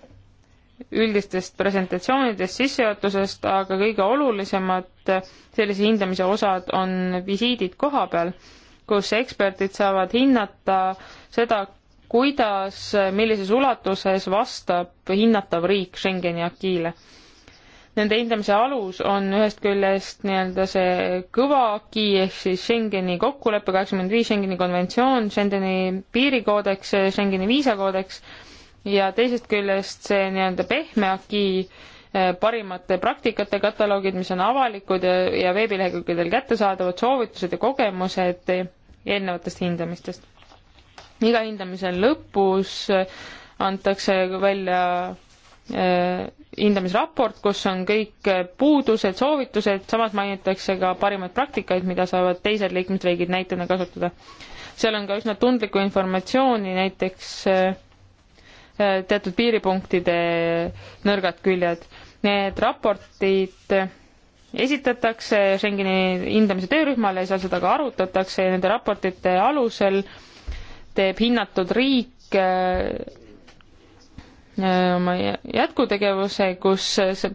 üldistest presentatsioonidest, sissejuhatusest, aga kõige olulisemad äh, sellise hindamise osad on visiidid koha peal, kus eksperdid saavad hinnata seda, kuidas, millises ulatuses vastab hinnatav riik Schengeni akiile. Nende hindamise alus on ühest küljest nii-öelda see kõva aki ehk siis Schengeni kokkulepe, kaheksakümmend viis Schengeni konventsioon, Schengeni piirikoodeks, Schengeni viisakoodeks ja teisest küljest see nii-öelda pehme aki eh, parimate praktikate kataloogid, mis on avalikud ja, ja veebilehekülgedel kättesaadavad, soovitused ja kogemused eelnevatest hindamistest iga hindamise lõpus antakse välja eh, hindamisraport, kus on kõik puudused, soovitused, samas mainitakse ka parimaid praktikaid, mida saavad teised liikmesriigid näitena kasutada. seal on ka üsna tundlikku informatsiooni, näiteks eh, teatud piiripunktide nõrgad küljed. Need raportid esitatakse Schengeni hindamise töörühmale ja seal seda ka arutatakse ja nende raportite alusel äh, teeb hinnatud riik äh, äh, oma jätkutegevuse, kus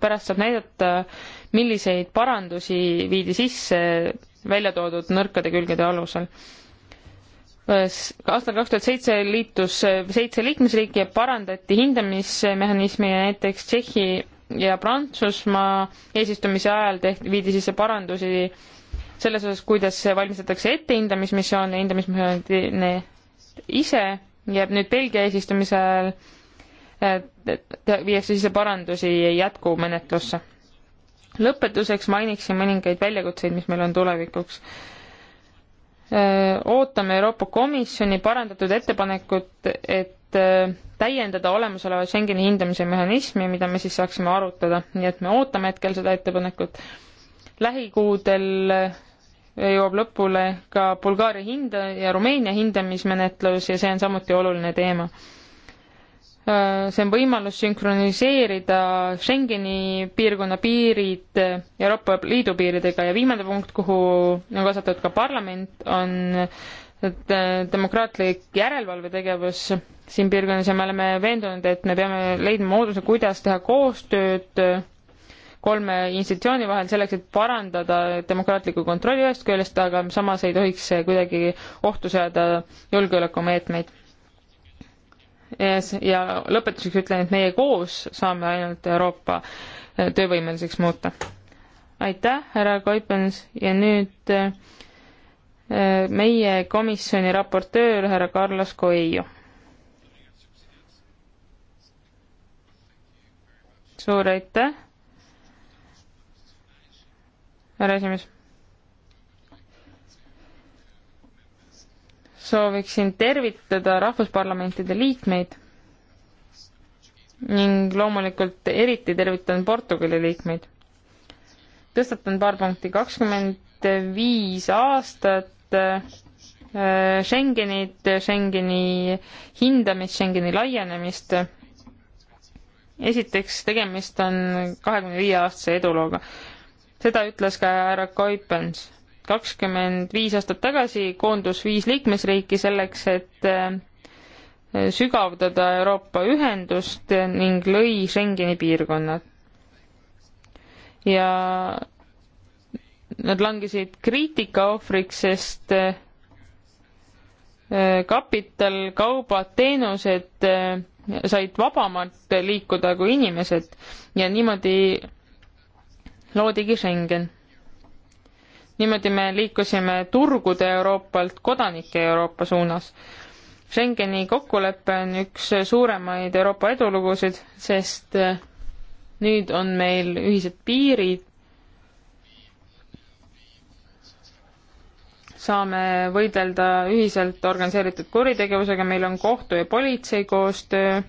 pärast saab näidata, milliseid parandusi viidi sisse välja toodud nõrkade külgede alusel. aastal kaks tuhat seitse liitus seitse liikmesriiki ja parandati hindamismehhanismi ja näiteks Tšehhi ja Prantsusmaa eesistumise ajal tehti, viidi sisse parandusi selles osas, kuidas valmistatakse ette hindamismissioone, hindamismissioonide ise jääb nüüd Belgia eesistumise ajal, viiakse sisse parandusi jätkumenetlusse. lõpetuseks mainiksin mõningaid väljakutseid, mis meil on tulevikuks. ootame Euroopa Komisjoni parandatud ettepanekut, et täiendada olemasoleva Schengeni hindamise mehhanismi, mida me siis saaksime arutada, nii et me ootame hetkel seda ettepanekut. lähikuudel jõuab lõpule ka Bulgaaria hinda ja Rumeenia hindamismenetlus ja see on samuti oluline teema. see on võimalus sünkroniseerida Schengeni piirkonna piirid Euroopa Liidu piiridega ja viimane punkt, kuhu on kaasatud ka parlament, on et äh, demokraatlik järelevalvetegevus siin piirkonnas ja me oleme veendunud, et me peame leidma mooduse, kuidas teha koostööd kolme institutsiooni vahel selleks, et parandada demokraatlikku kontrolli ühest küljest, aga samas ei tohiks see kuidagi ohtu seada julgeolekumeetmeid. ja lõpetuseks ütlen, et meie koos saame ainult Euroopa äh, töövõimeliseks muuta. aitäh, härra Koipens ja nüüd äh, meie komisjoni raportöör härra Carlos Coelho. suur aitäh härra esimees. sooviksin tervitada rahvusparlamentide liikmeid ning loomulikult eriti tervitan Portugali liikmeid. tõstatan paar punkti, kakskümmend viis aastat äh, Schengenit, Schengeni hindamist, Schengeni laienemist. esiteks, tegemist on kahekümne viie aastase edulooga seda ütles ka härra Koipens. kakskümmend viis aastat tagasi koondus viis liikmesriiki selleks, et eh, sügavdada Euroopa ühendust ning lõi Schengeni piirkonnad. ja nad langesid kriitika ohvriks, sest eh, eh, kapital, kaubad, teenused said vabamalt liikuda kui inimesed ja niimoodi loodigi Schengen. niimoodi me liikusime turgude Euroopalt kodanike Euroopa suunas. Schengeni kokkulepe on üks suuremaid Euroopa edulugusid, sest eh, nüüd on meil ühised piirid, saame võidelda ühiselt organiseeritud kuritegevusega, meil on kohtu ja politsei koostöö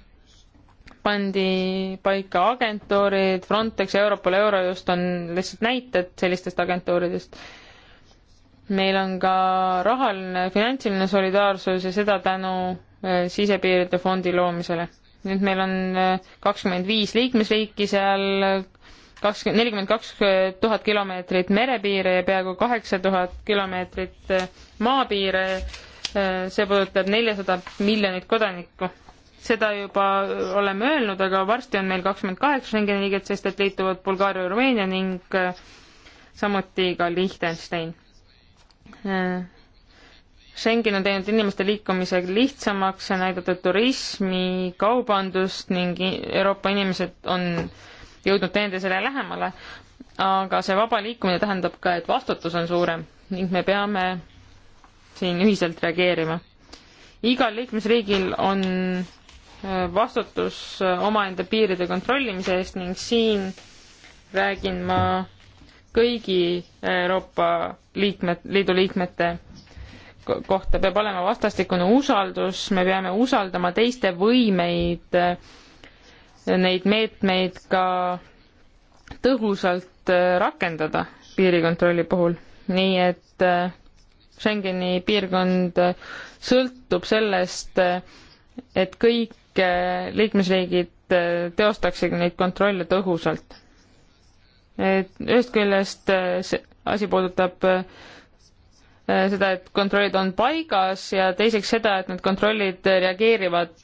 pandi paika agentuurid, Frontex, Europol, Eurojust on lihtsalt näited sellistest agentuuridest. meil on ka rahaline, finantsiline solidaarsus ja seda tänu äh, sisepiiride fondi loomisele. nüüd meil on äh, kakskümmend viis liikmesriiki seal, kakskümmend, nelikümmend kaks äh, tuhat kilomeetrit merepiire ja peaaegu kaheksa tuhat kilomeetrit maapiire, see puudutab neljasadat miljonit kodanikku seda juba oleme öelnud, aga varsti on meil kakskümmend kaheksa Schengeni liiget, sest et liituvad Bulgaaria, Rumeenia ning äh, samuti ka Liechtenstein. Äh, Schengen on teinud inimeste liikumise lihtsamaks, on näidatud turismi, kaubandust ning Euroopa inimesed on jõudnud teineteisele lähemale. aga see vaba liikumine tähendab ka, et vastutus on suurem ning me peame siin ühiselt reageerima. igal liikmesriigil on vastutus äh, omaenda piiride kontrollimise eest ning siin räägin ma kõigi Euroopa liikmed, liidu liikmete kohta peab olema vastastikune usaldus, me peame usaldama teiste võimeid, äh, neid meetmeid ka tõhusalt äh, rakendada piirikontrolli puhul, nii et Schengeni piirkond sõltub sellest, et kõik Eh, liikmesriigid eh, teostaksid neid kontrolle tõhusalt. et ühest küljest eh, see asi puudutab seda, et kontrollid on paigas ja teiseks seda, et need kontrollid reageerivad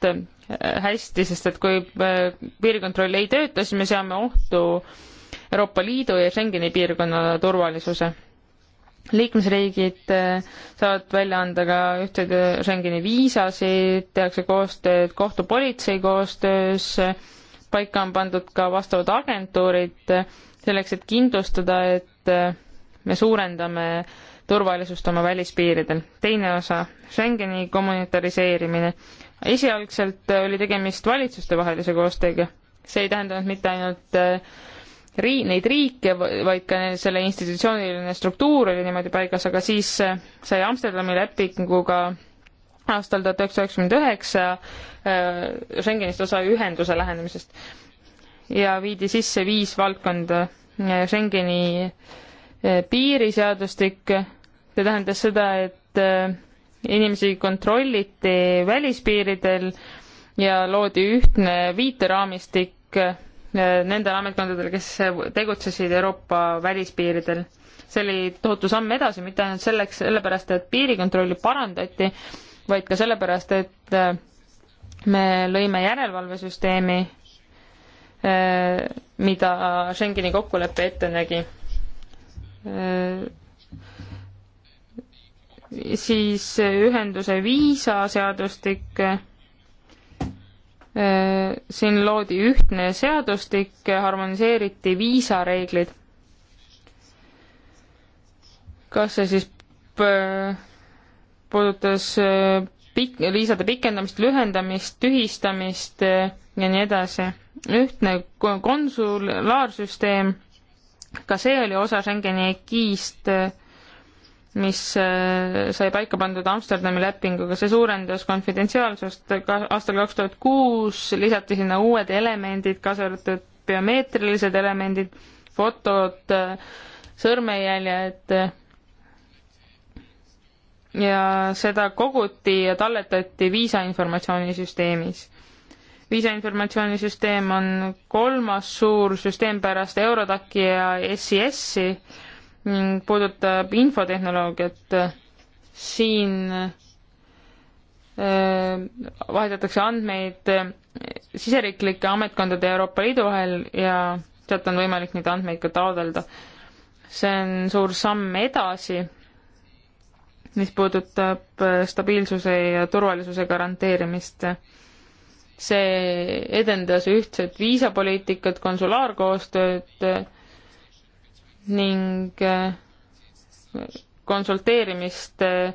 hästi, sest et kui piirikontroll ei tööta, siis me seame ohtu Euroopa Liidu ja Schengeni piirkonna turvalisuse liikmesriigid äh, saavad välja anda ka ühteid äh, Schengeni viisasid, tehakse koostööd kohtupolitsei koostöös, paika on pandud ka vastavad agentuurid selleks, et kindlustada, et äh, me suurendame turvalisust oma välispiiridel. teine osa, Schengeni kommunitariseerimine. esialgselt oli tegemist valitsustevahelise koostööga. see ei tähendanud mitte ainult rii-, neid riike, vaid ka selle institutsiooniline struktuur oli niimoodi paigas, aga siis äh, sai Amsterdami lepinguga aastal tuhat üheksasada üheksakümmend üheksa äh, Schengenist osa ühenduse lähenemisest ja viidi sisse viis valdkonda äh, Schengeni piiriseadustik, see tähendas seda, et inimesi kontrolliti välispiiridel ja loodi ühtne viiteraamistik nendele ametkondadele, kes tegutsesid Euroopa välispiiridel. see oli tohutu samm edasi, mitte ainult selleks, sellepärast, et piirikontrolli parandati, vaid ka sellepärast, et äh, me lõime järelevalvesüsteemi, äh, mida Schengeni kokkulepe ette nägi. Äh, siis ühenduse viisaseadustik siin loodi ühtne seadustik, harmoniseeriti viisareeglid. kas see siis äh, puudutas äh, pik-, viisade pikendamist, lühendamist, tühistamist äh, ja nii edasi. ühtne konsulaarsüsteem, ka see oli osa Schengeni ekiist mis äh, sai paika pandud Amsterdami lepinguga, see suurendas konfidentsiaalsust, ka aastal kaks tuhat kuus lisati sinna uued elemendid, kaasa arvatud biomeetrilised elemendid, fotod, sõrmejäljed ja seda koguti ja talletati viisa informatsioonisüsteemis viisainformatsioonisüsteem on kolmas suur süsteem pärast Eurodaki ja SIS-i ning puudutab infotehnoloogiat, siin äh, vahetatakse andmeid äh, siseriiklike ametkondade ja Euroopa Liidu vahel ja sealt on võimalik neid andmeid ka taodelda. see on suur samm edasi, mis puudutab äh, stabiilsuse ja turvalisuse garanteerimist. see edendas ühtset viisapoliitikat, konsulaarkoostööd, ning äh, konsulteerimist äh,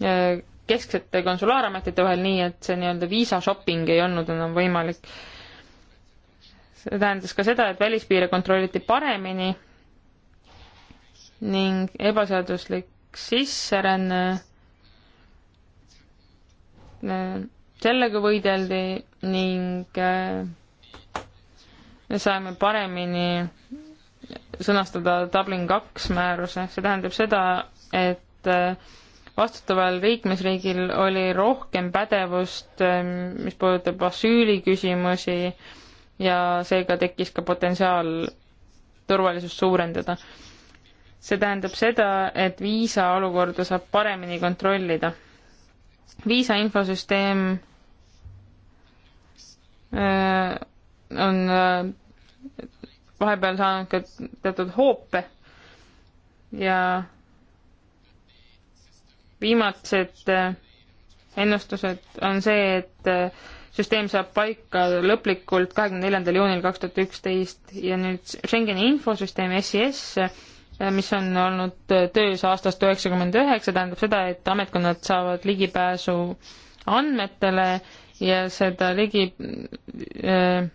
äh, kesksete konsulaarametite vahel, nii et see nii-öelda viisa shopping ei olnud enam võimalik. see tähendas ka seda, et välispiire kontrolliti paremini ning ebaseaduslik sisseränne, sellega võideldi ning me saime paremini sõnastada Dublin kaks määruse, see tähendab seda, et äh, vastutaval liikmesriigil oli rohkem pädevust, äh, mis puudutab asüüliküsimusi ja seega tekkis ka potentsiaal turvalisust suurendada. see tähendab seda, et viisa olukorda saab paremini kontrollida. viisa infosüsteem äh, on vahepeal saanud ka teatud hoope ja viimased äh, ennustused on see, et äh, süsteem saab paika lõplikult kahekümne neljandal juunil kaks tuhat üksteist ja nüüd Schengeni infosüsteem SIS, äh, mis on olnud töös aastast üheksakümmend üheksa, tähendab seda, et ametkonnad saavad ligipääsu andmetele ja seda ligi äh,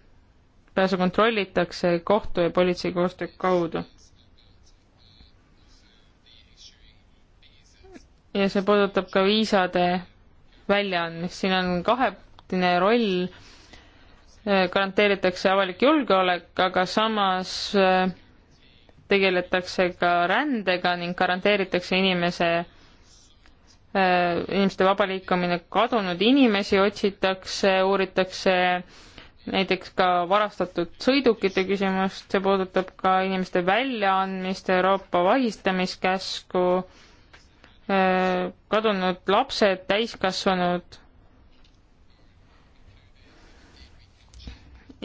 pääsu kontrollitakse kohtu ja politsei koostöö kaudu. ja see puudutab ka viisade väljaandmist, siin on kahetine roll, garanteeritakse avalik julgeolek, aga samas eh, tegeletakse ka rändega ning garanteeritakse inimese, eh, inimeste vaba liikumine, kadunud inimesi otsitakse, uuritakse näiteks ka varastatud sõidukite küsimust, see puudutab ka inimeste väljaandmist, Euroopa vahistamiskäsku, äh, kadunud lapsed, täiskasvanud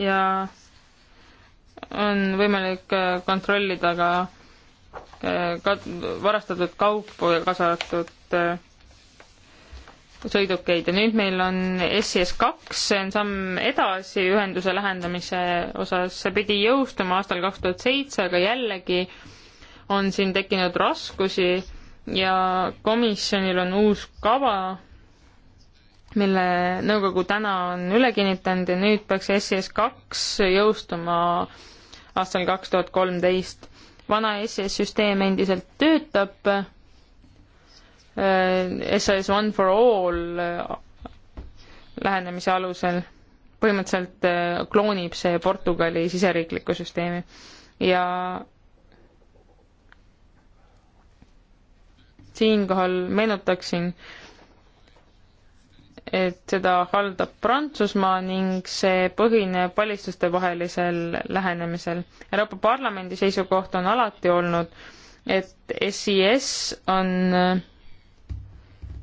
ja on võimalik äh, kontrollida äh, ka varastatud kaupu ja kaasa arvatud sõidukeid ja nüüd meil on SES kaks, see on samm edasi ühenduse lähendamise osas, see pidi jõustuma aastal kaks tuhat seitse, aga jällegi on siin tekkinud raskusi ja komisjonil on uus kava, mille nõukogu täna on üle kinnitanud ja nüüd peaks SES kaks jõustuma aastal kaks tuhat kolmteist. vana SES süsteem endiselt töötab SAS äh, One for All äh, lähenemise alusel. põhimõtteliselt äh, kloonib see Portugali siseriiklikku süsteemi ja siinkohal meenutaksin, et seda haldab Prantsusmaa ning see põhineb valitsustevahelisel lähenemisel. Euroopa Parlamendi seisukoht on alati olnud, et SIS on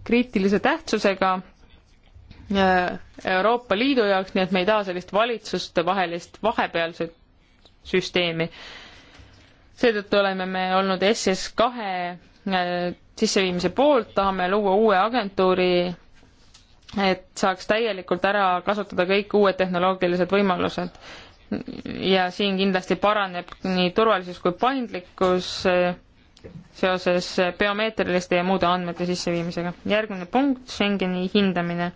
kriitilise tähtsusega äh, Euroopa Liidu jaoks, nii et me ei taha sellist valitsustevahelist vahepealset süsteemi. seetõttu oleme me olnud SS kahe äh, sisseviimise poolt, tahame luua uue agentuuri, et saaks täielikult ära kasutada kõik uued tehnoloogilised võimalused. ja siin kindlasti paraneb nii turvalisus kui paindlikkus äh, seoses biomeetriliste ja muude andmete sisseviimisega. järgmine punkt, Schengeni hindamine.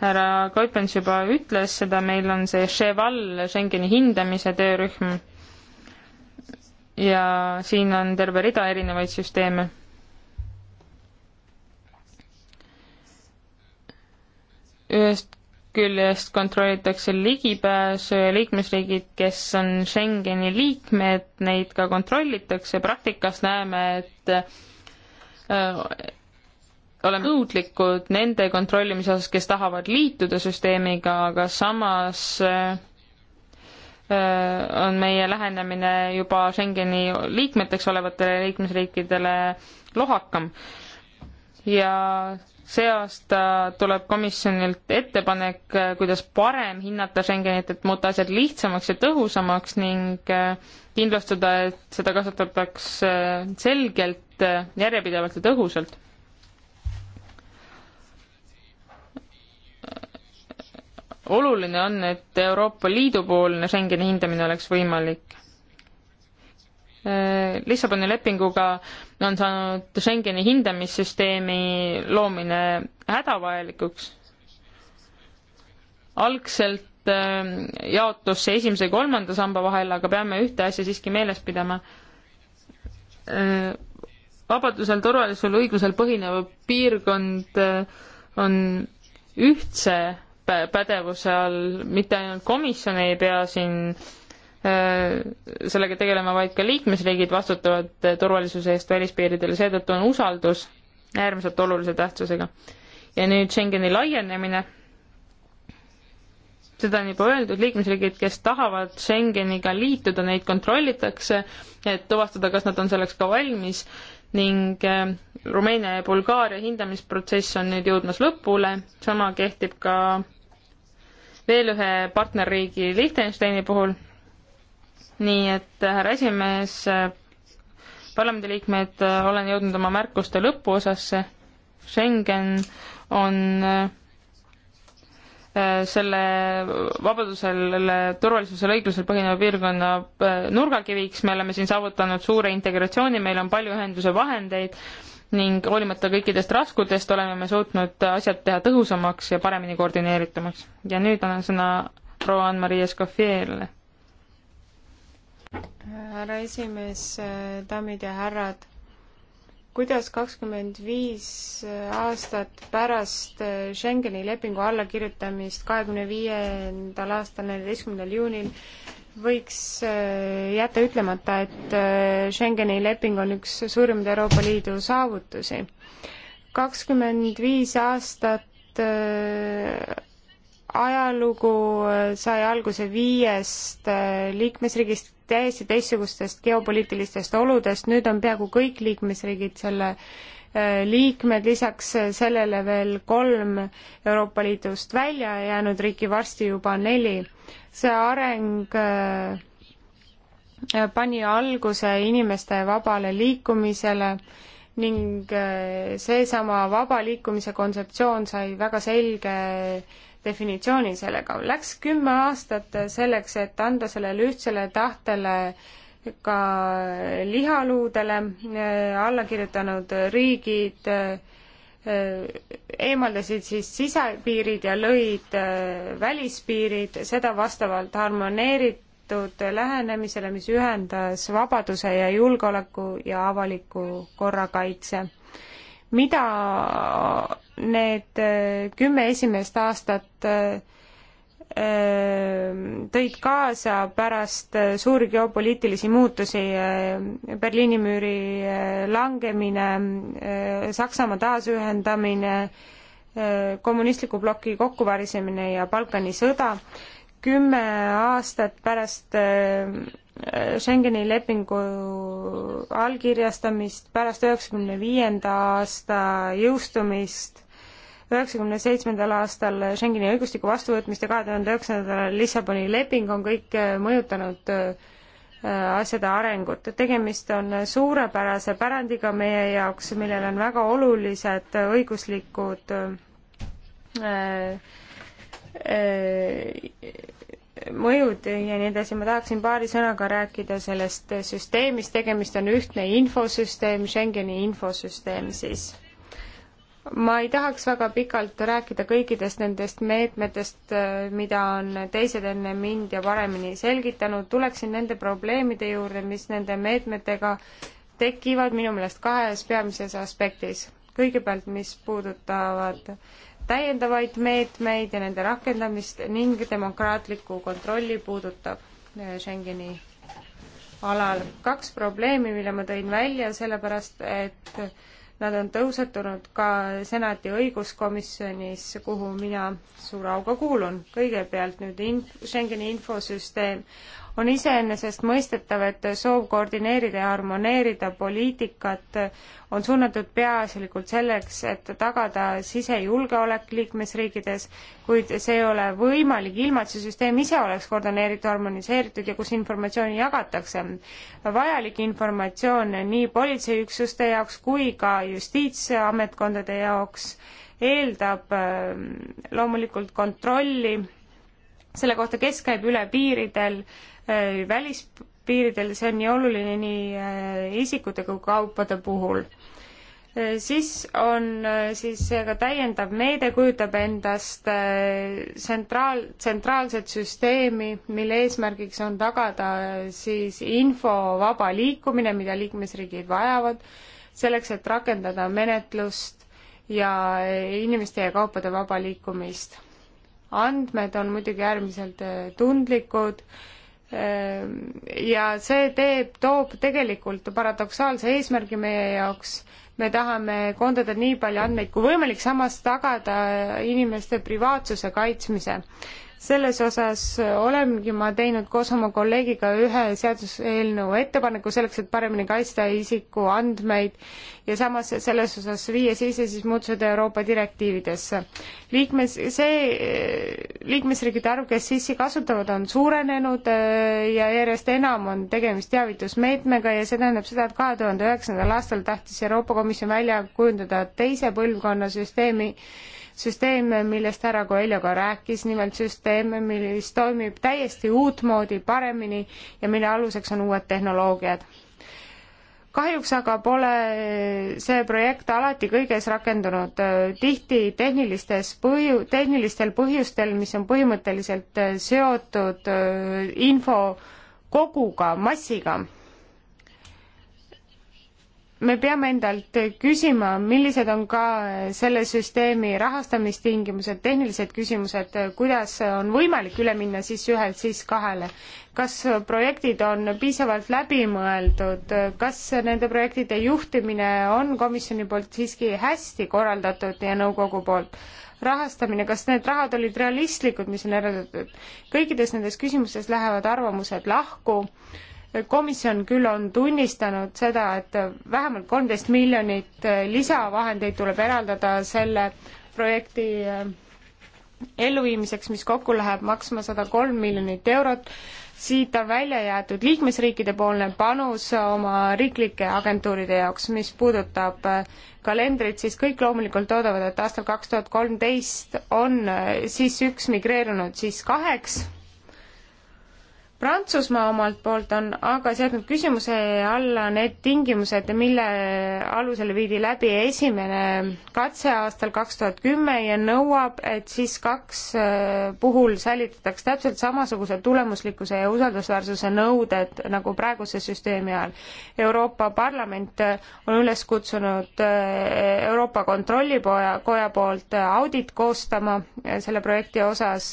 härra Koipens juba ütles seda, meil on see Cheval, Schengeni hindamise töörühm ja siin on terve rida erinevaid süsteeme. ühest küljest kontrollitakse ligipääsu ja liikmesriigid, kes on Schengeni liikmed, neid ka kontrollitakse, praktikas näeme, et öö, äh, oleme nõudlikud nende kontrollimise osas, kes tahavad liituda süsteemiga, aga samas öö, äh, äh, on meie lähenemine juba Schengeni liikmeteks olevatele liikmesriikidele lohakam. ja see aasta tuleb komisjonilt ettepanek, äh, kuidas parem hinnata Schengenit, et muuta asjad lihtsamaks ja tõhusamaks ning äh, kindlustada, et seda kasutatakse äh, selgelt, järjepidevalt ja tõhusalt. oluline on, et Euroopa Liidu poolne Schengeni hindamine oleks võimalik Äh, Lissaboni lepinguga on saanud Schengeni hindamissüsteemi loomine hädavajalikuks. algselt ähm, jaotus see esimese ja kolmanda samba vahel, aga peame ühte asja siiski meeles pidama. Äh, vabadusel, turvalisusel, õigusel põhinev piirkond äh, on ühtse pädevuse all, mitte ainult komisjon ei pea siin äh, Äh, sellega tegelema, vaid ka liikmesriigid vastutavad äh, turvalisuse eest välispiiridel ja seetõttu on usaldus äärmiselt olulise tähtsusega. ja nüüd Schengeni laienemine, seda on juba öeldud, liikmesriigid, kes tahavad Schengeniga liituda, neid kontrollitakse, et tuvastada, kas nad on selleks ka valmis ning äh, Rumeenia ja Bulgaaria hindamisprotsess on nüüd jõudmas lõpule, sama kehtib ka veel ühe partnerriigi Liechtensteini puhul nii et härra esimees, parlamendiliikmed, olen jõudnud oma märkuste lõpuosasse. Schengen on äh, selle vabadusel, turvalisusel, õiglusel põhineva piirkonna äh, nurgakiviks, me oleme siin saavutanud suure integratsiooni, meil on palju ühenduse vahendeid ning hoolimata kõikidest raskudest oleme me suutnud asjad teha tõhusamaks ja paremini koordineeritumaks. ja nüüd annan sõna proua Ann-Marie Escoffierile härra esimees, daamid ja härrad. kuidas kakskümmend viis aastat pärast Schengeni lepingu allakirjutamist kahekümne viiendal aastal, neljateistkümnendal juunil võiks äh, jätta ütlemata, et äh, Schengeni leping on üks suurimaid Euroopa Liidu saavutusi. kakskümmend viis aastat äh, ajalugu sai alguse viiest äh, liikmesriigist, täiesti teistsugustest geopoliitilistest oludest, nüüd on peaaegu kõik liikmesriigid selle äh, liikmed, lisaks äh, sellele veel kolm Euroopa Liidust välja jäänud riiki, varsti juba neli. see areng pani alguse inimeste vabale liikumisele ning seesama vaba liikumise kontseptsioon sai väga selge definitsiooni sellega. Läks kümme aastat selleks, et anda sellele ühtsele tahtele ka lihaluudele eh, alla kirjutanud riigid eh, eemaldasid siis sisepiirid ja lõid eh, välispiirid, seda vastavalt harmoneeritud lähenemisele, mis ühendas vabaduse ja julgeoleku ja avaliku korra kaitse mida need äh, kümme esimest aastat äh, äh, tõid kaasa pärast suuri geopoliitilisi muutusi, Berliini müüri langemine, Saksamaa taasühendamine, kommunistliku ploki kokkuvarisemine ja Balkani sõda, kümme aastat pärast Schengeni lepingu allkirjastamist pärast üheksakümne viienda aasta jõustumist, üheksakümne seitsmendal aastal Schengeni õigustiku vastuvõtmist ja kahe tuhande üheksandal Lissaboni leping on kõik äh, mõjutanud äh, asjade arengut. tegemist on suurepärase pärandiga meie jaoks, millel on väga olulised õiguslikud äh, äh, mõjud ja nii edasi, ma tahaksin paari sõnaga rääkida sellest süsteemist, tegemist on ühtne infosüsteem, Schengeni infosüsteem siis. ma ei tahaks väga pikalt rääkida kõikidest nendest meetmetest, mida on teised enne mind ja paremini selgitanud, tuleksin nende probleemide juurde, mis nende meetmetega tekivad minu meelest kahes peamises aspektis. kõigepealt, mis puudutavad täiendavaid meetmeid ja nende rakendamist ning demokraatlikku kontrolli puudutab eh, Schengeni alal. kaks probleemi, mille ma tõin välja, sellepärast et nad on tõusetunud ka Senati õiguskomisjonis, kuhu mina suure auga kuulun. kõigepealt nüüd inf-, Schengeni infosüsteem on iseenesestmõistetav, et soov koordineerida ja harmoneerida poliitikat on suunatud peaasjalikult selleks, et tagada sisejulgeolek liikmesriikides, kuid see ei ole võimalik ilma, et see süsteem ise oleks koordineeritud, harmoniseeritud ja kus informatsiooni jagatakse. vajalik informatsioon nii politseiüksuste jaoks kui ka justiitsametkondade jaoks eeldab ähm, loomulikult kontrolli selle kohta, kes käib üle piiridel Äh, välispiiridel, see on nii oluline nii äh, isikute kui kaupade puhul. Äh, siis on siis ka täiendav meede, kujutab endast tsentraal, tsentraalset süsteemi, mille eesmärgiks on tagada siis info vaba liikumine, mida liikmesriigid vajavad, selleks, et rakendada menetlust ja inimeste ja kaupade vaba liikumist. andmed on muidugi äärmiselt tundlikud äh, Ehm, ja see teeb, toob tegelikult paradoksaalse eesmärgi meie jaoks. me tahame koondada nii palju andmeid kui võimalik, samas tagada inimeste privaatsuse kaitsmise selles osas olengi ma teinud koos oma kolleegiga ühe seaduseelnõu ettepaneku selleks, et paremini kaitsta isiku andmeid ja samas selles osas viia sisse siis muutused Euroopa direktiividesse. liikmes, see liikmesriigide arv, kes sissi kasutavad, on suurenenud äh, ja järjest enam on tegemist teavitusmeetmega ja see tähendab seda, et kahe tuhande üheksandal aastal tahtis Euroopa Komisjon välja kujundada teise põlvkonna süsteemi, süsteem, millest härra Coelho ka rääkis, nimelt süsteem, mis toimib täiesti uutmoodi, paremini ja mille aluseks on uued tehnoloogiad. kahjuks aga pole see projekt alati kõiges rakendunud, tihti tehnilistes põhju-, tehnilistel põhjustel, mis on põhimõtteliselt seotud info koguga, massiga me peame endalt küsima, millised on ka selle süsteemi rahastamistingimused, tehnilised küsimused, kuidas on võimalik üle minna siis ühelt, siis kahele. kas projektid on piisavalt läbimõeldud, kas nende projektide juhtimine on komisjoni poolt siiski hästi korraldatud ja nõukogu poolt? rahastamine, kas need rahad olid realistlikud, mis on eraldatud? kõikides nendes küsimustes lähevad arvamused lahku komisjon küll on tunnistanud seda, et vähemalt kolmteist miljonit eh, lisavahendeid tuleb eraldada selle projekti eh, elluviimiseks, mis kokku läheb maksma sada kolm miljonit eurot, siit on välja jäetud liikmesriikide poolne panus oma riiklike agentuuride jaoks, mis puudutab eh, kalendrit, siis kõik loomulikult oodavad, et aastal kaks tuhat kolmteist on siis üks migreerunud siis kaheks Prantsusmaa omalt poolt on aga seadnud küsimuse alla need tingimused, mille alusel viidi läbi esimene katse aastal kaks tuhat kümme ja nõuab, et siis kaks äh, puhul säilitataks täpselt samasugused tulemuslikkuse ja usaldusväärsuse nõuded nagu praeguse süsteemi ajal. Euroopa Parlament äh, on üles kutsunud äh, Euroopa Kontrollikoja, koja poolt audit koostama selle projekti osas,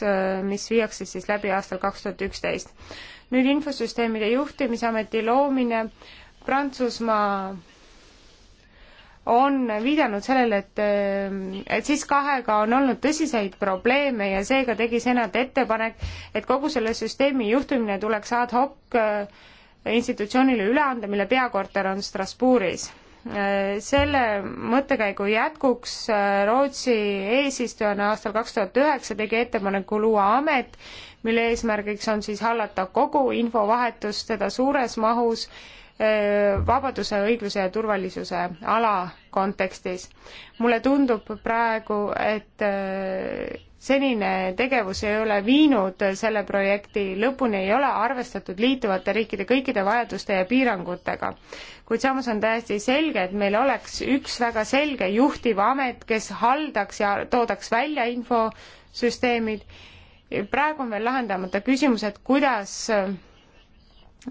mis viiakse siis läbi aastal kaks tuhat üksteist nüüd infosüsteemide juhtimisameti loomine, Prantsusmaa on viidanud sellele, et, et siis kahega on olnud tõsiseid probleeme ja seega tegi senat ettepanek, et kogu selle süsteemi juhtimine tuleks ad hoc äh, institutsioonile üle anda, mille peakorter on Strasbourgis selle mõttekäigu jätkuks Rootsi eesistujana aastal kaks tuhat üheksa tegi ettepaneku luua amet, mille eesmärgiks on siis hallata kogu infovahetust, seda suures mahus, vabaduse, õigluse ja turvalisuse ala kontekstis. mulle tundub praegu, et senine tegevus ei ole viinud selle projekti lõpuni, ei ole arvestatud liituvate riikide kõikide vajaduste ja piirangutega kuid samas on täiesti selge, et meil oleks üks väga selge juhtiv amet, kes haldaks ja toodaks välja infosüsteemid. praegu on veel lahendamata küsimus, et kuidas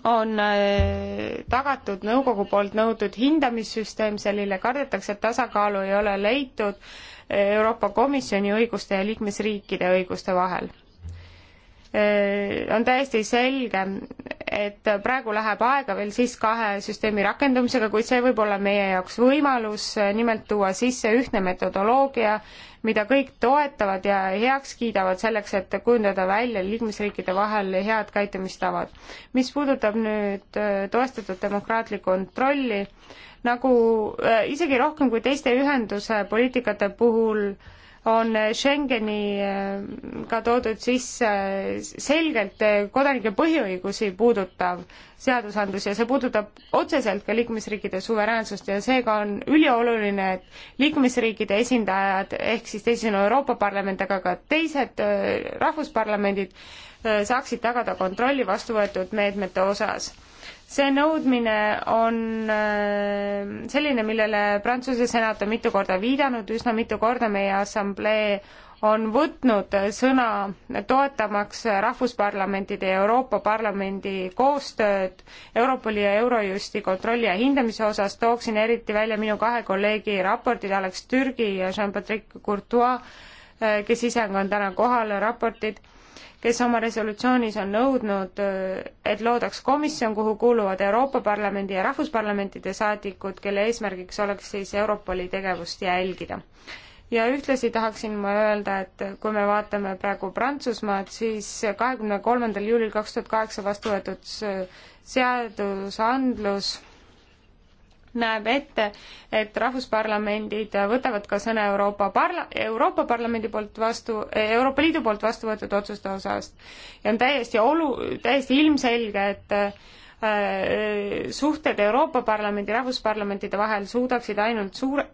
on äh, tagatud nõukogu poolt nõutud hindamissüsteem, sellele kardetakse, et tasakaalu ei ole leitud äh, Euroopa Komisjoni õiguste ja liikmesriikide õiguste vahel. Äh, on täiesti selge, et praegu läheb aega veel siis kahe süsteemi rakendamisega, kuid see võib olla meie jaoks võimalus nimelt tuua sisse ühtne metodoloogia, mida kõik toetavad ja heaks kiidavad selleks, et kujundada välja liikmesriikide vahel head käitumistavad. mis puudutab nüüd äh, toestatud demokraatlikku kontrolli, nagu äh, isegi rohkem kui teiste ühenduse poliitikate puhul äh, on Schengeniga äh, toodud sisse äh, selgelt äh, kodanike põhiõigusi puudutav seadusandlus ja see puudutab otseselt ka liikmesriikide suveräänsust ja seega on ülioluline, et liikmesriikide esindajad ehk siis teisisõnu Euroopa Parlament, aga ka teised rahvusparlamendid saaksid tagada kontrolli vastuvõetud meetmete osas see nõudmine on äh, selline, millele Prantsuse senat on mitu korda viidanud, üsna mitu korda meie assamblee on võtnud sõna toetamaks rahvusparlamentide ja Euroopa Parlamendi koostööd Europoli ja Eurojusti kontrolli ja hindamise osas, tooksin eriti välja minu kahe kolleegi raportid, Alex Türgi ja Jean-Patrick Courtois, äh, kes ise on ka täna kohal, raportid kes oma resolutsioonis on nõudnud, et loodaks komisjon, kuhu kuuluvad Euroopa Parlamendi ja Rahvusparlamentide saadikud, kelle eesmärgiks oleks siis Europoli tegevust jälgida. ja ühtlasi tahaksin ma öelda, et kui me vaatame praegu Prantsusmaad, siis kahekümne kolmandal juulil kaks tuhat kaheksa vastu võetud seadusandlus näeb ette, et rahvusparlamendid võtavad ka sõna Euroopa parla-, Euroopa Parlamendi poolt vastu, Euroopa Liidu poolt vastu võetud otsuste osast. ja on täiesti olu-, täiesti ilmselge, et äh, suhted Euroopa Parlamendi, rahvusparlamentide vahel suudaksid ainult suure,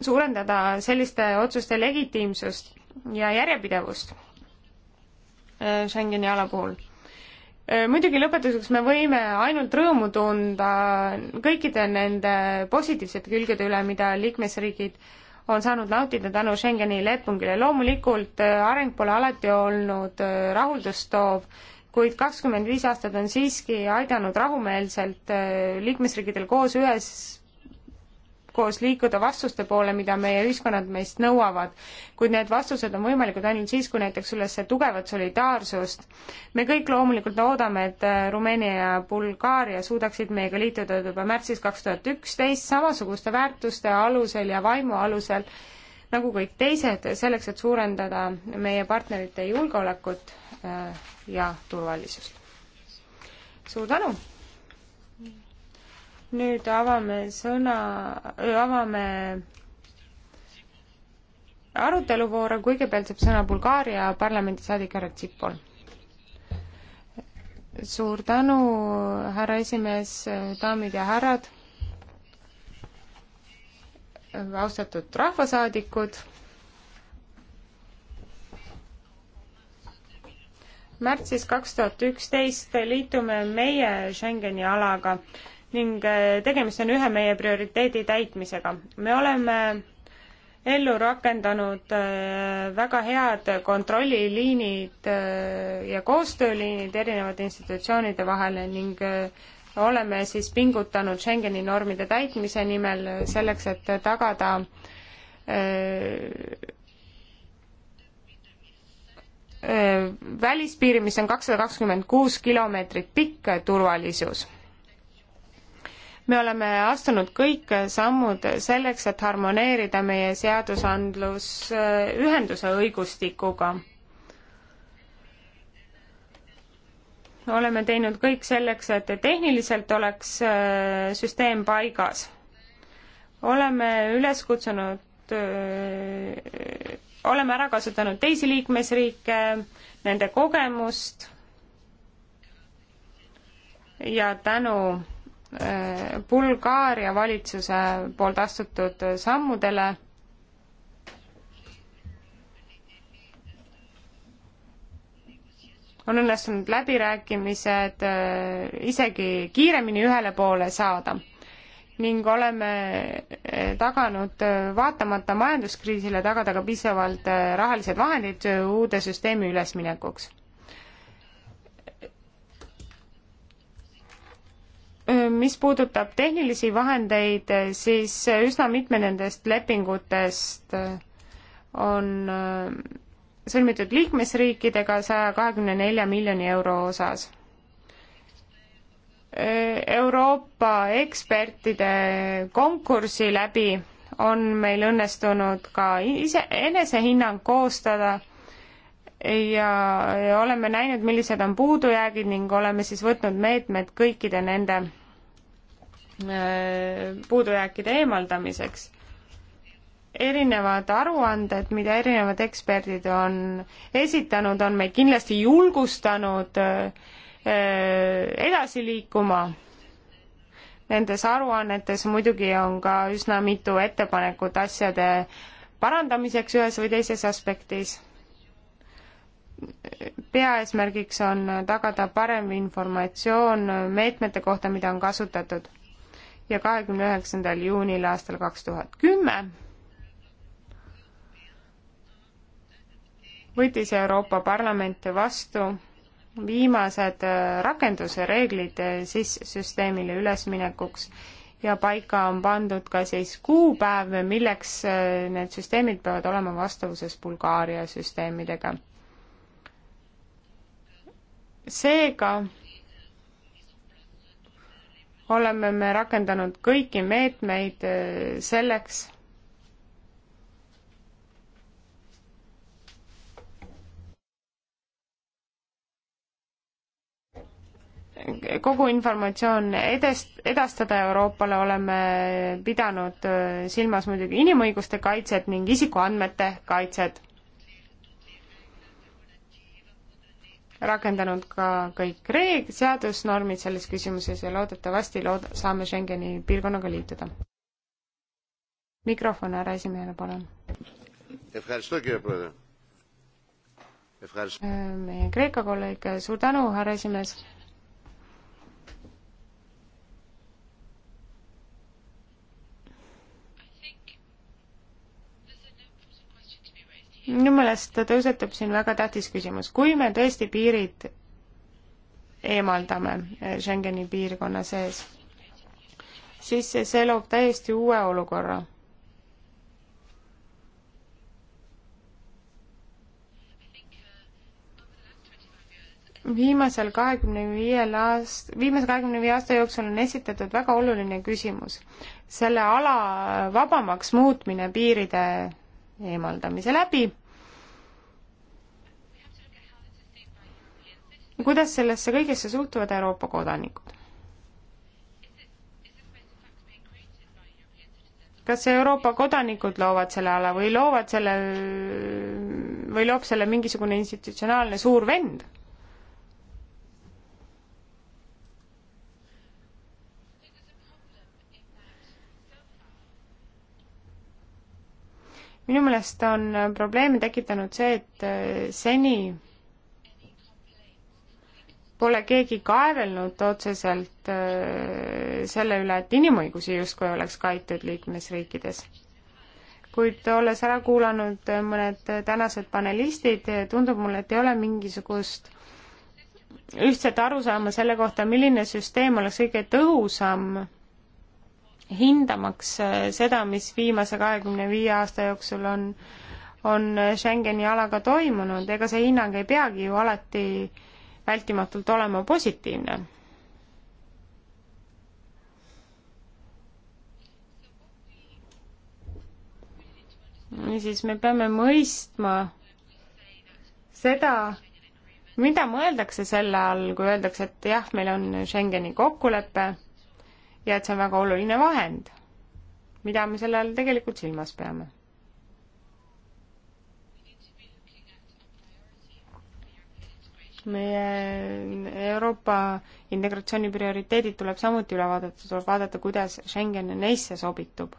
suurendada selliste otsuste legitiimsust ja järjepidevust äh, Schengeni ala puhul Äh, muidugi lõpetuseks me võime ainult rõõmu tunda kõikide nende positiivsete külgede üle, mida liikmesriigid on saanud nautida tänu Schengeni lepungile. loomulikult äh, areng pole alati olnud äh, rahuldustoov, kuid kakskümmend viis aastat on siiski aidanud rahumeelselt liikmesriikidel koos ühes üheskoos liikuda vastuste poole, mida meie ühiskonnad meist nõuavad. kuid need vastused on võimalikud ainult siis, kui näiteks üles tugevat solidaarsust. me kõik loomulikult loodame, et äh, Rumeenia ja Bulgaaria suudaksid meiega liituda juba märtsis kaks tuhat üksteist samasuguste väärtuste alusel ja vaimu alusel, nagu kõik teised, selleks, et suurendada meie partnerite julgeolekut äh, ja turvalisust. suur tänu! nüüd avame sõna, avame aruteluvooru, kõigepealt saab sõna Bulgaaria parlamendisaadik härra Tsipol. suur tänu, härra esimees, daamid ja härrad, austatud rahvasaadikud märtsis kaks tuhat üksteist liitume meie Schengeni alaga ning äh, tegemist on ühe meie prioriteedi täitmisega. me oleme ellu rakendanud äh, väga head kontrolliliinid äh, ja koostööliinid erinevate institutsioonide vahel ning oleme siis pingutanud Schengeni normide täitmise nimel selleks, et tagada välispiiri, mis on kakssada kakskümmend kuus kilomeetrit pikk, turvalisus me oleme astunud kõik sammud selleks, et harmoneerida meie seadusandlus äh, ühenduse õigustikuga. oleme teinud kõik selleks, et tehniliselt oleks äh, süsteem paigas. oleme üles kutsunud äh, oleme ära kasutanud teisi liikmesriike, nende kogemust ja tänu Äh, Bulgaaria valitsuse poolt astutud sammudele on õnnestunud läbirääkimised äh, isegi kiiremini ühele poole saada ning oleme äh, taganud vaatamata majanduskriisile tagada ka piisavalt rahalised vahendid uude süsteemi üleminekuks mis puudutab tehnilisi vahendeid, siis üsna mitme nendest lepingutest on äh, sõlmitud liikmesriikidega saja kahekümne nelja miljoni euro osas. Äh, Euroopa ekspertide konkursi läbi on meil õnnestunud ka ise, enesehinnang koostada ja oleme näinud, millised on puudujäägid ning oleme siis võtnud meetmed kõikide nende äh, puudujääkide eemaldamiseks. erinevad aruanded, mida erinevad eksperdid on esitanud, on meid kindlasti julgustanud äh, edasi liikuma. Nendes aruannetes muidugi on ka üsna mitu ettepanekut asjade parandamiseks ühes või teises aspektis peaeesmärgiks on tagada parem informatsioon meetmete kohta, mida on kasutatud ja kahekümne üheksandal juunil aastal kaks tuhat kümme võttis Euroopa Parlament vastu viimased rakenduse reeglid siis süsteemile üleminekuks ja paika on pandud ka siis kuupäev, milleks need süsteemid peavad olema vastavuses Bulgaaria süsteemidega seega oleme me rakendanud kõiki meetmeid eh, selleks, kogu informatsioon edest-, edastada Euroopale, oleme pidanud eh, silmas muidugi inimõiguste kaitset ning isikuandmete kaitset rakendanud ka kõik reeg-, seadusnormid selles küsimuses ja loodetavasti lood-, saame Schengeni piirkonnaga liituda. mikrofon härra esimehele, palun. Äh, meie Kreeka kolleeg, suur tänu, härra esimees minu meelest tõusetub siin väga tähtis küsimus, kui me tõesti piirid eemaldame eh, Schengeni piirkonna sees, siis see loob täiesti uue olukorra viimasel kahekümne viiel aast-, viimase kahekümne viie aasta jooksul on esitatud väga oluline küsimus. selle ala vabamaks muutmine piiride eemaldamise läbi. kuidas sellesse kõigesse suhtuvad Euroopa kodanikud? kas Euroopa kodanikud loovad selle ala või loovad selle või loob selle mingisugune institutsionaalne suur vend? minu meelest on äh, probleeme tekitanud see, et äh, seni pole keegi kaevelnud otseselt äh, selle üle, et inimõigusi justkui oleks kaitstud liikmesriikides. kuid olles ära kuulanud mõned tänased panelistid, tundub mulle, et ei ole mingisugust ühtset arusaama selle kohta, milline süsteem oleks kõige tõhusam hindamaks äh, seda, mis viimase kahekümne viie aasta jooksul on, on Schengeni alaga toimunud, ega see hinnang ei peagi ju alati vältimatult olema positiivne niisiis me peame mõistma seda, mida mõeldakse selle all, kui öeldakse, et jah, meil on Schengeni kokkulepe ja et see on väga oluline vahend, mida me selle all tegelikult silmas peame. meie Euroopa integratsiooni prioriteedid tuleb samuti üle vaadata, tuleb vaadata, kuidas Schengen neisse sobitub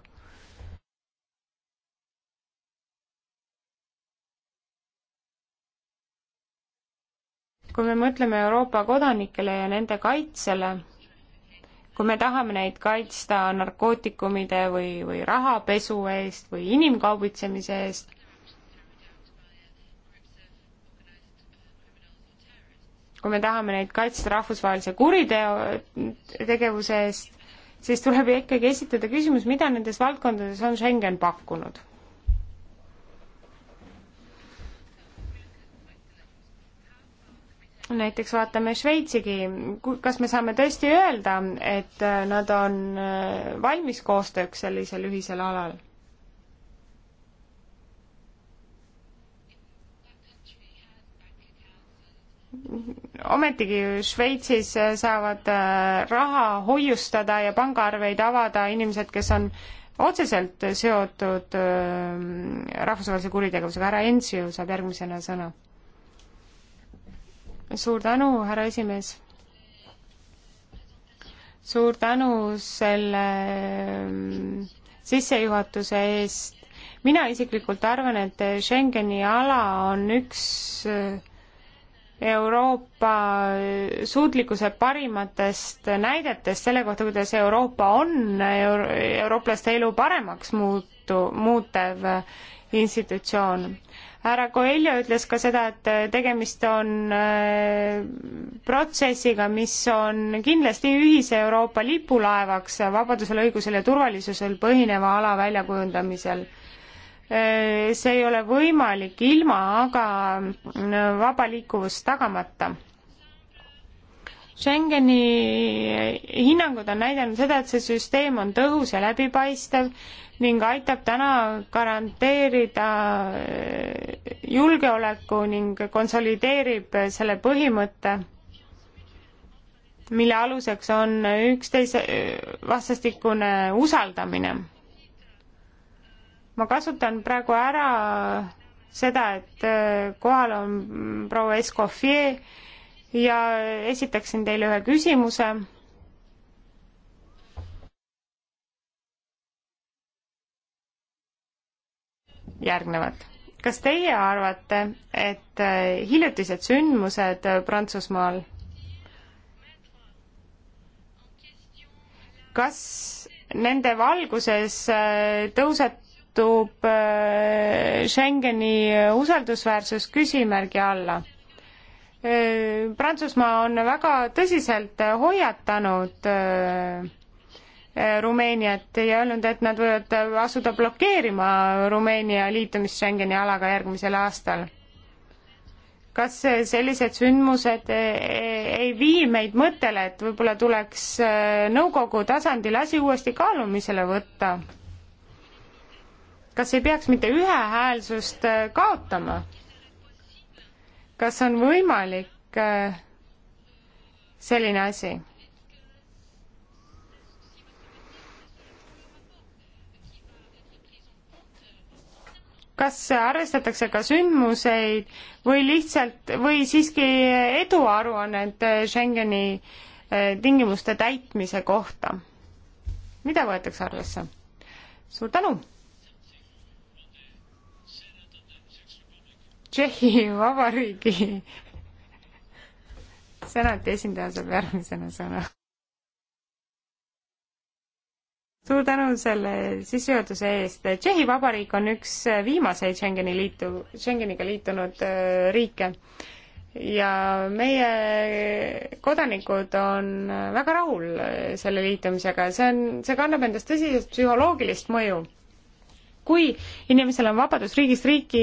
kui me mõtleme Euroopa kodanikele ja nende kaitsele, kui me tahame neid kaitsta narkootikumide või, või rahapesu eest või inimkaubitsemise eest, kui me tahame neid kaitsta rahvusvahelise kuriteo tegevuse eest, siis tuleb ikkagi esitada küsimus, mida nendes valdkondades on Schengen pakkunud näiteks vaatame Šveitsigi, kas me saame tõesti öelda, et äh, nad on äh, valmis koostööks sellisel ühisel alal? ometigi Šveitsis äh, saavad raha hoiustada ja pangaarveid avada inimesed, kes on otseselt seotud rahvusvahelise kuritegevusega. härra Ensio saab järgmisena sõna suur tänu, härra esimees. suur tänu selle mm, sissejuhatuse eest. mina isiklikult arvan, et Schengeni ala on üks äh, Euroopa äh, suutlikkuse parimatest näidetest selle kohta, kuidas Euroopa on euro eurooplaste elu paremaks muutu, muutev institutsioon härra Coelho ütles ka seda, et äh, tegemist on äh, protsessiga, mis on kindlasti ühise Euroopa lipulaevaks vabadusel, õigusel ja turvalisusel põhineva ala väljakujundamisel. Äh, see ei ole võimalik ilma aga vaba liikuvust tagamata Schengeni hinnangud on näidanud seda, et see süsteem on tõhus ja läbipaistev ning aitab täna garanteerida äh, julgeoleku ning konsolideerib selle põhimõtte, mille aluseks on üksteise äh, vastastikune usaldamine. ma kasutan praegu ära seda, et äh, kohal on proua Escoffier, ja esitaksin teile ühe küsimuse. järgnevat. kas teie arvate, et äh, hiljutised sündmused Prantsusmaal kas nende valguses äh, tõusetub äh, Schengeni usaldusväärsus küsimärgi alla? Äh, Prantsusmaa on väga tõsiselt hoiatanud äh, äh, Rumeeniat ja öelnud, et nad võivad asuda blokeerima Rumeenia liitumist Schengeni alaga järgmisel aastal. kas sellised sündmused ei vii meid mõttele, et võib-olla tuleks nõukogu tasandil asi uuesti kaalumisele võtta? kas ei peaks mitte ühehäälsust kaotama? kas on võimalik äh, selline asi? kas arvestatakse ka sündmuseid või lihtsalt või siiski eduaruannet äh, Schengeni äh, tingimuste täitmise kohta? mida võetakse arvesse? suur tänu! Tšehhi Vabariigi senati esindaja saab järgmisena sõna. suur tänu selle sissejuhatuse eest. Tšehhi Vabariik on üks viimaseid Schengeni liitu, Schengeniga liitunud äh, riike ja meie kodanikud on väga rahul selle liitumisega, see on, see kannab endast tõsist psühholoogilist mõju kui inimesel on vabadus riigist riiki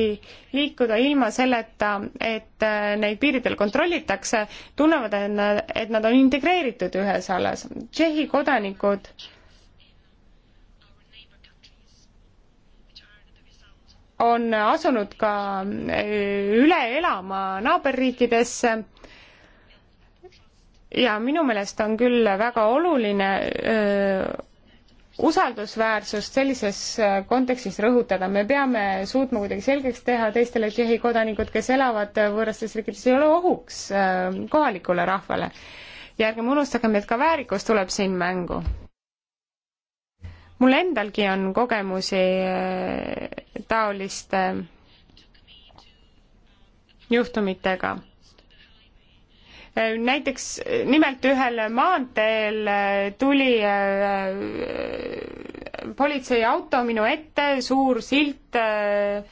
liikuda ilma selleta, et äh, neid piiridel kontrollitakse, tunnevad, et nad on integreeritud ühes alles. Tšehhi kodanikud on asunud ka äh, üle elama naaberriikidesse ja minu meelest on küll väga oluline öö, äh, usaldusväärsust sellises äh, kontekstis rõhutada, me peame suutma kuidagi selgeks teha teistele Tšehhi kodanikud, kes elavad äh, võõrastes riikides, ei ole ohuks äh, kohalikule rahvale. ja ärgem unustagem, et ka väärikus tuleb siin mängu. mul endalgi on kogemusi taoliste juhtumitega näiteks nimelt ühel maanteel tuli äh, politseiauto minu ette, suur silt äh,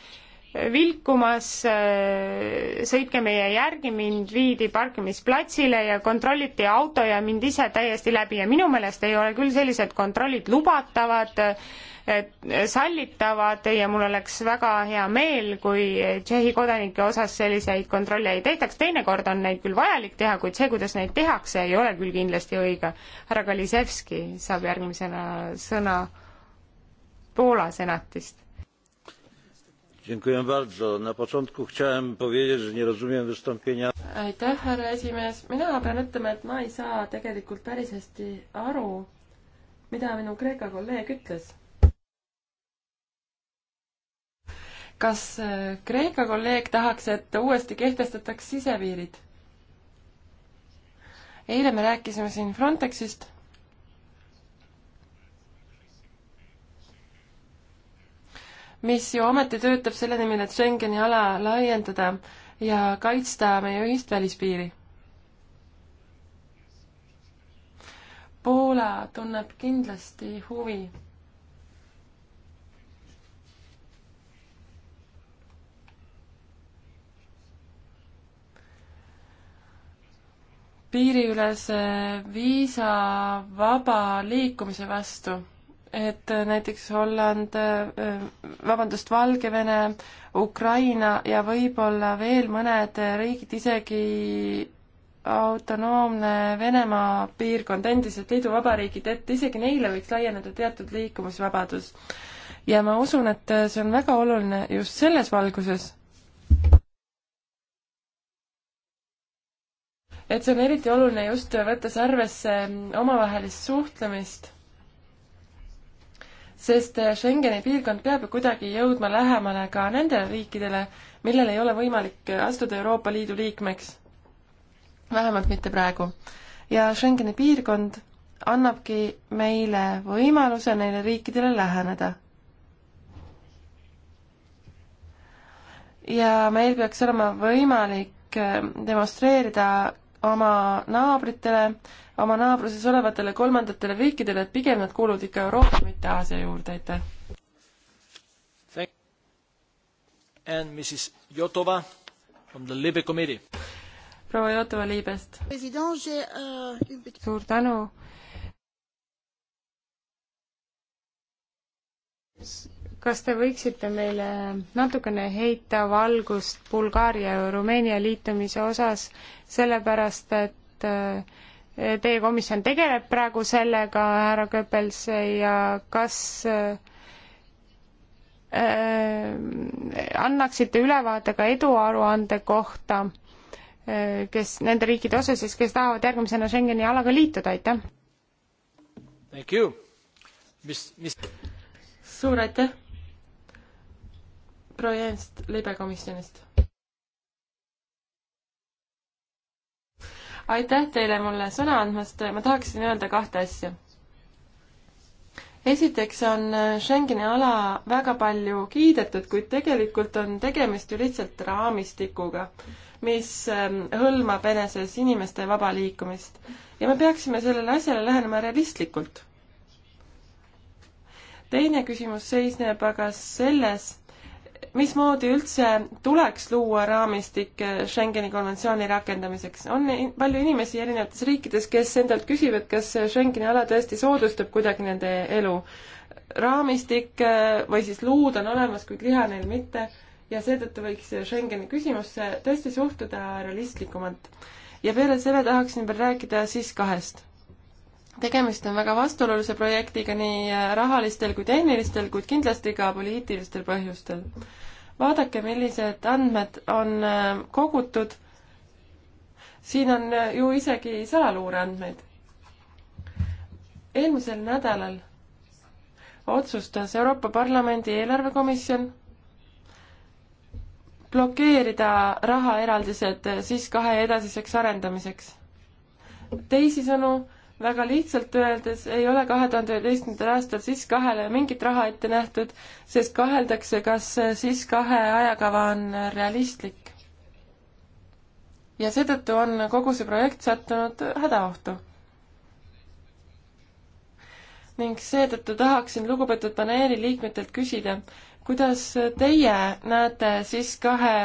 vilkumas, äh, sõitke meie järgi, mind viidi parkimisplatsile ja kontrolliti auto ja mind ise täiesti läbi ja minu meelest ei ole küll sellised kontrollid lubatavad sallitavad ja mul oleks väga hea meel, kui Tšehhi kodanike osas selliseid kontrolle ei tehtaks, teinekord on neid küll vajalik teha, kuid see, kuidas neid tehakse, ei ole küll kindlasti õige. härra Kalisevski saab järgmisena sõna Poola senatist. aitäh, härra esimees, mina pean ütlema, et ma ei saa tegelikult päris hästi aru, mida minu Kreeka kolleeg ütles kas äh, Kreeka kolleeg tahaks, et uuesti kehtestataks sisepiirid? eile me rääkisime siin Frontexist. mis ju ometi töötab selle nimel, et Schengeni ala laiendada ja kaitsta meie ühist välispiiri. Poola tunneb kindlasti huvi piiriülese viisavaba liikumise vastu, et näiteks Holland, vabandust, Valgevene, Ukraina ja võib-olla veel mõned riigid, isegi autonoomne Venemaa piirkond, endised liiduvabariigid, et isegi neile võiks laieneda teatud liikumisvabadus. ja ma usun, et see on väga oluline just selles valguses, et see on eriti oluline just võttes arvesse omavahelist suhtlemist, sest Schengeni piirkond peab ju kuidagi jõudma lähemale ka nendele riikidele, millel ei ole võimalik astuda Euroopa Liidu liikmeks. vähemalt mitte praegu. ja Schengeni piirkond annabki meile võimaluse neile riikidele läheneda ja meil peaks olema võimalik demonstreerida oma naabritele, oma naabruses olevatele kolmandatele riikidele, et pigem nad kuuluvad ikka Euroopa, mitte Aasia juurde, aitäh. And Mrs Jotova from the Libe committee. proua Jotova Liibest. Euh, suur tänu kas te võiksite meile natukene heita valgust Bulgaaria ja Rumeenia liitumise osas, sellepärast et äh, teie komisjon tegeleb praegu sellega, härra Köpels, ja kas äh, annaksite ülevaate ka eduaruande kohta, äh, kes nende riikide osas siis, kes tahavad järgmisena Schengeni alaga liituda, aitäh! suur aitäh! proua Jänst libekomisjonist. aitäh teile mulle sõna andmast, ma tahaksin öelda kahte asja. esiteks on Schengeni ala väga palju kiidetud, kuid tegelikult on tegemist ju lihtsalt raamistikuga, mis ähm, hõlmab eneses inimeste vaba liikumist. ja me peaksime sellele asjale lähenema realistlikult. teine küsimus seisneb aga selles mismoodi üldse tuleks luua raamistik Schengeni konventsiooni rakendamiseks? on palju inimesi erinevates riikides, kes endalt küsivad, kas Schengeni ala tõesti soodustab kuidagi nende elu. raamistik eh, või siis luud on olemas, kuid liha neil mitte ja seetõttu võiks Schengeni küsimusse tõesti suhtuda realistlikumalt. ja peale selle tahaksin veel rääkida siis kahest. tegemist on väga vastuolulise projektiga nii eh, rahalistel kui tehnilistel, kuid kindlasti ka poliitilistel põhjustel vaadake, millised andmed on äh, kogutud. siin on äh, ju isegi salaluureandmeid. eelmisel nädalal otsustas Euroopa Parlamendi eelarvekomisjon blokeerida rahaeraldised äh, siis kahe edasiseks arendamiseks. teisisõnu väga lihtsalt öeldes ei ole kahe tuhande üheteistkümnendal aastal siis kahele mingit raha ette nähtud, sest kaheldakse, kas siis kahe ajakava on realistlik. ja seetõttu on kogu see projekt sattunud hädaohtu ning seetõttu tahaksin lugupeetud paneeli liikmetelt küsida, kuidas teie näete siis kahe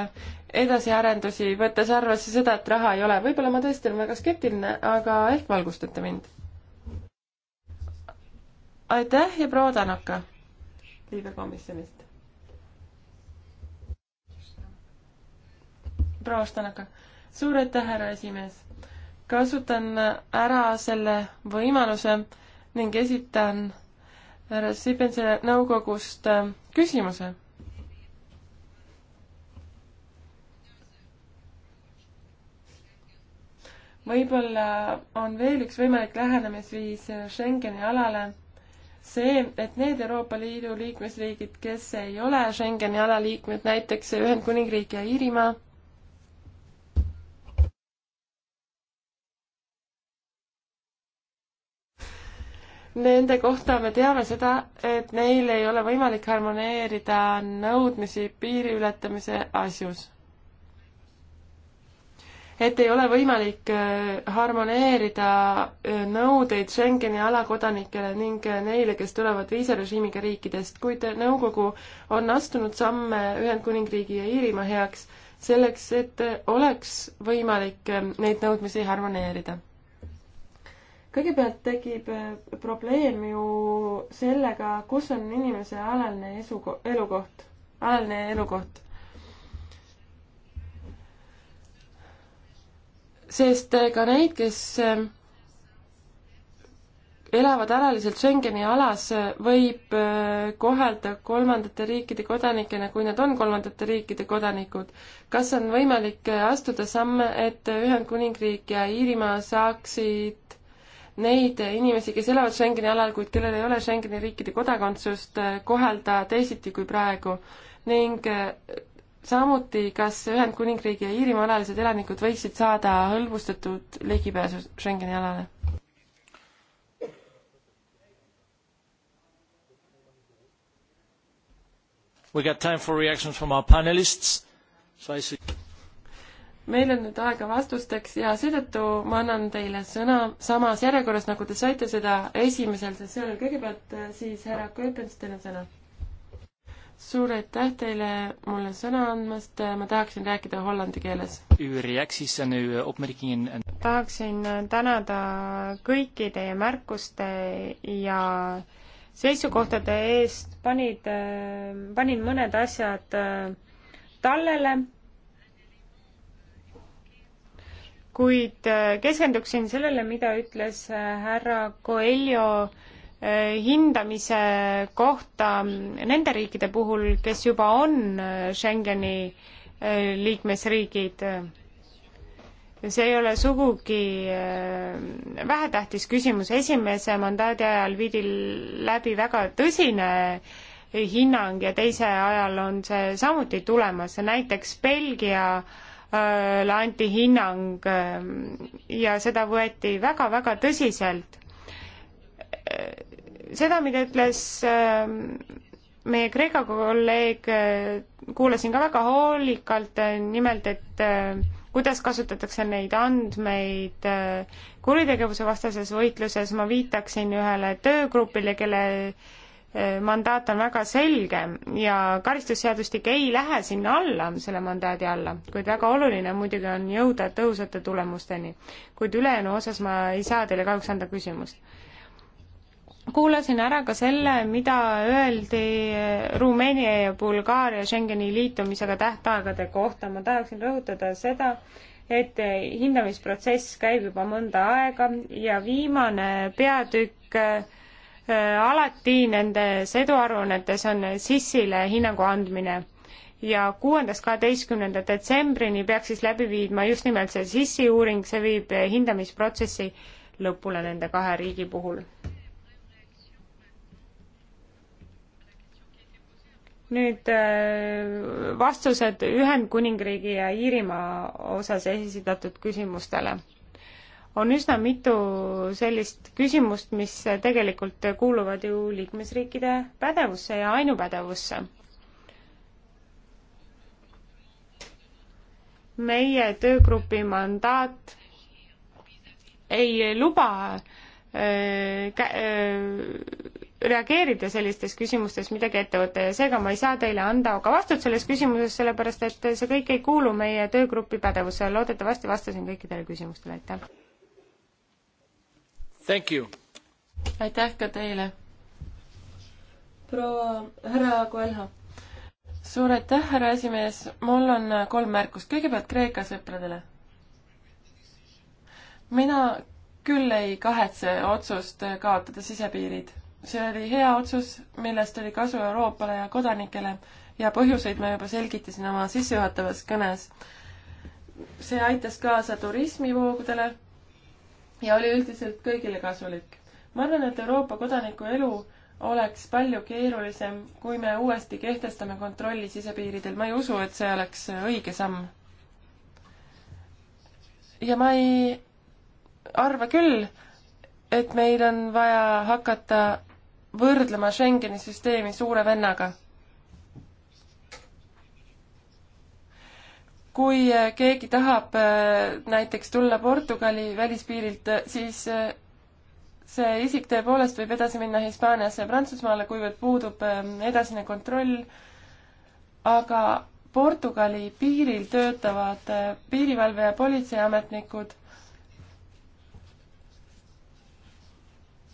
edasiarendusi, võttes arvesse seda, et raha ei ole. võib-olla ma tõesti olen väga skeptiline, aga ehk valgustate mind. aitäh ja proua Tanaka liivekomisjonist. proua Tanaka, suur aitäh, härra esimees. kasutan ära selle võimaluse ning esitan härra Sibensele nõukogust äh, küsimuse võib-olla on veel üks võimalik lähenemisviis Schengeni alale see, et need Euroopa Liidu liikmesriigid, kes ei ole Schengeni ala liikmed, näiteks Ühendkuningriik ja Iirimaa, Nende kohta me teame seda, et neil ei ole võimalik harmoneerida nõudmisi piiri ületamise asjus et ei ole võimalik äh, harmoneerida äh, nõudeid Schengeni ala kodanikele ning äh, neile, kes tulevad viisarežiimiga riikidest, kuid nõukogu on astunud samme Ühendkuningriigi ja Iirimaa heaks selleks, et oleks võimalik neid nõudmisi harmoneerida. kõigepealt tekib probleem ju sellega, kus on inimese alaline esu, elukoht, alaline elukoht sest äh, ka neid, kes ähm, elavad alaliselt Schengeni alas, äh, võib äh, kohelda kolmandate riikide kodanikena, kui nad on kolmandate riikide kodanikud. kas on võimalik astuda samme, et Ühendkuningriik ja Iirimaa saaksid neid inimesi, kes elavad Schengeni alal, kuid kellel ei ole Schengeni riikide kodakondsust, kohelda teisiti kui praegu ning samuti, kas Ühendkuningriigi ja Iirimaa alalised elanikud võiksid saada hõlbustatud ligipääsu Schengeni alale? We got time for reactions from our panelists, so I see meil on nüüd aega vastusteks ja seetõttu ma annan teile sõna samas järjekorras, nagu te saite seda esimesel sessioonil kõigepealt, äh, siis härra Kööpens, teil on sõna suur aitäh teile mulle sõna andmast, ma tahaksin rääkida hollandi keeles. tahaksin tänada kõiki teie märkuste ja seisukohtade eest, panid, panin mõned asjad äh, tallele, kuid äh, keskenduksin sellele, mida ütles äh, härra Coelho Eh, hindamise kohta nende riikide puhul, kes juba on eh, Schengeni eh, liikmesriigid. see ei ole sugugi vähetähtis küsimus, esimese mandaadi ajal viidi läbi väga tõsine hinnang ja teise ajal on see samuti tulemas, näiteks Belgia anti hinnang ja seda võeti väga-väga tõsiselt seda, mida ütles ähm, meie Kreeka kolleeg, äh, kuulasin ka väga hoolikalt, äh, nimelt et äh, kuidas kasutatakse neid andmeid kuritegevuse vastases võitluses, ma viitaksin ühele töögrupile, kelle mandaat on väga selge ja karistusseadustik ei lähe sinna alla, selle mandaadi alla, kuid väga oluline muidugi on jõuda tõhusate tulemusteni. kuid ülejäänu osas ma ei saa teile kahjuks anda küsimust kuulasin ära ka selle, mida öeldi Rumeenia ja Bulgaaria Schengeni liitumisega tähtaegade kohta. ma tahaksin rõhutada seda, et hindamisprotsess käib juba mõnda aega ja viimane peatükk äh, alati nendes eduaruannetes on sissile hinnangu andmine ja kuuendast kaheteistkümnenda detsembrini peaks siis läbi viidma just nimelt see sissi uuring, see viib hindamisprotsessi lõpule nende kahe riigi puhul nüüd äh, vastused Ühendkuningriigi ja Iirimaa osas esitatud küsimustele. on üsna mitu sellist küsimust, mis tegelikult kuuluvad ju liikmesriikide pädevusse ja ainupädevusse. meie töögrupi mandaat ei luba äh, äh, reageerida sellistes küsimustes midagi ette võtta ja seega ma ei saa teile anda ka vastut selles küsimuses, sellepärast et see kõik ei kuulu meie töögrupi pädevusse. loodetavasti vastasin kõikidele küsimustele, aitäh. aitäh ka teile. proua härra Koelha. suur aitäh, härra esimees. mul on kolm märkust. kõigepealt Kreeka sõpradele. mina küll ei kahetse otsust kaotada sisepiirid see oli hea otsus, millest oli kasu Euroopale ja kodanikele ja põhjuseid ma juba selgitasin oma sissejuhatavas kõnes. see aitas kaasa turismivoogudele ja oli üldiselt kõigile kasulik. ma arvan, et Euroopa kodaniku elu oleks palju keerulisem, kui me uuesti kehtestame kontrolli sisepiiridel. ma ei usu, et see oleks õige samm. ja ma ei arva küll, et meil on vaja hakata võrdlema Schengeni süsteemi suure vennaga. kui äh, keegi tahab äh, näiteks tulla Portugali välispiirilt, äh, siis see isik tõepoolest võib edasi minna Hispaaniasse ja Prantsusmaale, kuivõrd puudub ähm, edasine kontroll, aga Portugali piiril töötavad piirivalve- ja politseiametnikud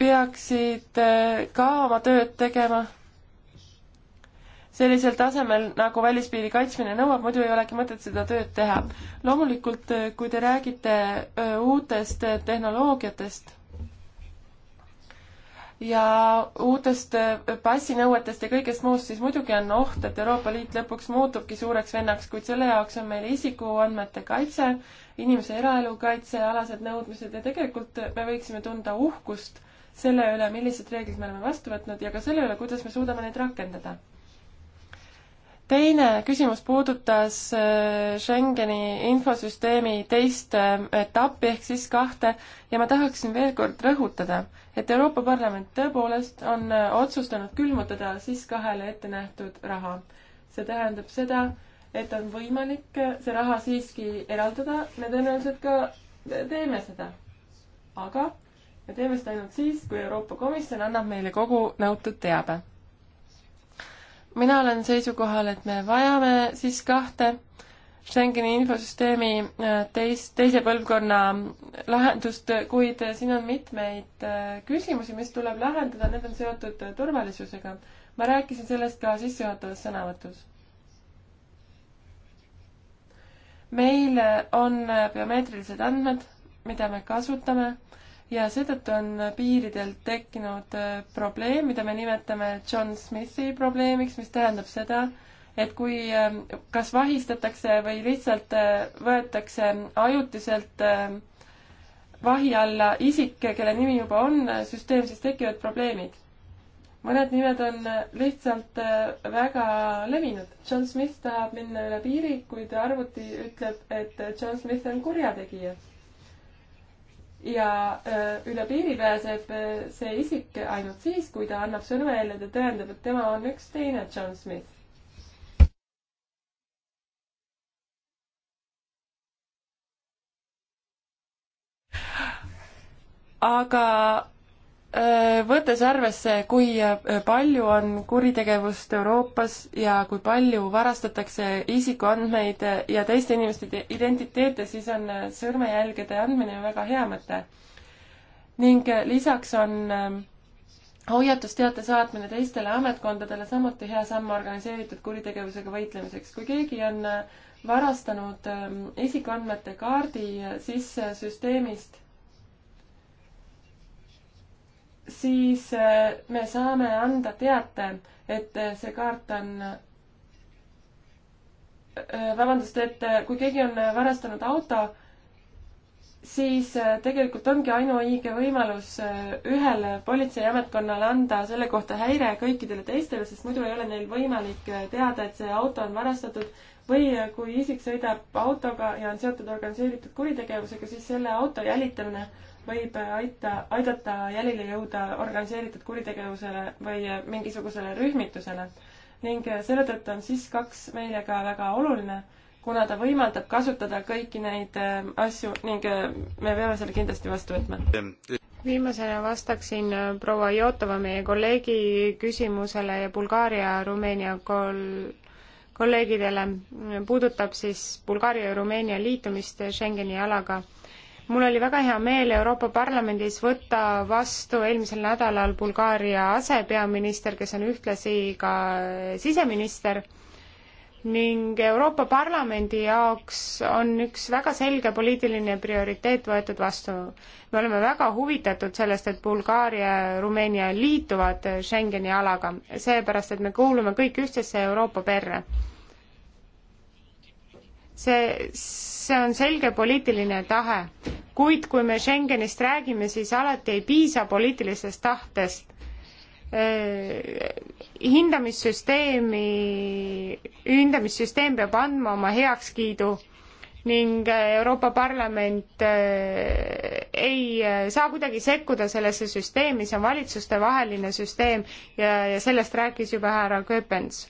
peaksid äh, ka oma tööd tegema. sellisel tasemel, nagu välispiiri kaitsmine nõuab, muidu ei olegi mõtet seda tööd teha. loomulikult, äh, kui te räägite äh, uutest tehnoloogiatest ja uutest passinõuetest ja kõigest muust, siis muidugi on oht, et Euroopa Liit lõpuks muutubki suureks vennaks, kuid selle jaoks on meil isikuandmete kaitse, inimese eraelu kaitse, alased nõudmised ja tegelikult me võiksime tunda uhkust selle üle, millised reeglid me oleme vastu võtnud ja ka selle üle, kuidas me suudame neid rakendada. teine küsimus puudutas äh, Schengeni infosüsteemi teist äh, etappi ehk siis kahte ja ma tahaksin veel kord rõhutada, et Euroopa Parlament tõepoolest on äh, otsustanud külmutada siis kahele ette nähtud raha. see tähendab seda, et on võimalik see raha siiski eraldada, me tõenäoliselt ka teeme seda. aga me teeme seda ainult siis, kui Euroopa Komisjon annab meile kogu nõutud teabe. mina olen seisukohal, et me vajame siis kahte Schengeni infosüsteemi äh, teis-, teise põlvkonna lahendust, kuid siin on mitmeid äh, küsimusi, mis tuleb lahendada, need on seotud äh, turvalisusega. ma rääkisin sellest ka sissejuhatavas sõnavõtus. meil on biomeetrilised andmed, mida me kasutame ja seetõttu on piiridel tekkinud äh, probleem, mida me nimetame John Smithi probleemiks, mis tähendab seda, et kui ähm, kas vahistatakse või lihtsalt äh, võetakse ajutiselt ähm, vahi alla isik, kelle nimi juba on äh, süsteem, siis tekivad probleemid mõned nimed on lihtsalt väga levinud. John Smith tahab minna üle piiri, kuid arvuti ütleb, et John Smith on kurjategija ja äh, üle piiri pääseb äh, see isik ainult siis, kui ta annab sõrme välja, ta tõendab, et tema on üks teine John Smith. aga Äh, võttes arvesse, kui äh, palju on kuritegevust Euroopas ja kui palju varastatakse isikuandmeid ja teiste inimeste identiteete, siis on äh, sõrmejälgede andmine väga hea mõte. ning lisaks on hoiatusteate saatmine teistele ametkondadele samuti hea samm organiseeritud kuritegevusega võitlemiseks. kui keegi on varastanud isikuandmete kaardi siis süsteemist siis äh, me saame anda teate, et äh, see kaart on äh, vabandust, et kui keegi on varastanud auto, siis tegelikult ongi ainuõige võimalus ühel politseiametkonnal anda selle kohta häire kõikidele teistele, sest muidu ei ole neil võimalik teada, et see auto on varastatud või kui isik sõidab autoga ja on seotud organiseeritud kuritegevusega, siis selle auto jälitamine võib aita, aidata jälile jõuda organiseeritud kuritegevusele või mingisugusele rühmitusele. ning selle tõttu on SIS kaks meile ka väga oluline, kuna ta võimaldab kasutada kõiki neid ähm, asju ning äh, me peame selle kindlasti vastu võtma. viimasena vastaksin äh, proua Jotova, meie kolleegi küsimusele ja Bulgaaria-Rumeenia kol-, kolleegidele, puudutab siis Bulgaaria ja Rumeenia liitumist Schengeni alaga mul oli väga hea meel Euroopa Parlamendis võtta vastu eelmisel nädalal Bulgaaria asepeaminister, kes on ühtlasi ka siseminister ning Euroopa Parlamendi jaoks on üks väga selge poliitiline prioriteet võetud vastu. me oleme väga huvitatud sellest, et Bulgaaria ja Rumeenia liituvad Schengeni alaga, seepärast et me kuulume kõik ühtsesse Euroopa perre see, see on selge poliitiline tahe. kuid kui me Schengenist räägime, siis alati ei piisa poliitilisest tahtest. Äh, hindamissüsteemi, hindamissüsteem peab andma oma heakskiidu ning äh, Euroopa Parlament äh, ei saa kuidagi sekkuda sellesse süsteemi, see on valitsustevaheline süsteem ja, ja sellest rääkis juba härra Köpens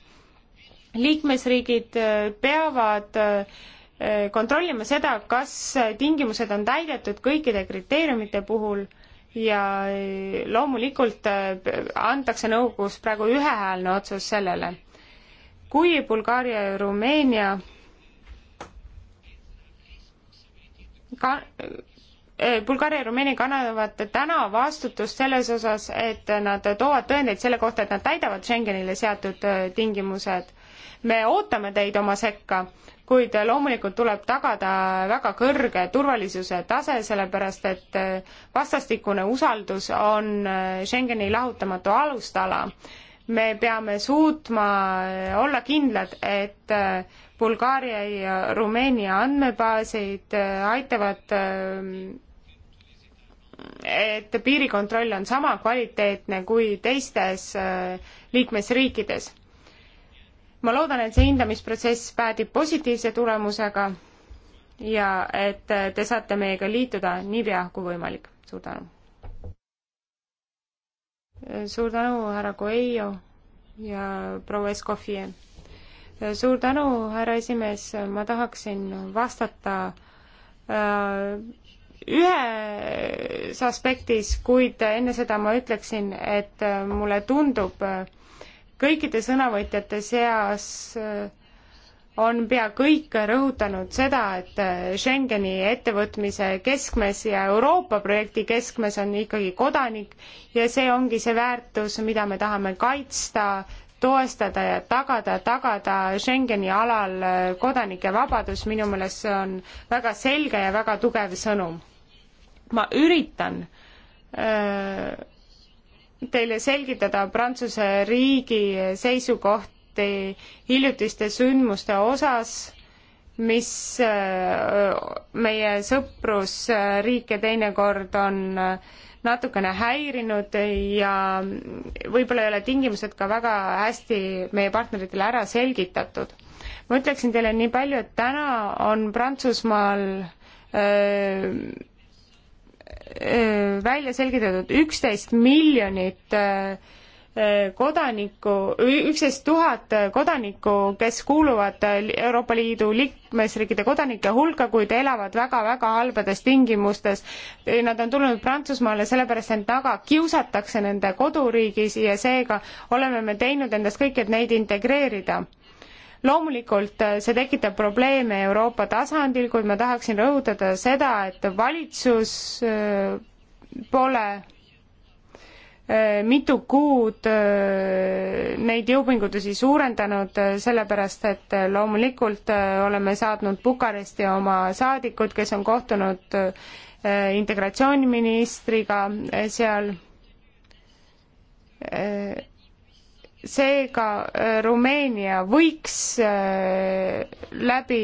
liikmesriigid äh, peavad äh, äh, kontrollima seda, kas tingimused on täidetud kõikide kriteeriumite puhul ja loomulikult antakse nõukogus praegu ühehäälne otsus sellele. kui Bulgaaria ja Rumeenia ka-, Bulgaaria ja Rumeenia kannavad täna vastutust selles osas, et nad toovad tõendeid selle kohta, et nad täidavad Schengenile seatud tingimused me ootame teid oma sekka, kuid loomulikult tuleb tagada väga kõrge turvalisuse tase, sellepärast et eh, vastastikune usaldus on eh, Schengeni lahutamatu alustala. me peame suutma eh, olla kindlad, et Bulgaaria ja Rumeenia andmebaasid aitavad et piirikontroll on sama kvaliteetne kui teistes liikmesriikides ma loodan, et see hindamisprotsess päädib positiivse tulemusega ja et te saate meiega liituda niipea kui võimalik. suur tänu! suur tänu, härra Coelho ja proua Escoffier! suur tänu, härra esimees, ma tahaksin vastata äh, ühes aspektis, kuid enne seda ma ütleksin, et mulle tundub, äh, kõikide sõnavõtjate seas äh, on pea kõik rõhutanud seda, et äh, Schengeni ettevõtmise keskmes ja Euroopa projekti keskmes on ikkagi kodanik ja see ongi see väärtus, mida me tahame kaitsta, toestada ja tagada, tagada Schengeni alal äh, kodanike vabadus, minu meelest see on väga selge ja väga tugev sõnum. ma üritan öö, teile selgitada Prantsuse riigi seisukohti hiljutiste sündmuste osas, mis äh, meie sõprusriike teinekord on äh, natukene häirinud ja võib-olla ei ole tingimused ka väga hästi meie partneritele ära selgitatud. ma ütleksin teile nii palju, et täna on Prantsusmaal öö, äh, välja selgitatud üksteist miljonit kodanikku, üksteist tuhat kodanikku, kes kuuluvad äh, Euroopa Liidu liikmesriikide kodanike hulka, kuid elavad väga-väga halbades tingimustes. Nad on tulnud Prantsusmaale sellepärast, et taga kiusatakse nende koduriigis ja seega oleme me teinud endast kõik, et neid integreerida loomulikult äh, see tekitab probleeme Euroopa tasandil, kuid ma tahaksin rõhutada seda, et valitsus äh, pole äh, mitu kuud neid jõupingutusi suurendanud, sellepärast et loomulikult oleme saatnud Bukaresti oma saadikud, kes on kohtunud integratsiooniministriga seal seega äh, Rumeenia võiks äh, läbi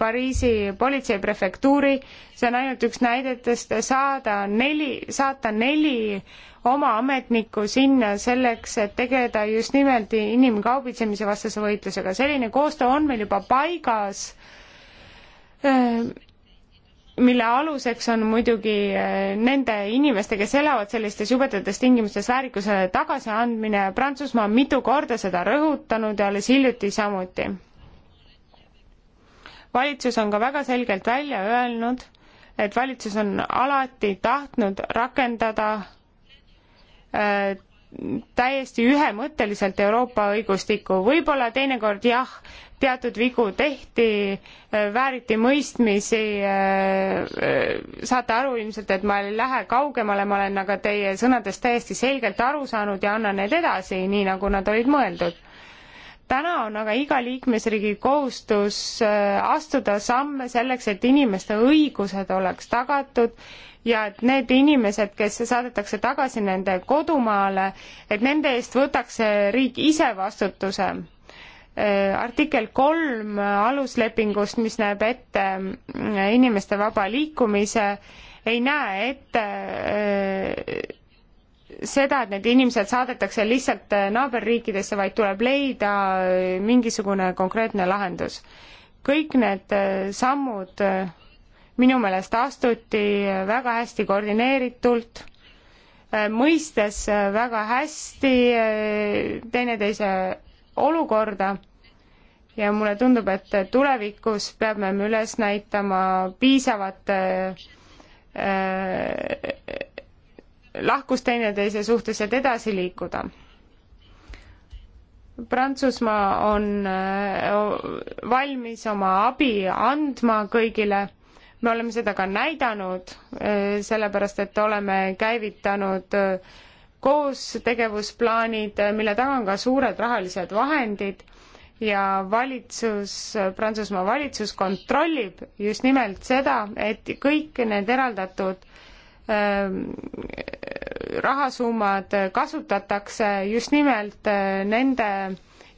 Pariisi politseiprefektuuri, see on ainult üks näidetest, saada neli, saata neli oma ametnikku sinna selleks, et tegeleda just nimelt inimkaubitsemise vastase võitlusega. selline koostöö on meil juba paigas äh, mille aluseks on muidugi eh, nende inimeste, kes elavad sellistes jubedates tingimustes, väärikuse tagasiandmine. Prantsusmaa on mitu korda seda rõhutanud ja alles hiljuti samuti. valitsus on ka väga selgelt välja öelnud, et valitsus on alati tahtnud rakendada äh, täiesti ühemõtteliselt Euroopa õigustikku, võib-olla teinekord jah, teatud vigu tehti, vääriti mõistmisi, saate aru ilmselt, et ma ei lähe kaugemale, ma olen aga teie sõnadest täiesti selgelt aru saanud ja annan need edasi, nii nagu nad olid mõeldud. täna on aga iga liikmesriigi kohustus äh, astuda samme selleks, et inimeste õigused oleks tagatud ja et need inimesed, kes saadetakse tagasi nende kodumaale, et nende eest võtaks riik ise vastutuse Äh, artikkel kolm aluslepingust, mis näeb ette äh, inimeste vaba liikumise, ei näe ette äh, seda, et need inimesed saadetakse lihtsalt naaberriikidesse, vaid tuleb leida mingisugune konkreetne lahendus. kõik need sammud minu meelest astuti väga hästi koordineeritult, mõistes väga hästi teineteise olukorda ja mulle tundub, et tulevikus peame me üles näitama piisavat äh, lahkust teineteise suhtes, et edasi liikuda. Prantsusmaa on äh, valmis oma abi andma kõigile, me oleme seda ka näidanud äh,, sellepärast et oleme käivitanud äh, koostegevusplaanid, mille taga on ka suured rahalised vahendid ja valitsus, Prantsusmaa valitsus kontrollib just nimelt seda, et kõik need eraldatud ähm, rahasummad kasutatakse just nimelt äh, nende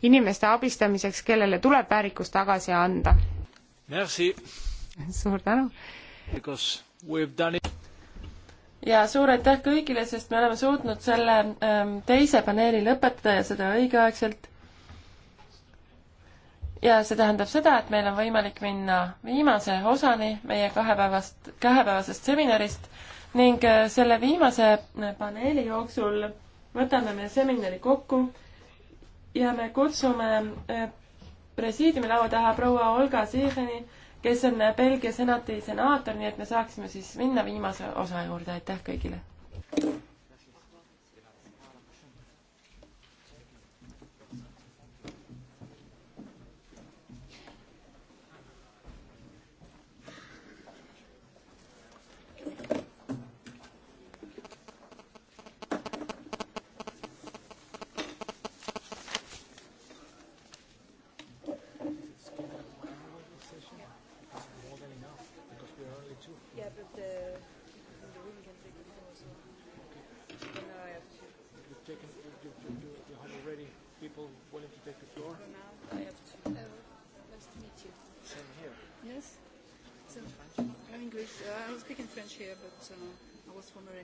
inimeste abistamiseks, kellele tuleb väärikus tagasi anda. suur tänu! ja suur aitäh kõigile, sest me oleme suutnud selle ähm, teise paneeli lõpetada ja seda õigeaegselt. ja see tähendab seda, et meil on võimalik minna viimase osani meie kahepäevast, kahepäevasest seminarist ning äh, selle viimase äh, paneeli jooksul võtame me seminari kokku ja me kutsume äh, presiidiumi laua taha proua Olga Siireni äh, kes on Belgia senati senaator, nii et me saaksime siis minna viimase osa juurde, aitäh kõigile!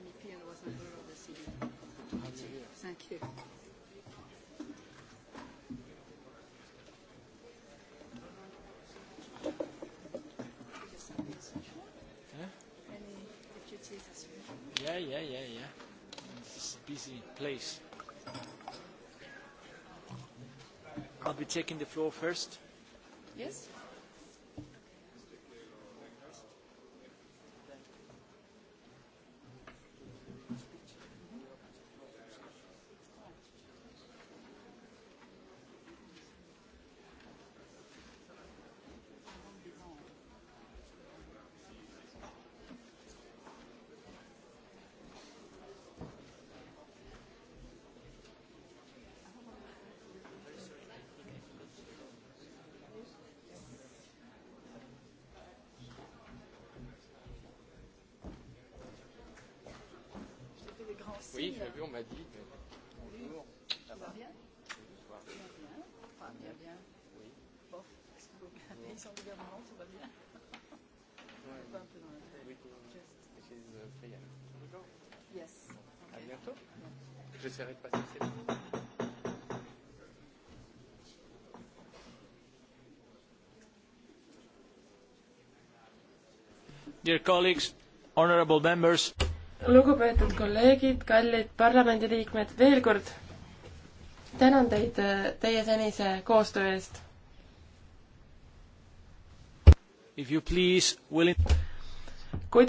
MEP and was member of the CD. Thank you. Yeah, yeah, yeah, yeah. It's a busy place. I'll be taking the floor first. Yes. sans gouvernement, tout va bien. Ouais. Pas un peu dans la tête. Oui. Just. Mrs. Euh, Fayal. Yes. Okay. À bientôt. J'essaierai de passer ces mots. Dear colleagues, honorable members. lugupeetud kolleegid, kallid parlamendiliikmed, veel kord tänan teid äh, teie senise koostöö eest kui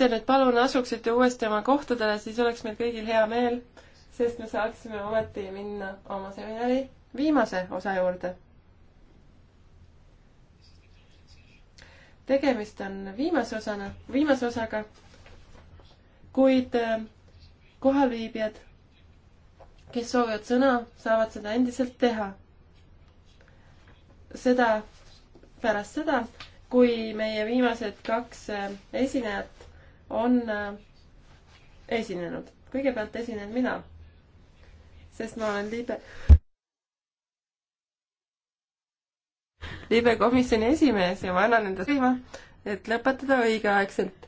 te nüüd palun asuksite uuesti oma kohtadele, siis oleks meil kõigil hea meel, sest me saaksime ometi minna oma seminari viimase osa juurde. tegemist on viimase osana, viimase osaga, kuid ähm, kohalviibijad, kes soovivad sõna, saavad seda endiselt teha. seda pärast seda, kui meie viimased kaks äh, esinejat on äh, esinenud. kõigepealt esinen mina, sest ma olen liibe, liibe komisjoni esimees ja ma annan endast viima, et lõpetada õigeaegselt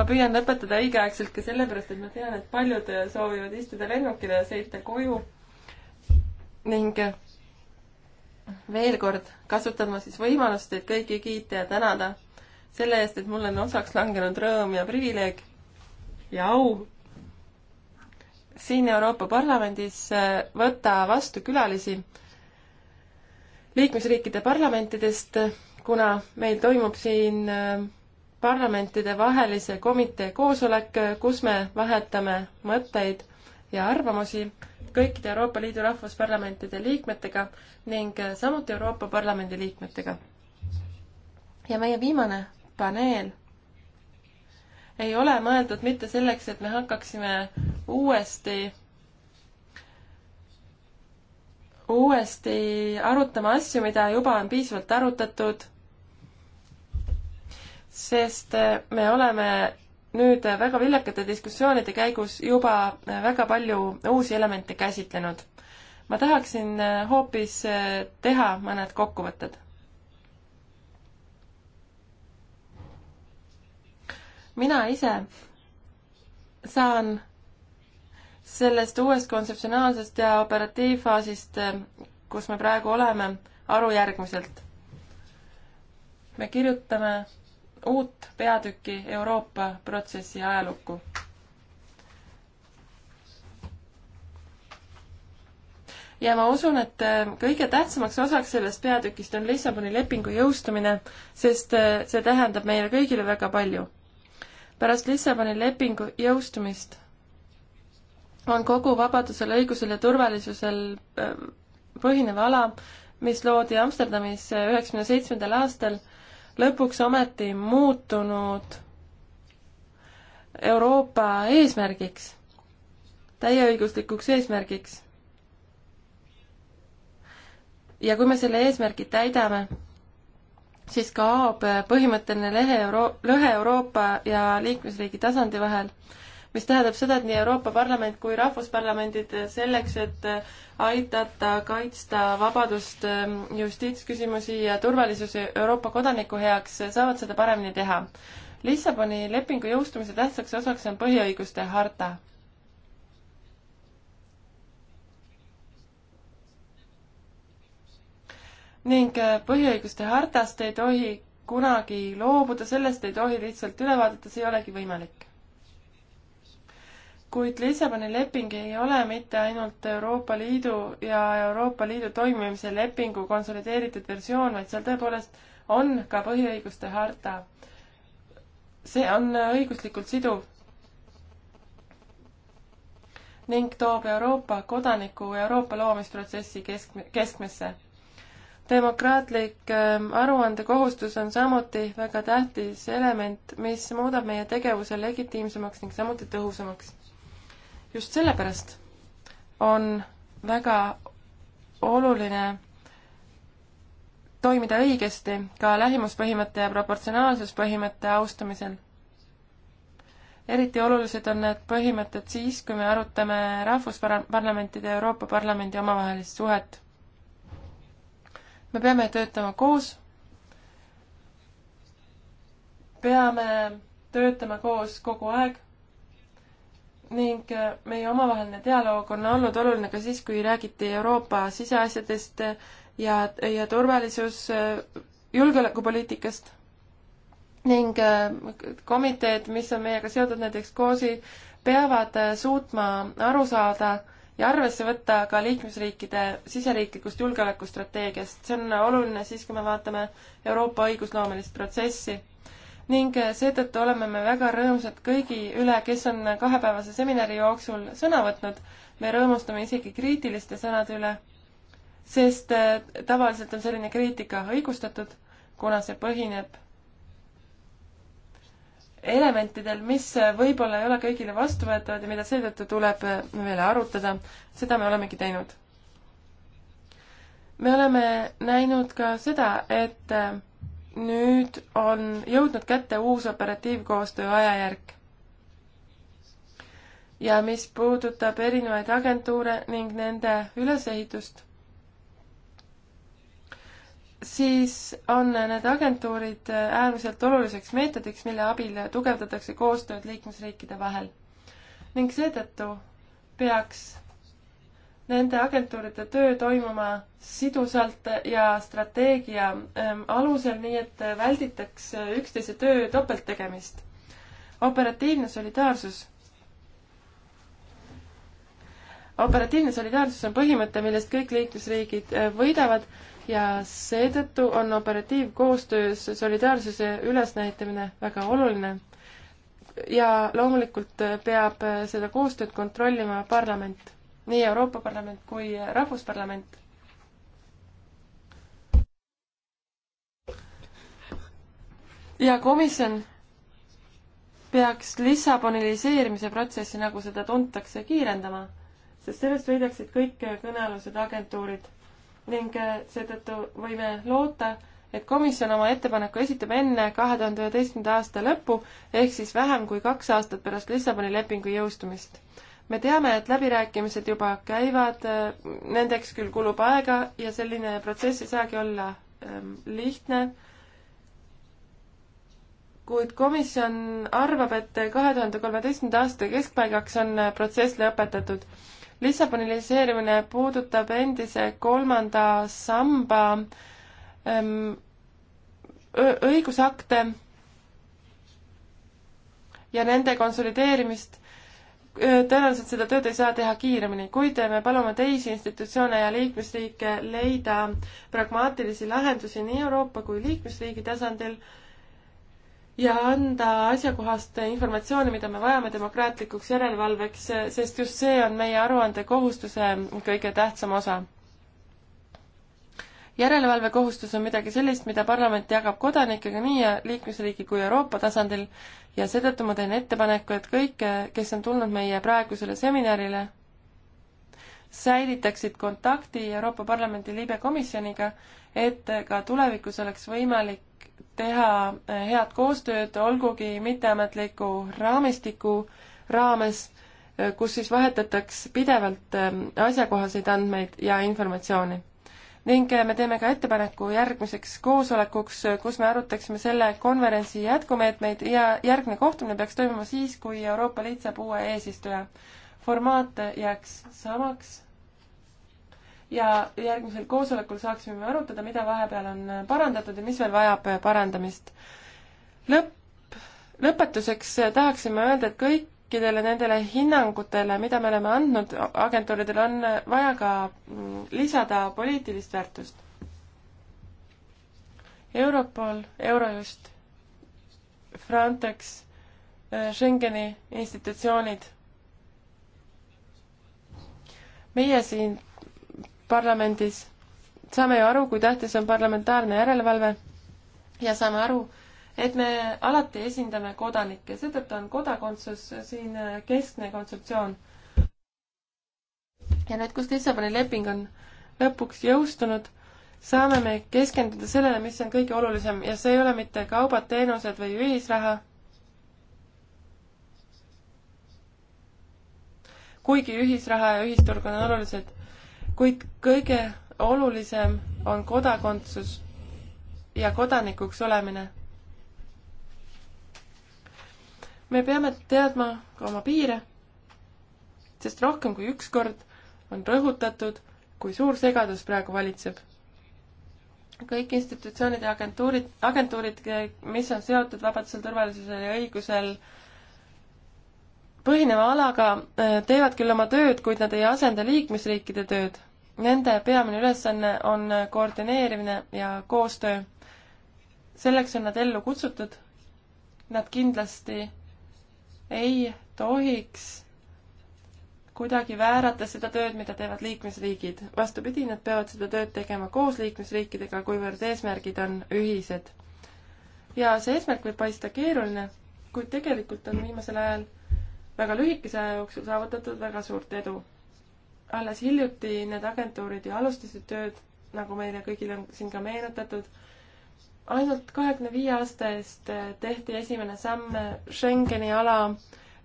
ma püüan lõpetada õigeaegselt ka sellepärast, et ma tean, et paljud soovivad istuda lennukile ja sõita koju. ning veel kord kasutan ma siis võimalust teid kõiki kiita ja tänada selle eest, et mul on osaks langenud rõõm ja privileeg ja au siin Euroopa Parlamendis äh, võtta vastu külalisi liikmesriikide parlamentidest, kuna meil toimub siin äh, parlamentidevahelise komitee koosolek, kus me vahetame mõtteid ja arvamusi kõikide Euroopa Liidu rahvusparlamentide liikmetega ning samuti Euroopa Parlamendi liikmetega. ja meie viimane paneel ei ole mõeldud mitte selleks, et me hakkaksime uuesti, uuesti arutama asju, mida juba on piisavalt arutatud sest äh, me oleme nüüd väga viljakate diskussioonide käigus juba äh, väga palju uusi elemente käsitlenud. ma tahaksin äh, hoopis teha mõned kokkuvõtted. mina ise saan sellest uuest kontseptsionaalsest ja operatiivfaasist, kus me praegu oleme, aru järgmiselt. me kirjutame uut peatükki Euroopa protsessi ajalukku. ja ma usun, et äh, kõige tähtsamaks osaks sellest peatükist on Lissaboni lepingu jõustumine, sest äh, see tähendab meile kõigile väga palju. pärast Lissaboni lepingu jõustumist on kogu vabadusel, õigusel ja turvalisusel äh, põhinev ala, mis loodi Amsterdamis üheksakümne seitsmendal aastal lõpuks ometi muutunud Euroopa eesmärgiks, täieõiguslikuks eesmärgiks. ja kui me selle eesmärgi täidame, siis kaob põhimõtteline lehe Euro-, lõhe Euroopa ja liikmesriigi tasandi vahel mis tähendab seda, et nii Euroopa Parlament kui rahvusparlamendid selleks, et aidata kaitsta vabadust, ähm, justiitsküsimusi ja turvalisuse Euroopa kodaniku heaks, saavad seda paremini teha. Lissaboni lepingu jõustumise tähtsaks osaks on põhiõiguste harta ning äh, põhiõiguste hartast ei tohi kunagi loobuda, sellest ei tohi lihtsalt üle vaadata, see ei olegi võimalik kuid Lissaboni leping ei ole mitte ainult Euroopa Liidu ja Euroopa Liidu toimimise lepingu konsolideeritud versioon, vaid seal tõepoolest on ka põhiõiguste harta. see on õiguslikult siduv ning toob Euroopa kodaniku Euroopa loomisprotsessi kesk, keskmesse. demokraatlik ähm, aruandekohustus on samuti väga tähtis element, mis muudab meie tegevuse legitiimsemaks ning samuti tõhusamaks just sellepärast on väga oluline toimida õigesti ka lähimuspõhimõtte ja proportsionaalsuspõhimõtte austamisel. eriti olulised on need põhimõtted siis, kui me arutame rahvusparlamentide ja Euroopa Parlamendi omavahelist suhet. me peame töötama koos, peame töötama koos kogu aeg ning äh, meie omavaheline dialoog on olnud oluline ka siis, kui räägiti Euroopa siseasjadest äh, ja, ja turvalisus, äh, julgeolekupoliitikast ning komiteed, mis on meiega seotud, näiteks COSI, peavad suutma aru saada ja arvesse võtta ka liikmesriikide siseriiklikust julgeolekustrateegiast. see on oluline siis, kui me vaatame Euroopa õigusloomelist protsessi ning seetõttu oleme me väga rõõmsad kõigi üle, kes on kahepäevase seminari jooksul sõna võtnud. me rõõmustame isegi kriitiliste sõnade üle, sest eh, tavaliselt on selline kriitika õigustatud, kuna see põhineb elementidel, mis võib-olla ei ole kõigile vastuvõetavad ja mida seetõttu tuleb eh, veel arutada, seda me olemegi teinud. me oleme näinud ka seda, et eh, nüüd on jõudnud kätte uus operatiivkoostöö ajajärk. ja mis puudutab erinevaid agentuure ning nende ülesehitust, siis on need agentuurid äärmiselt oluliseks meetodiks, mille abil tugevdatakse koostööd liikmesriikide vahel. ning seetõttu peaks nende agentuuride töö toimuma sidusalt ja strateegia ähm, alusel, nii et välditaks äh, üksteise töö topelttegemist. operatiivne solidaarsus. operatiivne solidaarsus on põhimõte, millest kõik liikmesriigid äh, võidavad ja seetõttu on operatiivkoostöös solidaarsuse ülesnäitamine väga oluline. ja loomulikult äh, peab seda koostööd kontrollima parlament nii Euroopa Parlament kui Rahvusparlament. ja komisjon peaks Lissaboniliseerimise protsessi, nagu seda tuntakse, kiirendama, sest sellest võidaksid kõik kõnealused agentuurid ning seetõttu võime loota, et komisjon oma ettepaneku esitab enne kahe tuhande üheteistkümnenda aasta lõppu ehk siis vähem kui kaks aastat pärast Lissaboni lepingu jõustumist me teame, et läbirääkimised juba käivad, nendeks küll kulub aega ja selline protsess ei saagi olla ehm, lihtne, kuid komisjon arvab, et kahe tuhande kolmeteistkümnenda aasta keskpaigaks on protsess lõpetatud. Lissaboniliseerimine puudutab endise kolmanda samba ehm, õigusakte ja nende konsolideerimist tõenäoliselt seda tööd ei saa teha kiiremini, kuid me palume teisi institutsioone ja liikmesriike leida pragmaatilisi lahendusi nii Euroopa kui liikmesriigi tasandil ja anda asjakohast informatsiooni, mida me vajame demokraatlikuks järelevalveks, sest just see on meie aruande kohustuse kõige tähtsam osa järelevalvekohustus on midagi sellist, mida parlament jagab kodanikega nii liikmesriigi kui Euroopa tasandil ja seetõttu ma teen ettepaneku, et kõik, kes on tulnud meie praegusele seminarile, säilitaksid kontakti Euroopa Parlamendi libekomisjoniga, et ka tulevikus oleks võimalik teha eh, head koostööd, olgugi mitteametliku raamistiku raames, eh, kus siis vahetataks pidevalt eh, asjakohaseid andmeid ja informatsiooni ning me teeme ka ettepaneku järgmiseks koosolekuks, kus me arutaksime selle konverentsi jätkumeetmeid ja järgne kohtumine peaks toimuma siis, kui Euroopa Liit saab uue eesistuja. formaat jääks samaks ja järgmisel koosolekul saaksime arutada, mida vahepeal on parandatud ja mis veel vajab parandamist. lõpp lõpetuseks tahaksime öelda, et kõik kõikidele nendele hinnangutele, mida me oleme andnud agentuuridele, on vaja ka mm, lisada poliitilist väärtust. Europol, Eurojust, Frontex, äh, Schengeni institutsioonid. meie siin parlamendis saame ju aru, kui tähtis on parlamentaarne järelevalve ja saame aru, et me alati esindame kodanikke, seetõttu on kodakondsus siin keskne kontseptsioon. ja nüüd, kus Lissaboni leping on lõpuks jõustunud, saame me keskenduda sellele, mis on kõige olulisem ja see ei ole mitte kaubad, teenused või ühisraha. kuigi ühisraha ja ühisturg on olulised, kuid kõige olulisem on kodakondsus ja kodanikuks olemine me peame teadma ka oma piire, sest rohkem kui üks kord on rõhutatud, kui suur segadus praegu valitseb. kõik institutsioonid ja agentuurid, agentuurid, mis on seotud vabadusel, turvalisusel ja õigusel põhineva alaga, eh, teevad küll oma tööd, kuid nad ei asenda liikmesriikide tööd. Nende peamine ülesanne on koordineerimine ja koostöö. selleks on nad ellu kutsutud. Nad kindlasti ei tohiks kuidagi väärata seda tööd, mida teevad liikmesriigid. vastupidi, nad peavad seda tööd tegema koos liikmesriikidega, kuivõrd eesmärgid on ühised. ja see eesmärk võib paista keeruline, kuid tegelikult on viimasel ajal väga lühikese aja jooksul saavutatud väga suurt edu. alles hiljuti need agentuurid ju alustasid tööd, nagu meile kõigile on siin ka meenutatud, ainult kahekümne viie aasta eest äh, tehti esimene samm äh, Schengeni ala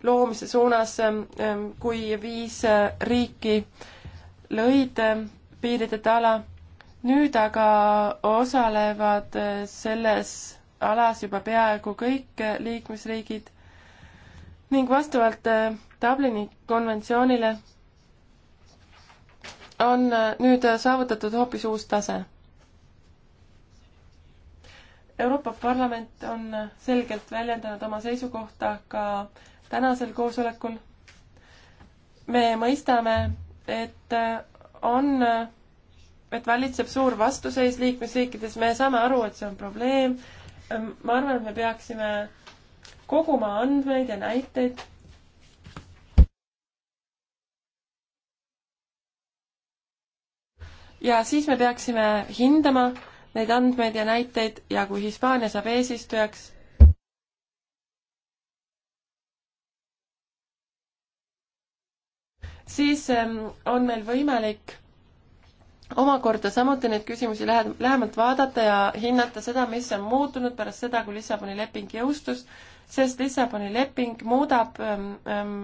loomise suunas, ähm, ähm, kui viis äh, riiki lõid piirideta ala. nüüd aga osalevad selles alas juba peaaegu kõik liikmesriigid ning vastavalt Dublini konventsioonile on nüüd saavutatud hoopis uus tase Euroopa Parlament on selgelt väljendanud oma seisukohta ka tänasel koosolekul. me mõistame, et on, et valitseb suur vastuseis liikmesriikides, me saame aru, et see on probleem. ma arvan, et me peaksime koguma andmeid ja näiteid ja siis me peaksime hindama, neid andmeid ja näiteid ja kui Hispaania saab eesistujaks, siis ähm, on meil võimalik omakorda samuti neid küsimusi lähe-, lähemalt vaadata ja hinnata seda, mis on muutunud pärast seda, kui Lissaboni leping jõustus, sest Lissaboni leping muudab ähm, ähm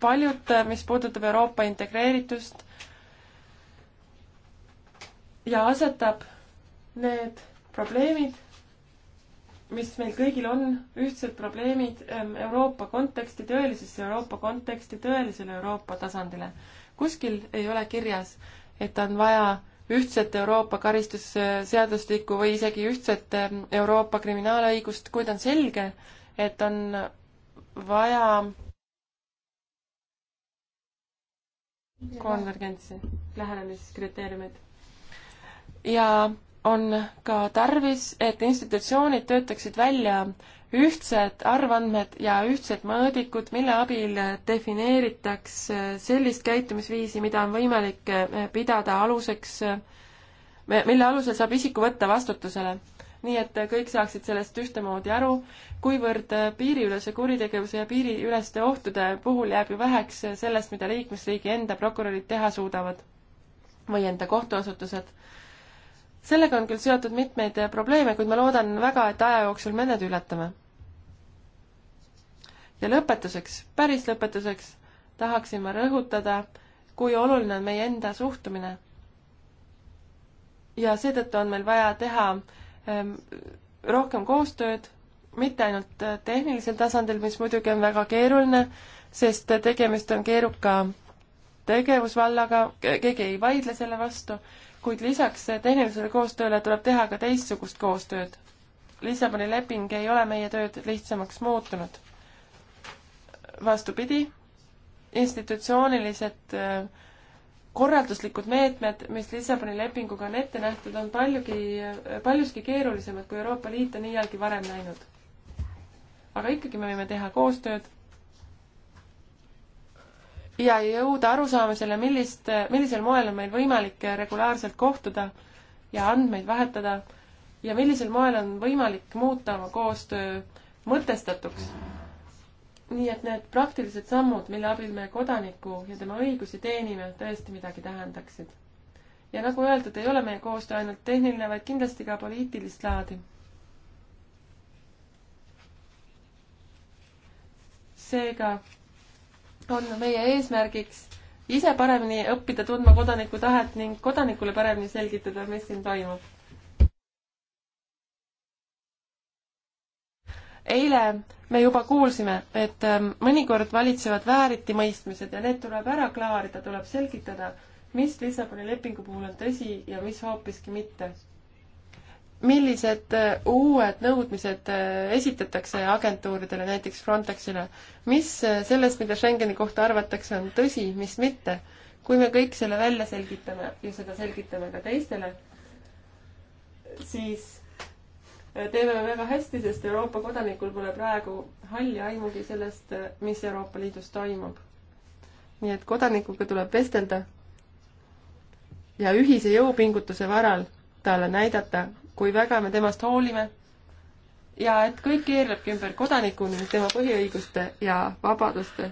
paljut, äh, mis puudutab Euroopa integreeritust ja asetab need probleemid, mis meil kõigil on, ühtsed probleemid ähm, Euroopa konteksti, tõelisesse Euroopa konteksti, tõelisele Euroopa tasandile. kuskil ei ole kirjas, et on vaja ühtset Euroopa karistusseadustikku või isegi ühtset ähm, Euroopa kriminaalõigust, kuid on selge, et on vaja konvergentsi, lähenemiskriteeriumid. ja on ka tarvis, et institutsioonid töötaksid välja ühtsed arvandmed ja ühtsed mõõdikud, mille abil defineeritakse sellist käitumisviisi, mida on võimalik eh, pidada aluseks, mille alusel saab isiku võtta vastutusele. nii et kõik saaksid sellest ühtemoodi aru, kuivõrd piiriülese kuritegevuse ja piiriüleste ohtude puhul jääb ju väheks sellest, mida liikmesriigi enda prokurörid teha suudavad või enda kohtuasutused sellega on küll seotud mitmeid probleeme, kuid ma loodan väga, et aja jooksul me need ületame. ja lõpetuseks, päris lõpetuseks tahaksin ma rõhutada, kui oluline on meie enda suhtumine. ja seetõttu on meil vaja teha ehm, rohkem koostööd, mitte ainult eh, tehnilisel tasandil, mis muidugi on väga keeruline, sest tegemist on keeruka tegevusvallaga, keegi ei vaidle selle vastu kuid lisaks tehnilisele koostööle tuleb teha ka teistsugust koostööd. Lissaboni leping ei ole meie tööd lihtsamaks muutunud. vastupidi, institutsioonilised äh, korralduslikud meetmed, mis Lissaboni lepinguga on ette nähtud, on paljugi, äh, paljuski keerulisemad, kui Euroopa Liit on iialgi varem näinud. aga ikkagi me võime teha koostööd ja jõuda arusaamisele, millist, millisel moel on meil võimalik regulaarselt kohtuda ja andmeid vahetada ja millisel moel on võimalik muuta oma koostöö mõtestatuks. nii et need praktilised sammud, mille abil me kodaniku ja tema õigusi teenime, tõesti midagi tähendaksid. ja nagu öeldud, ei ole meie koostöö ainult tehniline, vaid kindlasti ka poliitilist laadi. seega on meie eesmärgiks ise paremini õppida tundma kodaniku tahet ning kodanikule paremini selgitada, mis siin toimub. eile me juba kuulsime, et ähm, mõnikord valitsevad vääritimõistmised ja need tuleb ära klaarida, tuleb selgitada, mis Lissaboni lepingu puhul on tõsi ja mis hoopiski mitte millised äh, uued nõudmised äh, esitatakse agentuuridele, näiteks Frontexile? mis äh, sellest, mida Schengeni kohta arvatakse, on tõsi, mis mitte? kui me kõik selle välja selgitame ja seda selgitame ka teistele, siis teeme me väga hästi, sest Euroopa kodanikul pole praegu halli aimugi sellest, mis Euroopa Liidus toimub. nii et kodanikuga tuleb vestelda ja ühise jõupingutuse varal talle näidata, kui väga me temast hoolime ja et kõik keerlebki ümber kodaniku ning tema põhiõiguste ja vabaduste.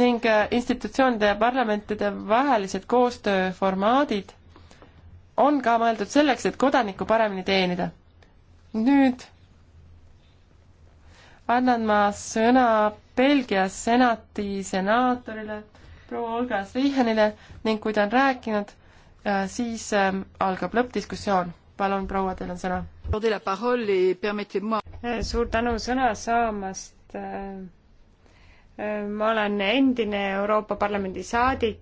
ning äh, institutsioonide ja parlamentide vahelised koostööformaadid on ka mõeldud selleks, et kodanikku paremini teenida. nüüd annan ma sõna Belgia senati senaatorile proua Olga Svihenile ning kui ta on rääkinud, äh, siis ähm, algab lõppdiskussioon. palun, proua, teil on sõna. Äh, suur tänu sõna saamast. Äh, ma olen endine Euroopa Parlamendi saadik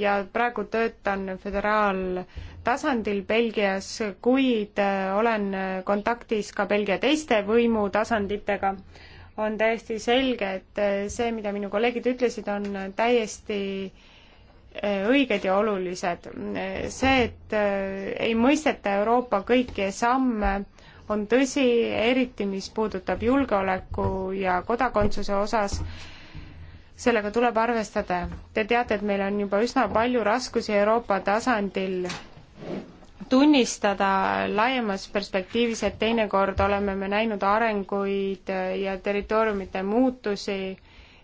ja praegu töötan föderaaltasandil Belgias, kuid olen kontaktis ka Belgia teiste võimutasanditega on täiesti selge, et äh, see, mida minu kolleegid ütlesid, on täiesti äh, õiged ja olulised. see, et äh, ei mõisteta Euroopa kõiki samme, on tõsi, eriti mis puudutab julgeoleku ja kodakondsuse osas, sellega tuleb arvestada. Te teate, et meil on juba üsna palju raskusi Euroopa tasandil tunnistada laiemas perspektiivis, et teinekord oleme me näinud arenguid ja territooriumite muutusi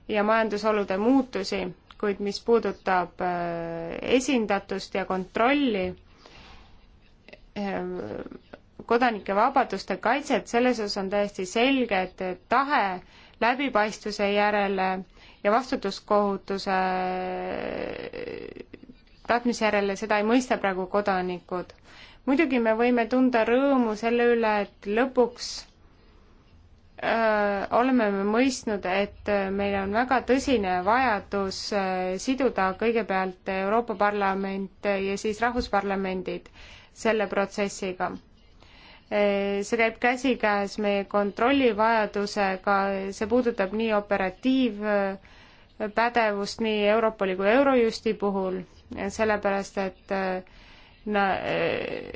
ja majandusolude muutusi, kuid mis puudutab äh, esindatust ja kontrolli, äh, kodanike vabaduste kaitset, selles osas on täiesti selge, et tahe läbipaistvuse järele ja vastutuskohutuse tapmisjärele, seda ei mõista praegu kodanikud. muidugi me võime tunda rõõmu selle üle, et lõpuks öö, äh, oleme me mõistnud, et meil on väga tõsine vajadus öö, äh, siduda kõigepealt Euroopa Parlament ja siis rahvusparlamendid selle protsessiga äh, see käib käsikäes meie kontrollivajadusega, see puudutab nii operatiivpädevust nii Europoli kui Eurojusti puhul sellepärast et äh, na, äh,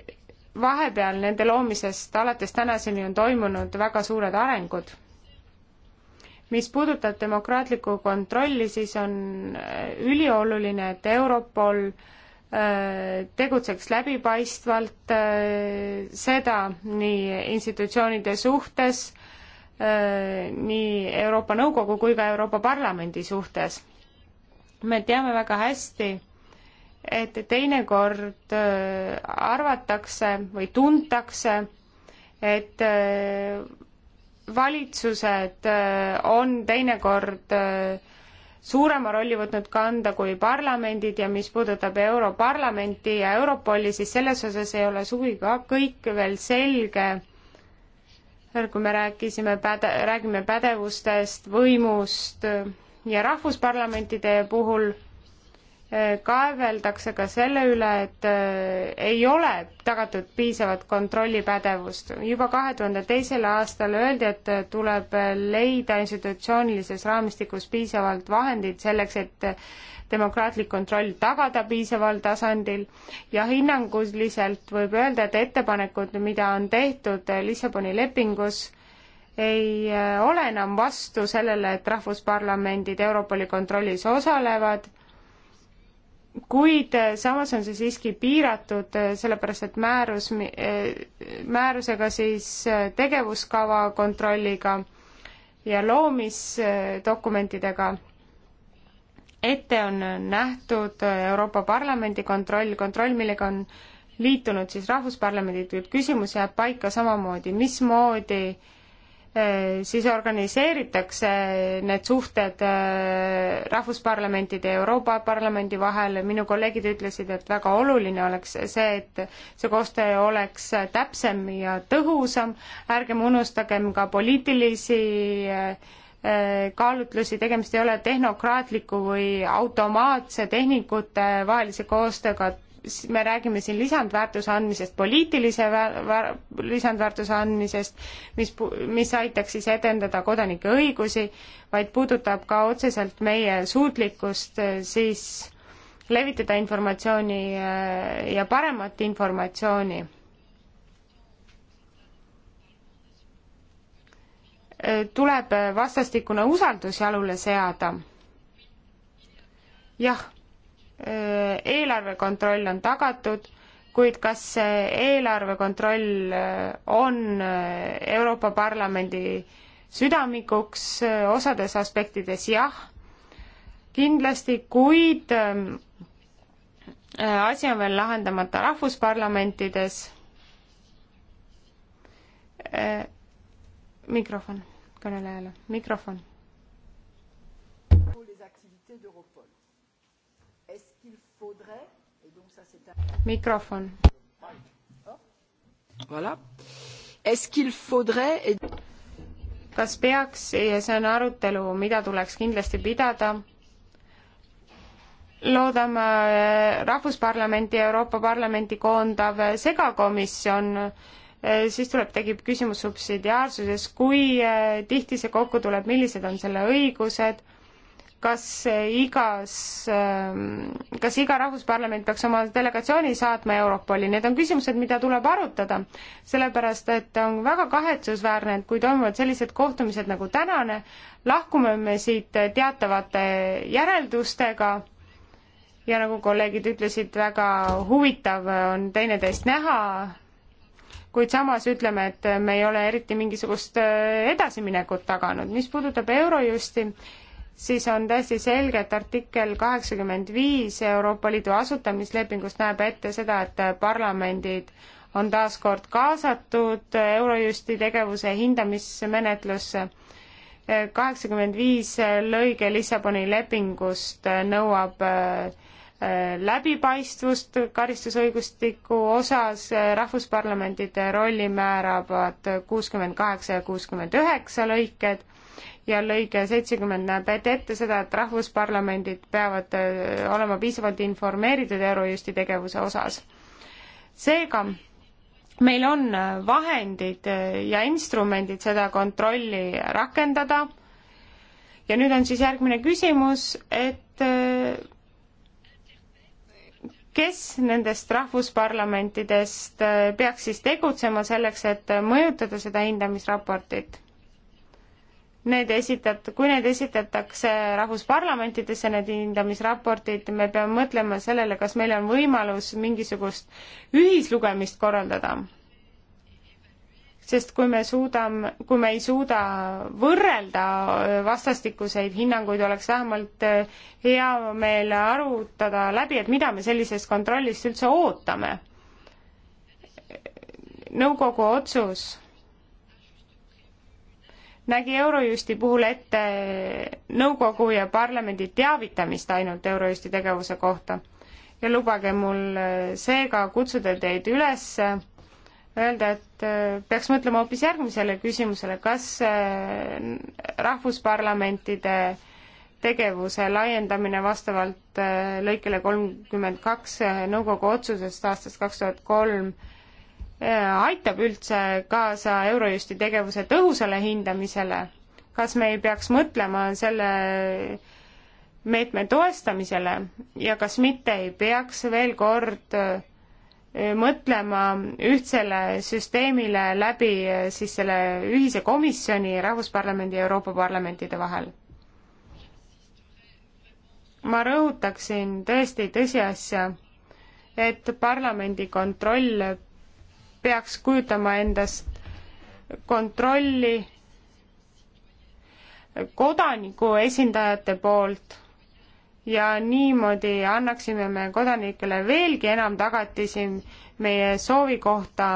vahepeal nende loomisest alates tänaseni on toimunud väga suured arengud. mis puudutab demokraatlikku kontrolli, siis on äh, ülioluline, et Europol tegutseks läbipaistvalt seda nii institutsioonide suhtes, nii Euroopa Nõukogu kui ka Euroopa Parlamendi suhtes. me teame väga hästi, et teinekord äh, arvatakse või tuntakse, et äh, valitsused äh, on teinekord suurema rolli võtnud kanda kui parlamendid ja mis puudutab Europarlamenti ja Europoli, siis selles osas ei ole sugugi kõik veel selge kui me rääkisime päde-, räägime pädevustest, võimust ja rahvusparlamentide puhul kaeveldakse ka selle üle, et äh, ei ole tagatud piisavat kontrollipädevust. juba kahe tuhande teisel aastal öeldi, et äh, tuleb äh, leida institutsioonilises raamistikus piisavalt vahendeid selleks, et demokraatlik kontroll tagada piisaval tasandil ja hinnanguliselt võib öelda, et ettepanekud, mida on tehtud Lissaboni lepingus, ei ole enam vastu sellele, et rahvusparlamendid Europoli kontrollis osalevad kuid samas on see siiski piiratud, sellepärast et määrus, määrusega siis tegevuskava kontrolliga ja loomisdokumentidega ette on nähtud Euroopa Parlamendi kontroll, kontroll, millega on liitunud siis rahvusparlamendid, kuid küsimus jääb paika samamoodi, mismoodi äh, Äh, siis organiseeritakse need suhted äh, rahvusparlamentide ja Euroopa Parlamendi vahel, minu kolleegid ütlesid, et väga oluline oleks see, et see koostöö oleks täpsem ja tõhusam, ärgem unustagem ka poliitilisi äh, kaalutlusi, tegemist ei ole tehnokraatliku või automaatse tehnikute vahelise koostööga, me räägime siin lisandväärtuse andmisest, poliitilise lisandväärtuse andmisest, mis, mis aitaks siis edendada kodanike õigusi, vaid puudutab ka otseselt meie suutlikkust eh, siis levitada informatsiooni eh, ja paremat informatsiooni eh, tuleb vastastikune usaldus jalule seada. jah Äh, eelarvekontroll on tagatud, kuid kas see eelarvekontroll äh, on äh, Euroopa Parlamendi südamikuks osades aspektides jah, kindlasti, kuid ähm, asi on veel lahendamata rahvusparlamentides. mikrofon kõnelejale, mikrofon mikrofon. Voilà. Est-ce qu'il faudrait kas peaks ja see on arutelu, mida tuleks kindlasti pidada, loodame eh, Rahvusparlamenti ja Euroopa Parlamenti koondav eh, segakomisjon, eh, siis tuleb, tekib küsimus subsidiaarsuses, kui tihti see kokku tuleb, millised on selle õigused kas igas, ähm, kas iga rahvusparlament peaks oma delegatsiooni saatma Europoli, need on küsimused, mida tuleb arutada, sellepärast et on väga kahetsusväärne, et kui toimuvad sellised kohtumised nagu tänane, lahkume me siit teatavate järeldustega ja nagu kolleegid ütlesid, väga huvitav on teineteist näha, kuid samas ütleme, et me ei ole eriti mingisugust äh, edasiminekut taganud. mis puudutab Eurojusti, siis on täiesti selge, et artikkel kaheksakümmend viis Euroopa Liidu asutamislepingust näeb ette seda, et parlamendid on taas kord kaasatud Eurojusti tegevuse hindamismenetlusse. kaheksakümmend viis lõige Lissaboni lepingust nõuab äh, läbipaistvust karistusõigustiku osas, rahvusparlamentide rolli määravad kuuskümmend kaheksa ja kuuskümmend üheksa lõiked ja lõige seitsekümmend näeb ette, ette seda, et rahvusparlamendid peavad äh, olema piisavalt informeeritud Eurojusti tegevuse osas. seega meil on äh, vahendid äh, ja instrumendid seda kontrolli rakendada ja nüüd on siis järgmine küsimus, et kes nendest rahvusparlamentidest peaks siis tegutsema selleks, et mõjutada seda hindamisraportit? need esitat-, kui need esitatakse rahvusparlamentidesse, need hindamisraportid, me peame mõtlema sellele, kas meil on võimalus mingisugust ühislugemist korraldada. sest kui me suudame, kui me ei suuda võrrelda vastastikuseid hinnanguid, oleks vähemalt hea meel arutada läbi, et mida me sellisest kontrollist üldse ootame. nõukogu otsus nägi Eurojusti puhul ette nõukogu ja parlamendi teavitamist ainult Eurojusti tegevuse kohta. ja lubage mul äh, seega kutsuda teid üles äh, öelda, et äh, peaks mõtlema hoopis järgmisele küsimusele, kas rahvusparlamentide tegevuse laiendamine vastavalt lõikele kolmkümmend kaks nõukogu otsusest aastast kaks tuhat kolm Äh, aitab üldse kaasa Eurojusti tegevuse tõhusale hindamisele? kas me ei peaks mõtlema selle meetme toestamisele ja kas mitte ei peaks veel kord äh, mõtlema ühtsele süsteemile läbi äh, siis selle ühise komisjoni Rahvusparlamendi ja Euroopa Parlamentide vahel? ma rõhutaksin tõesti tõsiasja, et parlamendi kontroll peaks kujutama endast kontrolli kodaniku esindajate poolt ja niimoodi annaksime me kodanikele veelgi enam tagatisi meie soovi kohta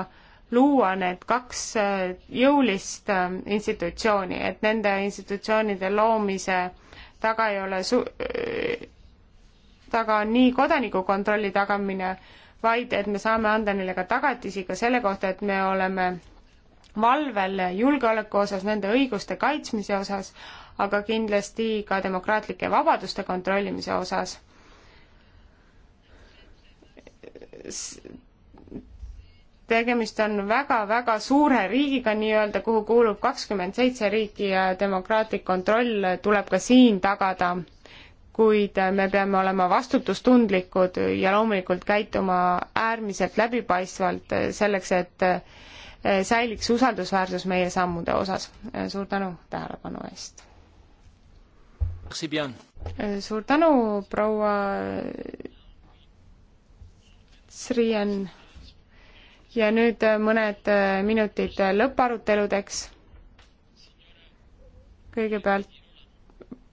luua need kaks äh, jõulist äh, institutsiooni, et nende institutsioonide loomise taga ei ole su-, äh, taga on nii kodanikukontrolli tagamine vaid et me saame anda neile ka tagatisi ka selle kohta, et me oleme valvel julgeoleku osas, nende õiguste kaitsmise osas, aga kindlasti ka demokraatlike vabaduste kontrollimise osas. tegemist on väga-väga suure riigiga nii-öelda, kuhu kuulub kakskümmend seitse riiki ja demokraatlik kontroll tuleb ka siin tagada kuid me peame olema vastutustundlikud ja loomulikult käituma äärmiselt läbipaistvalt selleks, et eh, säiliks usaldusväärsus meie sammude osas. Eh, suur tänu tähelepanu eest! Eh, suur tänu, proua Srien! ja nüüd mõned minutid lõpparuteludeks. kõigepealt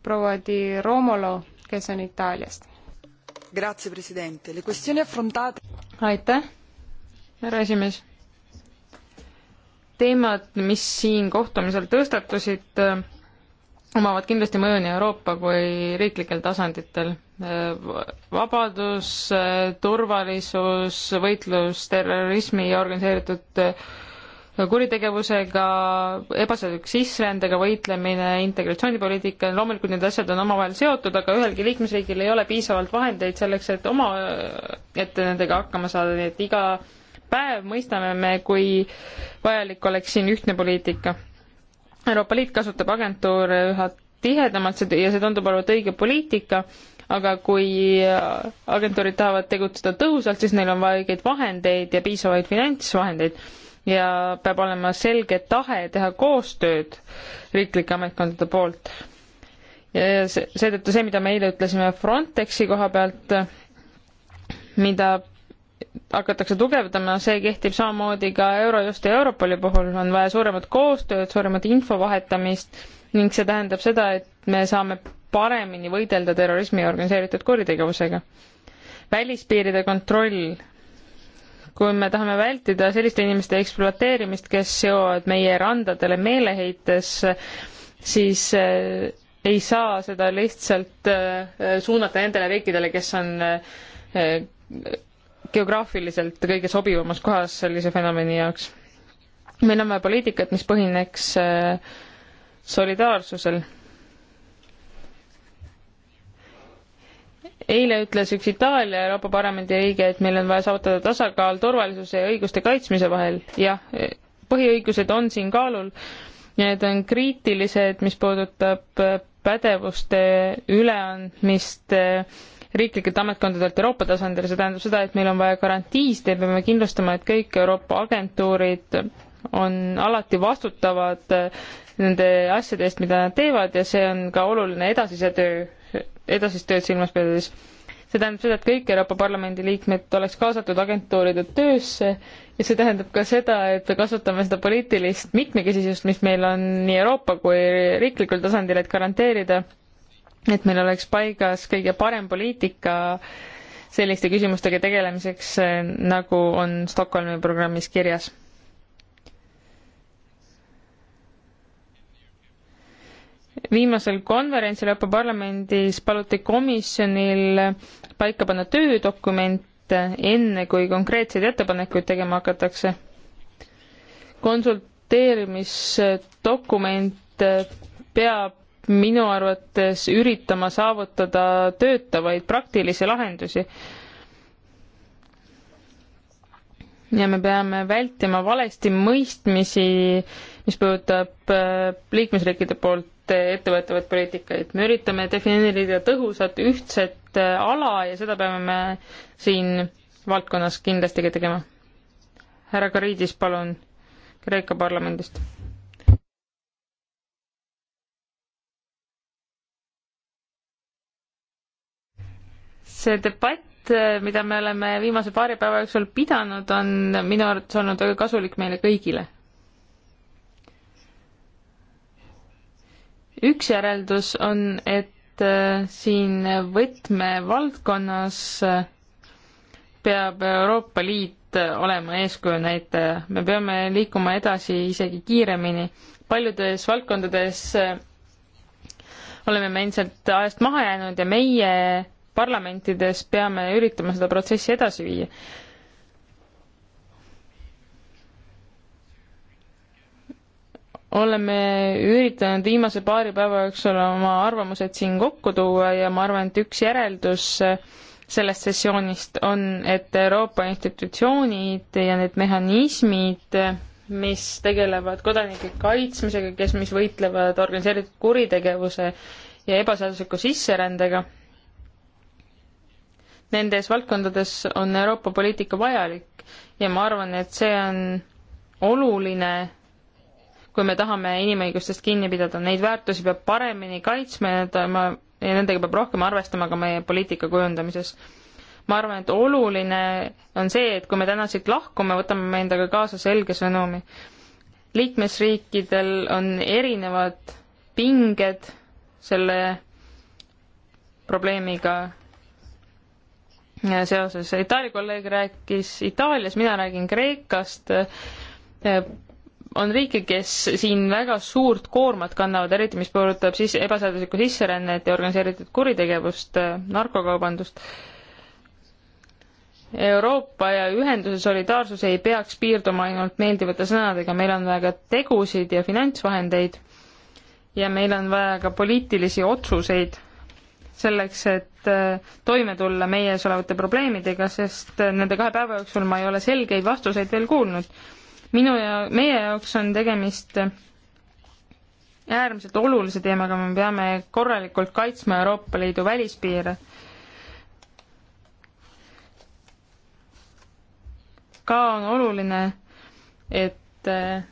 proua Di Romolo kes on Itaaliast. aitäh, härra esimees. teemad, mis siin kohtumisel tõstatusid, äh, omavad kindlasti mõju nii Euroopa kui riiklikel tasanditel. Äh, vabadus, äh, turvalisus, võitlus terrorismi ja organiseeritud kuritegevusega, ebaseadusliku sisserändega võitlemine, integratsioonipoliitika, loomulikult need asjad on omavahel seotud, aga ühelgi liikmesriigil ei ole piisavalt vahendeid selleks, et oma, et nendega hakkama saada, nii et iga päev mõistame me, kui vajalik oleks siin ühtne poliitika. Euroopa Liit kasutab agentuure üha tihedamalt ja see tundub olevat õige poliitika, aga kui agentuurid tahavad tegutseda tõhusalt, siis neil on vajageid vahendeid ja piisavaid finantsvahendeid ja peab olema selge tahe teha koostööd riiklike ametkondade poolt. ja seetõttu see, mida me eile ütlesime Frontexi koha pealt, mida hakatakse tugevdama, see kehtib samamoodi ka Eurojust ja Europoli puhul, on vaja suuremat koostööd, suuremat info vahetamist ning see tähendab seda, et me saame paremini võidelda terrorismi ja organiseeritud kuritegevusega. välispiiride kontroll kui me tahame vältida selliste inimeste ekspluateerimist, kes seovad meie randadele meeleheites, siis eh, ei saa seda lihtsalt eh, suunata nendele riikidele, kes on eh, geograafiliselt kõige sobivamas kohas sellise fenomeni jaoks. meil on vaja poliitikat, mis põhineks solidaarsusel eile ütles üks Itaalia Euroopa Parlamendi liige, et meil on vaja saavutada tasakaal turvalisuse ja õiguste kaitsmise vahel. jah, põhiõigused on siin kaalul ja need on kriitilised, mis puudutab pädevuste üleandmist riiklikelt ametkondadelt Euroopa tasandil, see tähendab seda, et meil on vaja garantiisid ja peame kindlustama, et kõik Euroopa agentuurid on alati vastutavad nende asjade eest, mida nad teevad ja see on ka oluline edasise töö edasist tööd silmas pidades. see tähendab seda, et kõik Euroopa Parlamendi liikmed oleks kaasatud agentuuride töösse ja see tähendab ka seda, et me kasutame seda poliitilist mitmekesisust, mis meil on nii Euroopa kui riiklikul tasandil, et garanteerida, et meil oleks paigas kõige parem poliitika selliste küsimustega tegelemiseks, nagu on Stockholmi programmis kirjas viimasel konverentsil Euroopa Parlamendis paluti komisjonil paika panna töödokument, enne kui konkreetseid ettepanekuid tegema hakatakse. konsulteerimisdokument peab minu arvates üritama saavutada töötavaid praktilisi lahendusi. ja me peame vältima valesti mõistmisi, mis puudutab äh, liikmesriikide poolt ettevõtvaid poliitikaid. me üritame defineerida tõhusat ühtset äh, ala ja seda peame me siin valdkonnas kindlasti ka tegema. härra Karidis, palun, Kreeka parlamendist. see debatt äh, mida me oleme viimase paari päeva jooksul pidanud, on minu arvates olnud väga kasulik meile kõigile üks järeldus on, et äh, siin võtmevaldkonnas äh, peab Euroopa Liit äh, olema eeskuju näitaja, me peame liikuma edasi isegi kiiremini. paljudes valdkondades oleme me endiselt ajast maha jäänud ja meie parlamentides peame üritama seda protsessi edasi viia oleme üritanud viimase paari päeva jooksul oma arvamused siin kokku tuua ja ma arvan, et üks järeldus äh, sellest sessioonist on, et Euroopa institutsioonid ja need mehhanismid, äh, mis tegelevad kodanike kaitsmisega, kes, mis võitlevad organiseeritud kuritegevuse ja ebaseadusliku sisserändega, nendes valdkondades on Euroopa poliitika vajalik ja ma arvan, et see on oluline kui me tahame inimõigustest kinni pidada, neid väärtusi peab paremini kaitsma ja ta, ma, ja nendega peab rohkem arvestama ka meie poliitika kujundamises. ma arvan, et oluline on see, et kui me täna siit lahkume, võtame me endaga kaasa selge sõnumi. liikmesriikidel on erinevad pinged selle probleemiga seoses. Itaalia kolleeg rääkis Itaalias, mina räägin Kreekast on riike, kes siin väga suurt koormat kannavad, eriti mis puudutab siis ebaseaduslikku sisserännet ja organiseeritud kuritegevust, narkokaubandust. Euroopa ja ühenduse solidaarsus ei peaks piirduma ainult meeldivate sõnadega, meil on vaja ka tegusid ja finantsvahendeid ja meil on vaja ka poliitilisi otsuseid selleks, et äh, toime tulla meie ees olevate probleemidega, sest äh, nende kahe päeva jooksul ma ei ole selgeid vastuseid veel kuulnud minu ja meie jaoks on tegemist äärmiselt olulise teemaga, me peame korralikult kaitsma Euroopa Liidu välispiire. ka on oluline, et eh,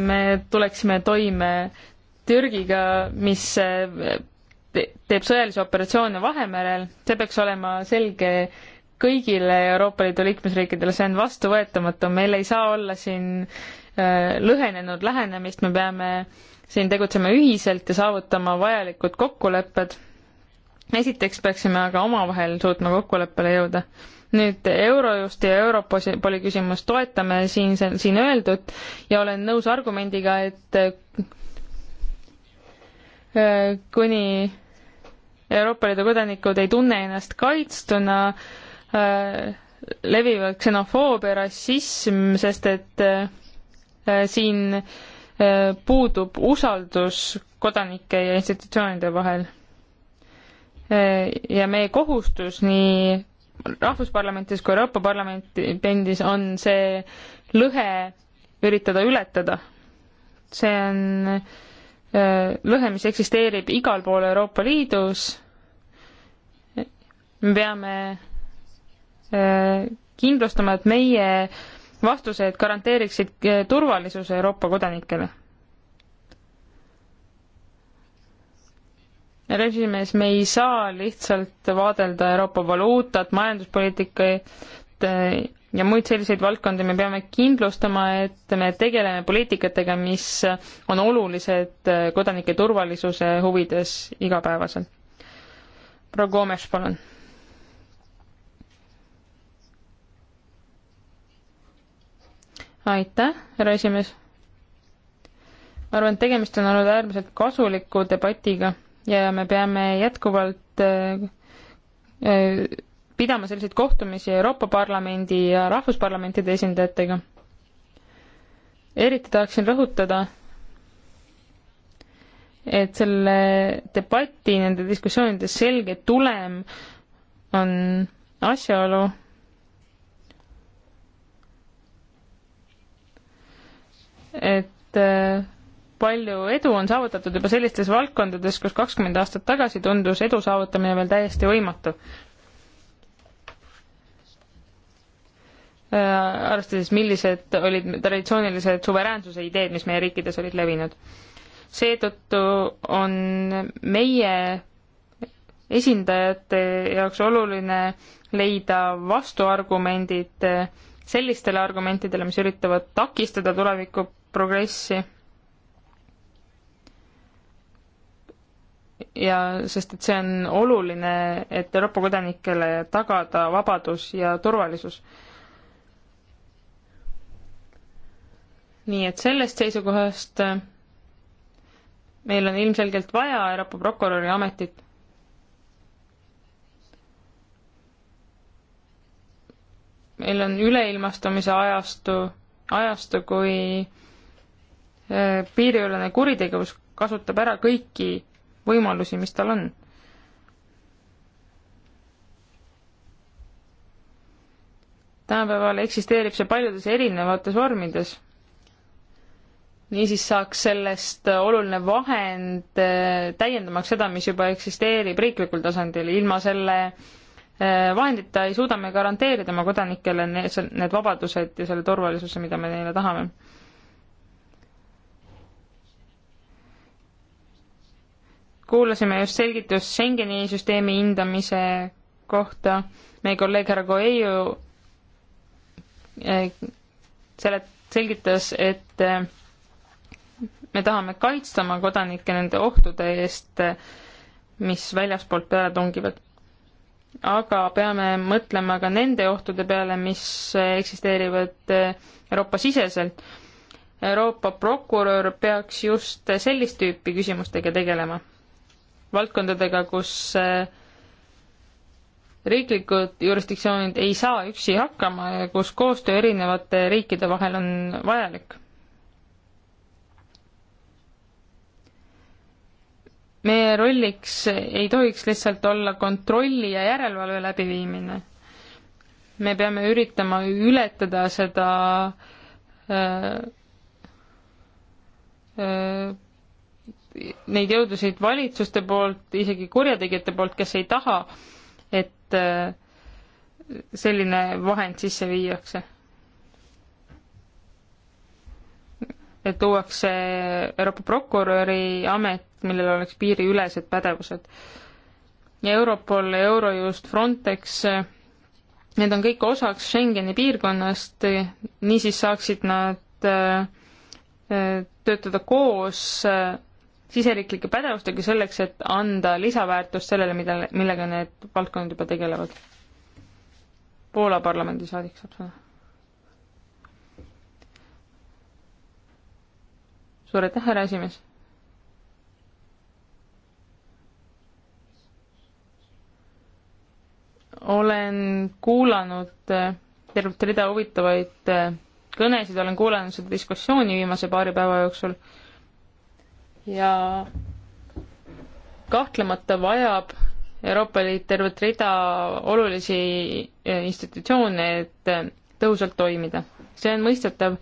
me tuleksime toime Türgiga, mis eh, teeb sõjalisi operatsioone Vahemerel, see peaks olema selge kõigile Euroopa Liidu liikmesriikidele, see on vastuvõetamatu, meil ei saa olla siin äh, lõhenenud lähenemist, me peame siin tegutsema ühiselt ja saavutama vajalikud kokkulepped. esiteks peaksime aga omavahel suutma kokkuleppele jõuda. nüüd Eurojust ja Europoli küsimus toetame siin, siin öeldut ja olen nõus argumendiga, et äh, kuni Euroopa Liidu kodanikud ei tunne ennast kaitstuna, Äh, levivad ksenofoobia, rassism, sest et äh, siin äh, puudub usaldus kodanike ja institutsioonide vahel. ja meie kohustus nii Rahvusparlamentis kui Euroopa Parlamendis on see lõhe üritada ületada. see on lõhe, mis eksisteerib igal pool Euroopa Liidus. me peame Äh, kindlustama, et meie vastused garanteeriksid äh, turvalisuse Euroopa kodanikele. härra esimees, me ei saa lihtsalt vaadelda Euroopa valuutat, majanduspoliitikat äh, ja muid selliseid valdkondi, me peame kindlustama, et me tegeleme poliitikatega, mis on olulised kodanike turvalisuse huvides igapäevaselt. proua Koomes, palun aitäh, härra esimees. ma arvan, et tegemist on olnud äärmiselt kasuliku debatiga ja me peame jätkuvalt äh, äh, pidama selliseid kohtumisi Euroopa Parlamendi ja rahvusparlamentide esindajatega. eriti tahaksin rõhutada, et selle debati, nende diskussioonide selge tulem on asjaolu, et äh, palju edu on saavutatud juba sellistes valdkondades, kus kakskümmend aastat tagasi tundus edu saavutamine veel täiesti võimatu. Äh, arvestades, millised olid traditsioonilised suveräänsuse ideed, mis meie riikides olid levinud. seetõttu on meie esindajate jaoks oluline leida vastuargumendid sellistele argumentidele, mis üritavad takistada tuleviku progressi. ja sest, et see on oluline, et Euroopa kodanikele tagada vabadus ja turvalisus. nii et sellest seisukohast äh, meil on ilmselgelt vaja Euroopa prokuröri ametit meil on üleilmastumise ajastu, ajastu, kui piiriülene kuritegevus kasutab ära kõiki võimalusi, mis tal on. tänapäeval eksisteerib see paljudes erinevates vormides. niisiis saaks sellest oluline vahend eh, täiendamaks seda, mis juba eksisteerib riiklikul tasandil, ilma selle eh, vahendita ei suuda me garanteerida oma kodanikele need, need vabadused ja selle turvalisuse, mida me neile tahame kuulasime just selgitust Schengeni süsteemi hindamise kohta, meie kolleeg härra Koeiu eh, selle selgitas, et eh, me tahame kaitsta oma kodanikke nende ohtude eest, eh, mis väljaspoolt peale tungivad. aga peame mõtlema ka nende ohtude peale, mis eksisteerivad Euroopa-siseselt. Euroopa prokurör peaks just sellist tüüpi küsimustega tegelema valdkondadega, kus eh, riiklikud jurisdiktsioonid ei saa üksi hakkama ja kus koostöö erinevate riikide vahel on vajalik. meie rolliks ei tohiks lihtsalt olla kontrolli ja järelevalve läbiviimine. me peame üritama ületada seda öö, eh, öö, eh, neid jõudusid valitsuste poolt, isegi kurjategijate poolt, kes ei taha, et äh, selline vahend sisse viiakse. et luuakse Euroopa prokuröri amet, millel oleks piiriülesed pädevused. ja Europol, Eurojust, Frontex, need on kõik osaks Schengeni piirkonnast, niisiis saaksid nad äh, äh, töötada koos siseriiklike pädevustega selleks, et anda lisaväärtust sellele, mida, millega need valdkonnad juba tegelevad. Poola parlamendi saadik saab sõna. suur aitäh, härra esimees olen kuulanud eh, tervet rida huvitavaid eh, kõnesid, olen kuulanud seda diskussiooni viimase paari päeva jooksul ja kahtlemata vajab Euroopa Liit tervet rida olulisi eh, institutsioone, et eh, tõhusalt toimida. see on mõistetav,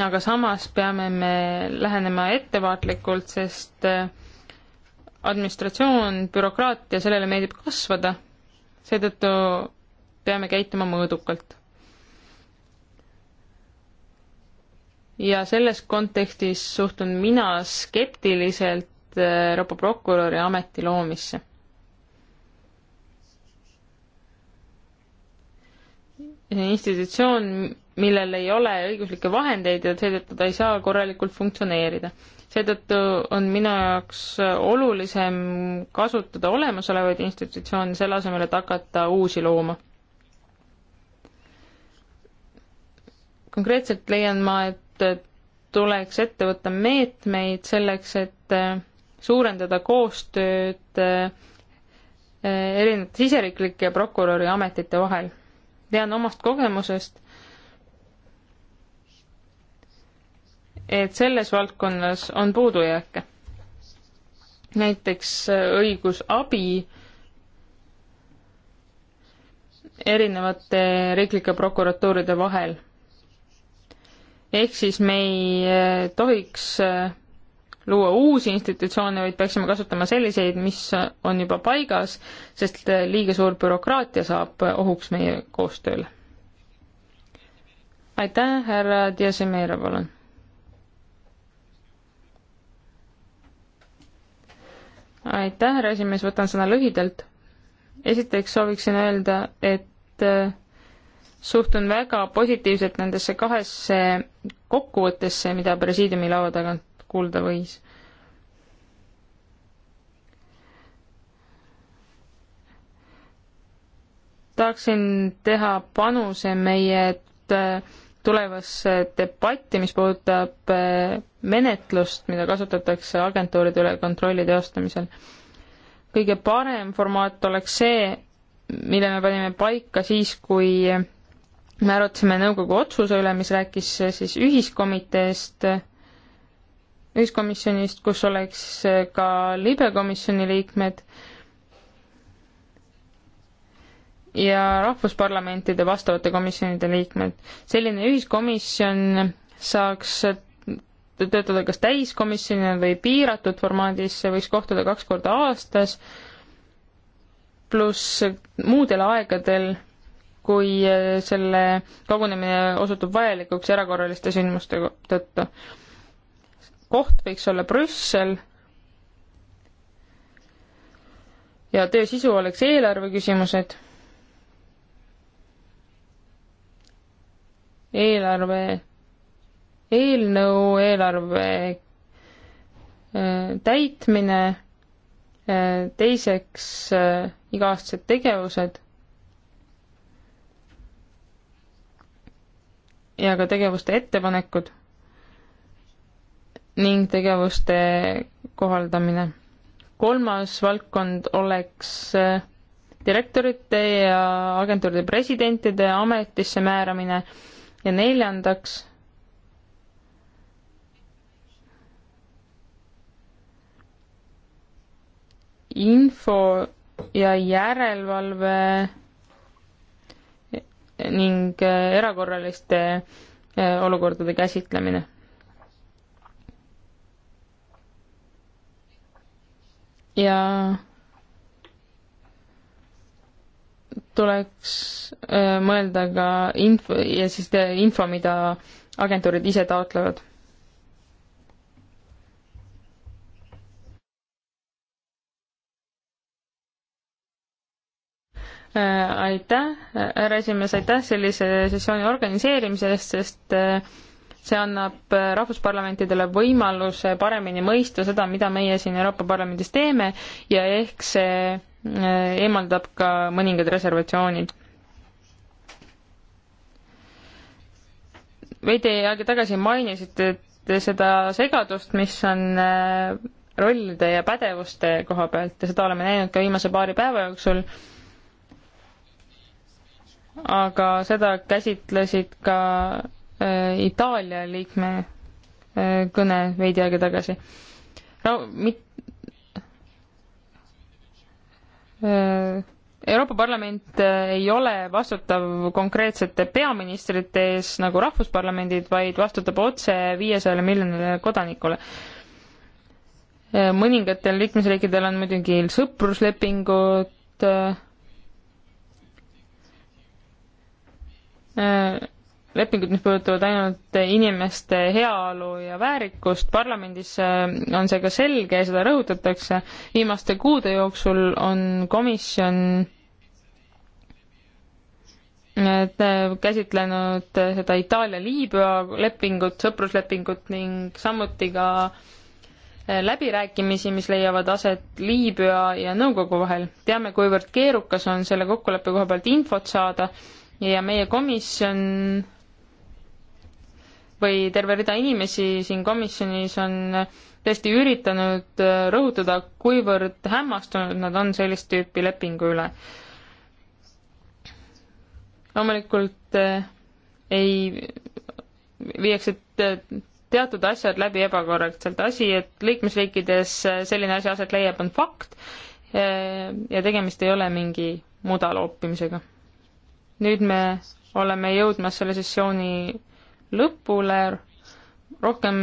aga samas peame me lähenema ettevaatlikult, sest eh, administratsioon, bürokraatia, sellele meeldib kasvada, seetõttu peame käituma mõõdukalt ja selles kontekstis suhtun mina skeptiliselt äh, Euroopa prokuröri ameti loomisse. institutsioon, millel ei ole õiguslikke vahendeid ja seetõttu ta ei saa korralikult funktsioneerida. seetõttu on minu jaoks olulisem kasutada olemasolevaid institutsioone selle asemel, et hakata uusi looma. konkreetselt leian ma, et tuleks ette võtta meetmeid selleks, et äh, suurendada koostööd äh, äh, erinevate siseriiklike prokuröri ametite vahel. tean omast kogemusest, et selles valdkonnas on puudujääke. näiteks õigusabi erinevate riiklike prokuratuuride vahel ehk siis me ei eh, tohiks eh, luua uusi institutsioone, vaid peaksime kasutama selliseid, mis on juba paigas, sest eh, liiga suur bürokraatia saab ohuks meie koostööle. aitäh, härra Diasemeira, palun. aitäh, härra esimees, võtan sõna lühidalt. esiteks sooviksin öelda, et suhtun väga positiivselt nendesse kahesse kokkuvõttesse, mida presiidiumi laua tagant kuulda võis. tahaksin teha panuse meie äh, tulevasse debatti, mis puudutab äh, menetlust, mida kasutatakse agentuuride üle kontrolli teostamisel. kõige parem formaat oleks see, mille me panime paika siis, kui me arutasime nõukogu otsuse üle, mis rääkis eh, siis ühiskomiteest, ühiskomisjonist, kus oleks eh, ka libekomisjoni liikmed ja rahvusparlamentide vastavate komisjonide liikmed. selline ühiskomisjon saaks eh, töötada kas täiskomisjonina või piiratud formaadis, see võiks kohtuda kaks korda aastas, pluss muudel aegadel kui eh, selle kogunemine osutub vajalikuks erakorraliste sündmuste tõttu. koht võiks olla Brüssel ja töö sisu oleks eelarve küsimused. eelarve eelnõu, eelarve eh, täitmine, eh, teiseks iga-aastased tegevused, ja ka tegevuste ettepanekud ning tegevuste kohaldamine. kolmas valdkond oleks äh, direktorite ja agentuuride presidentide ametisse määramine ja neljandaks info ja järelevalve ning eh, erakorraliste eh, olukordade käsitlemine. ja tuleks eh, mõelda ka info ja siis info, mida agentuurid ise taotlevad Äh, aitäh, härra esimees, aitäh sellise sessiooni organiseerimise eest, sest äh, see annab äh, rahvusparlamentidele võimaluse paremini mõista seda, mida meie siin Euroopa Parlamendis teeme ja ehk see eemaldab ka mõningad reservatsioonid. veidi aega tagasi mainisite seda segadust, mis on rollide ja pädevuste koha pealt ja seda oleme näinud ka viimase paari päeva jooksul aga seda käsitlesid ka äh, Itaalia liikme äh, kõne veidi aega tagasi. Mit... Äh, Euroopa Parlament ei ole vastutav konkreetsete peaministrite ees nagu rahvusparlamendid, vaid vastutab otse viiesajale miljonile kodanikule. mõningatel liikmesriikidel on muidugi sõpruslepingud, Äh, lepingud, mis puudutavad ainult inimeste heaolu ja väärikust, parlamendis äh, on see ka selge ja seda rõhutatakse. viimaste kuude jooksul on komisjon et äh, käsitlenud seda Itaalia-Liibüa lepingut, sõpruslepingut ning samuti ka läbirääkimisi, mis leiavad aset Liibüa ja nõukogu vahel. teame, kuivõrd keerukas on selle kokkuleppe koha pealt infot saada ja meie komisjon või terve rida inimesi siin komisjonis on tõesti üritanud äh, rõhutada, kuivõrd hämmastunud nad on sellist tüüpi lepingu üle. loomulikult äh, ei viiakse äh, teatud asjad läbi ebakorrektselt. asi, et liikmesriikides selline asi aset leiab, on fakt ja tegemist ei ole mingi muda loopimisega nüüd me oleme jõudmas selle sessiooni lõpule, rohkem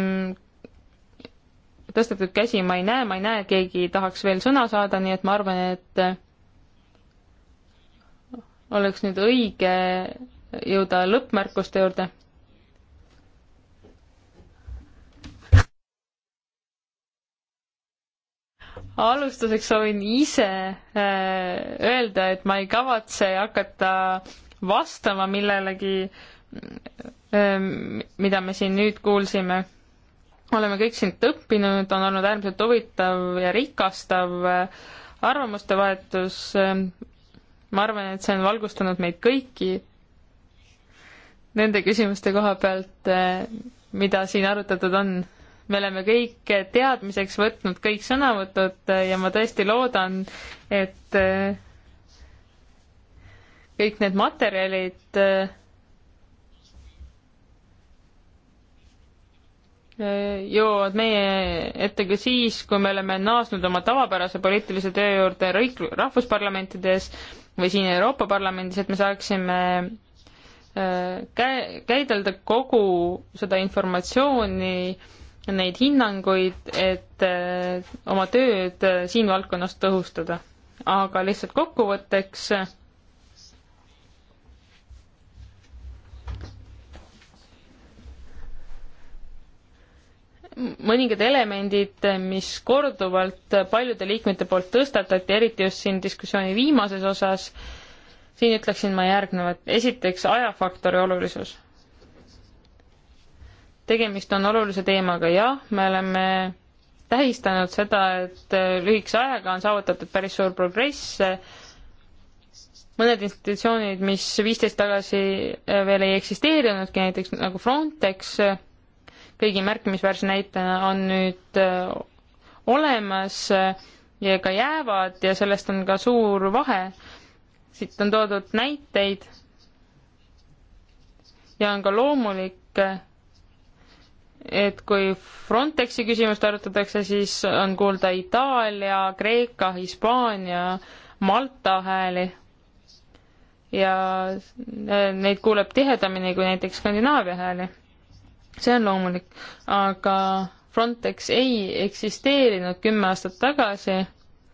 tõstetud käsi ma ei näe, ma ei näe, keegi tahaks veel sõna saada, nii et ma arvan, et oleks nüüd õige jõuda lõppmärkuste juurde. alustuseks soovin ise äh, öelda, et ma ei kavatse hakata vastama millelegi, ähm, mida me siin nüüd kuulsime. oleme kõik siit õppinud, on olnud äärmiselt huvitav ja rikastav äh, arvamuste vahetus. Ähm, ma arvan, et see on valgustanud meid kõiki nende küsimuste koha pealt, äh, mida siin arutatud on. me oleme kõik teadmiseks võtnud kõik sõnavõtud äh, ja ma tõesti loodan, et kõik need materjalid äh, jõuavad meie ette ka siis, kui me oleme naasnud oma tavapärase poliitilise töö juurde riik-, rahvusparlamentides või siin Euroopa Parlamendis, et me saaksime äh, käe, käidelda kogu seda informatsiooni, neid hinnanguid, et äh, oma tööd siin valdkonnas tõhustada. aga lihtsalt kokkuvõtteks mõningad elemendid, mis korduvalt paljude liikmete poolt tõstatati, eriti just siin diskussiooni viimases osas, siin ütleksin ma järgnevat. esiteks ajafaktori olulisus. tegemist on olulise teemaga, jah, me oleme tähistanud seda, et lühikese ajaga on saavutatud päris suur progress, mõned institutsioonid, mis viisteist tagasi veel ei eksisteerinudki, näiteks nagu Frontex, kõigi märkimisväärse näitena on nüüd äh, olemas äh, ja ka jäävad ja sellest on ka suur vahe. siit on toodud näiteid ja on ka loomulik, äh, et kui Frontexi küsimust arutatakse, siis on kuulda Itaalia, Kreeka, Hispaania, Malta hääli ja neid kuuleb tihedamini kui näiteks Skandinaavia hääli see on loomulik, aga Frontex ei eksisteerinud kümme aastat tagasi,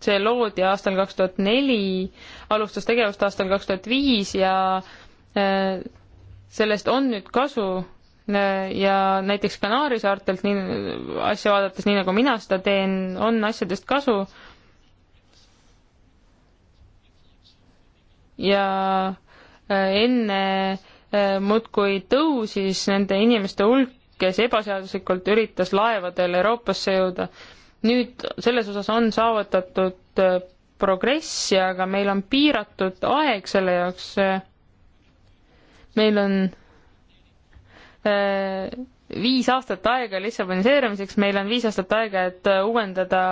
see loodi aastal kaks tuhat neli, alustas tegevust aastal kaks tuhat viis ja äh, sellest on nüüd kasu äh, ja näiteks Kanaari saartelt nii asja vaadates, nii nagu mina seda teen, on asjadest kasu. ja äh, enne äh, Äh, muudkui tõusis nende inimeste hulk, kes ebaseaduslikult üritas laevadel Euroopasse jõuda. nüüd selles osas on saavutatud äh, progressi, aga meil on piiratud aeg selle jaoks. Äh, meil on äh, viis aastat aega Lissaboniseerimiseks, meil on viis aastat aega, et uuendada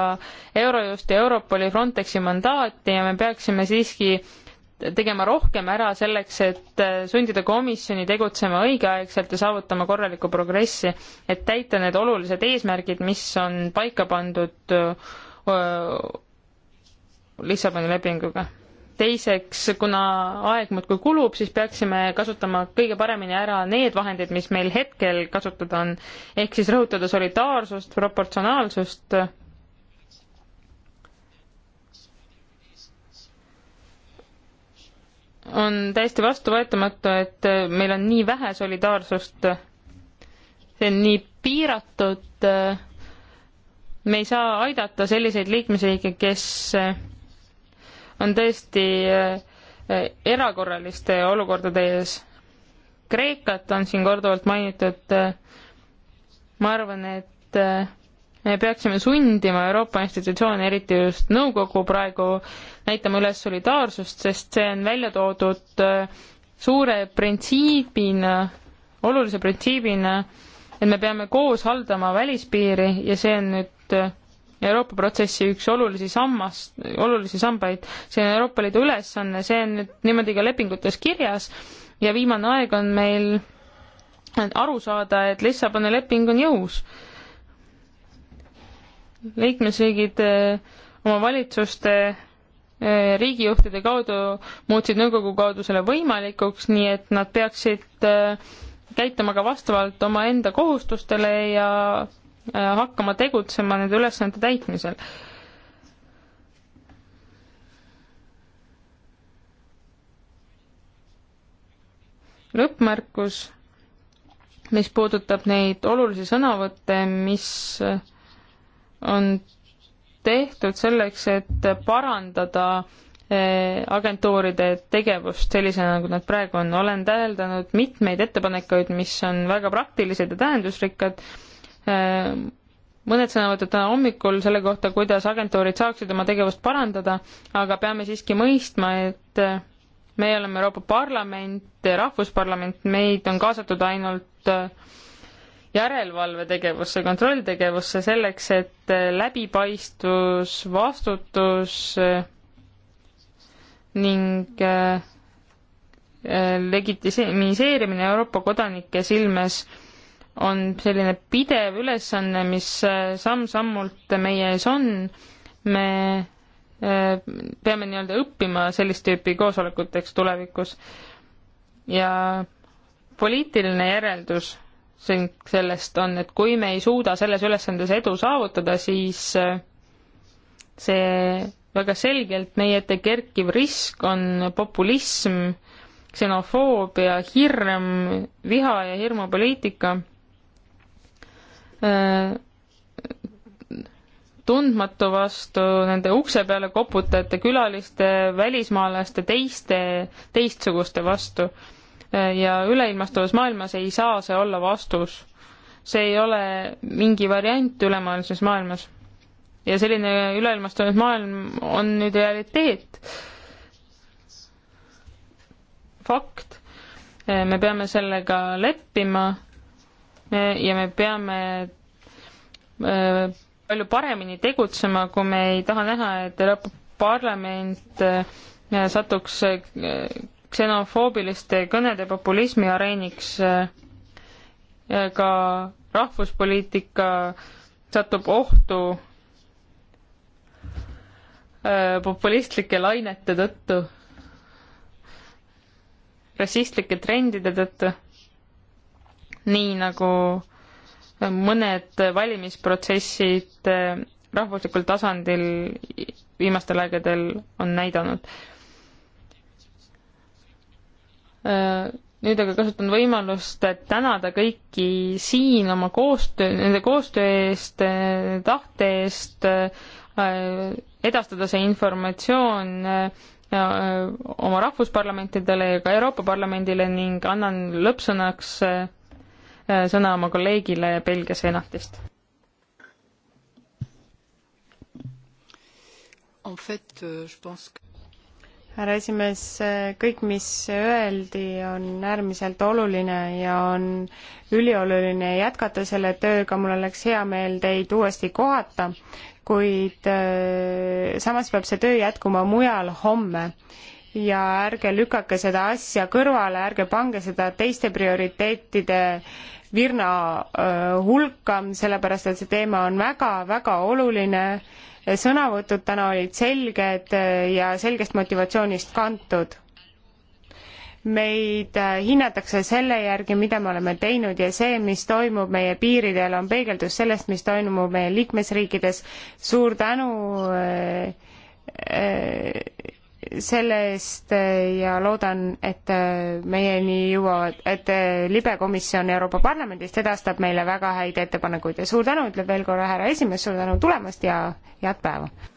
Eurojust ja Europoli Frontexi mandaati ja me peaksime siiski äh, tegema rohkem ära selleks, et äh, sundida komisjoni tegutsema õigeaegselt ja saavutama korralikku progressi, et täita need olulised eesmärgid, mis on paika pandud äh, Lissaboni lepinguga. teiseks, kuna aeg muudkui kulub, siis peaksime kasutama kõige paremini ära need vahendid, mis meil hetkel kasutada on, ehk siis rõhutada solidaarsust, proportsionaalsust on täiesti vastuvõetamatu, et äh, meil on nii vähe solidaarsust. see on nii piiratud. Äh, me ei saa aidata selliseid liikmesriike, kes äh, on tõesti erakorraliste olukordade ees. Kreekat on siin korduvalt mainitud. ma arvan, et me peaksime sundima Euroopa institutsioone, eriti just nõukogu praegu, näitama üles solidaarsust, sest see on välja toodud äh, suure printsiibina, olulise printsiibina, et me peame koos haldama välispiiri ja see on nüüd äh, Euroopa protsessi üks olulisi sammas, olulisi sambaid, see on Euroopa Liidu ülesanne, see on nüüd niimoodi ka lepingutes kirjas ja viimane aeg on meil aru saada, et Lissaboni leping on jõus liikmesriigid eh, oma valitsuste eh, riigijuhtide kaudu muutsid nõukogu kaudu selle võimalikuks, nii et nad peaksid eh, käituma ka vastavalt omaenda kohustustele ja hakkama tegutsema nende ülesannete täitmisel. lõppmärkus, mis puudutab neid olulisi sõnavõtte, mis on tehtud selleks, et parandada eh, agentuuride tegevust sellisena, nagu nad praegu on. olen täheldanud mitmeid ettepanekuid, mis on väga praktilised ja tähendusrikkad. Eh, mõned sõnavõtud täna hommikul selle kohta, kuidas agentuurid saaksid oma tegevust parandada, aga peame siiski mõistma, et eh, meie oleme Euroopa Parlament, Rahvusparlament, meid on kaasatud ainult äh, järelevalvetegevusse, kontrolltegevusse selleks, et äh, läbipaistvus, vastutus äh, ning äh, legitimiseerimine Euroopa kodanike silmes on selline pidev ülesanne, mis samm-sammult meie ees on. me peame nii-öelda õppima sellist tüüpi koosolekuteks tulevikus. ja poliitiline järeldus siin sellest on, et kui me ei suuda selles ülesandes edu saavutada, siis äh, see väga selgelt meie ette kerkiv risk on populism, ksenofoobia, hirm, viha ja hirmupoliitika. Äh, tundmatu vastu nende ukse peale koputajate külaliste, välismaalaste, teiste, teistsuguste vastu ja üleilmastuvas maailmas ei saa see olla vastus. see ei ole mingi variant ülemaailmses maailmas. ja selline üleilmastunud maailm on nüüd realiteet. fakt. me peame sellega leppima ja me peame äh, palju paremini tegutsema, kui me ei taha näha, et Euroopa Parlament äh, satuks äh, ksenofoobiliste kõnede populismi areeniks äh, äh, ka rahvuspoliitika satub ohtu äh, populistlike lainete tõttu, rassistlike trendide tõttu, nii nagu mõned valimisprotsessid rahvuslikul tasandil viimastel aegadel on näidanud nüüd aga kasutan võimalust tänada kõiki siin oma koostöö, nende koostöö eest, tahte eest äh, edastada see informatsioon äh, äh, oma rahvusparlamentidele ja ka Euroopa Parlamendile ning annan lõppsõnaks sõna oma kolleegile Belgia senatist. En fait, euh, je pense que härra esimees, kõik, mis öeldi, on äärmiselt oluline ja on ülioluline jätkata selle tööga, mul oleks hea meel teid uuesti kohata, kuid äh, samas peab see töö jätkuma mujal homme ja ärge lükake seda asja kõrvale, ärge pange seda teiste prioriteetide virna äh, hulka, sellepärast et see teema on väga-väga oluline sõnavõtud täna olid selged eh, ja selgest motivatsioonist kantud. meid eh, hinnatakse selle järgi, mida me oleme teinud ja see, mis toimub meie piiridel, on peegeldus sellest, mis toimub meie liikmesriikides. suur tänu eh, selle eest eh, ja loodan, et eh, meieni jõuavad, et eh, libekomisjon Euroopa Parlamendist edastab meile väga häid ettepanekuid ja suur tänu, ütleb veel korra härra esimees, suur tänu tulemast ja head päeva!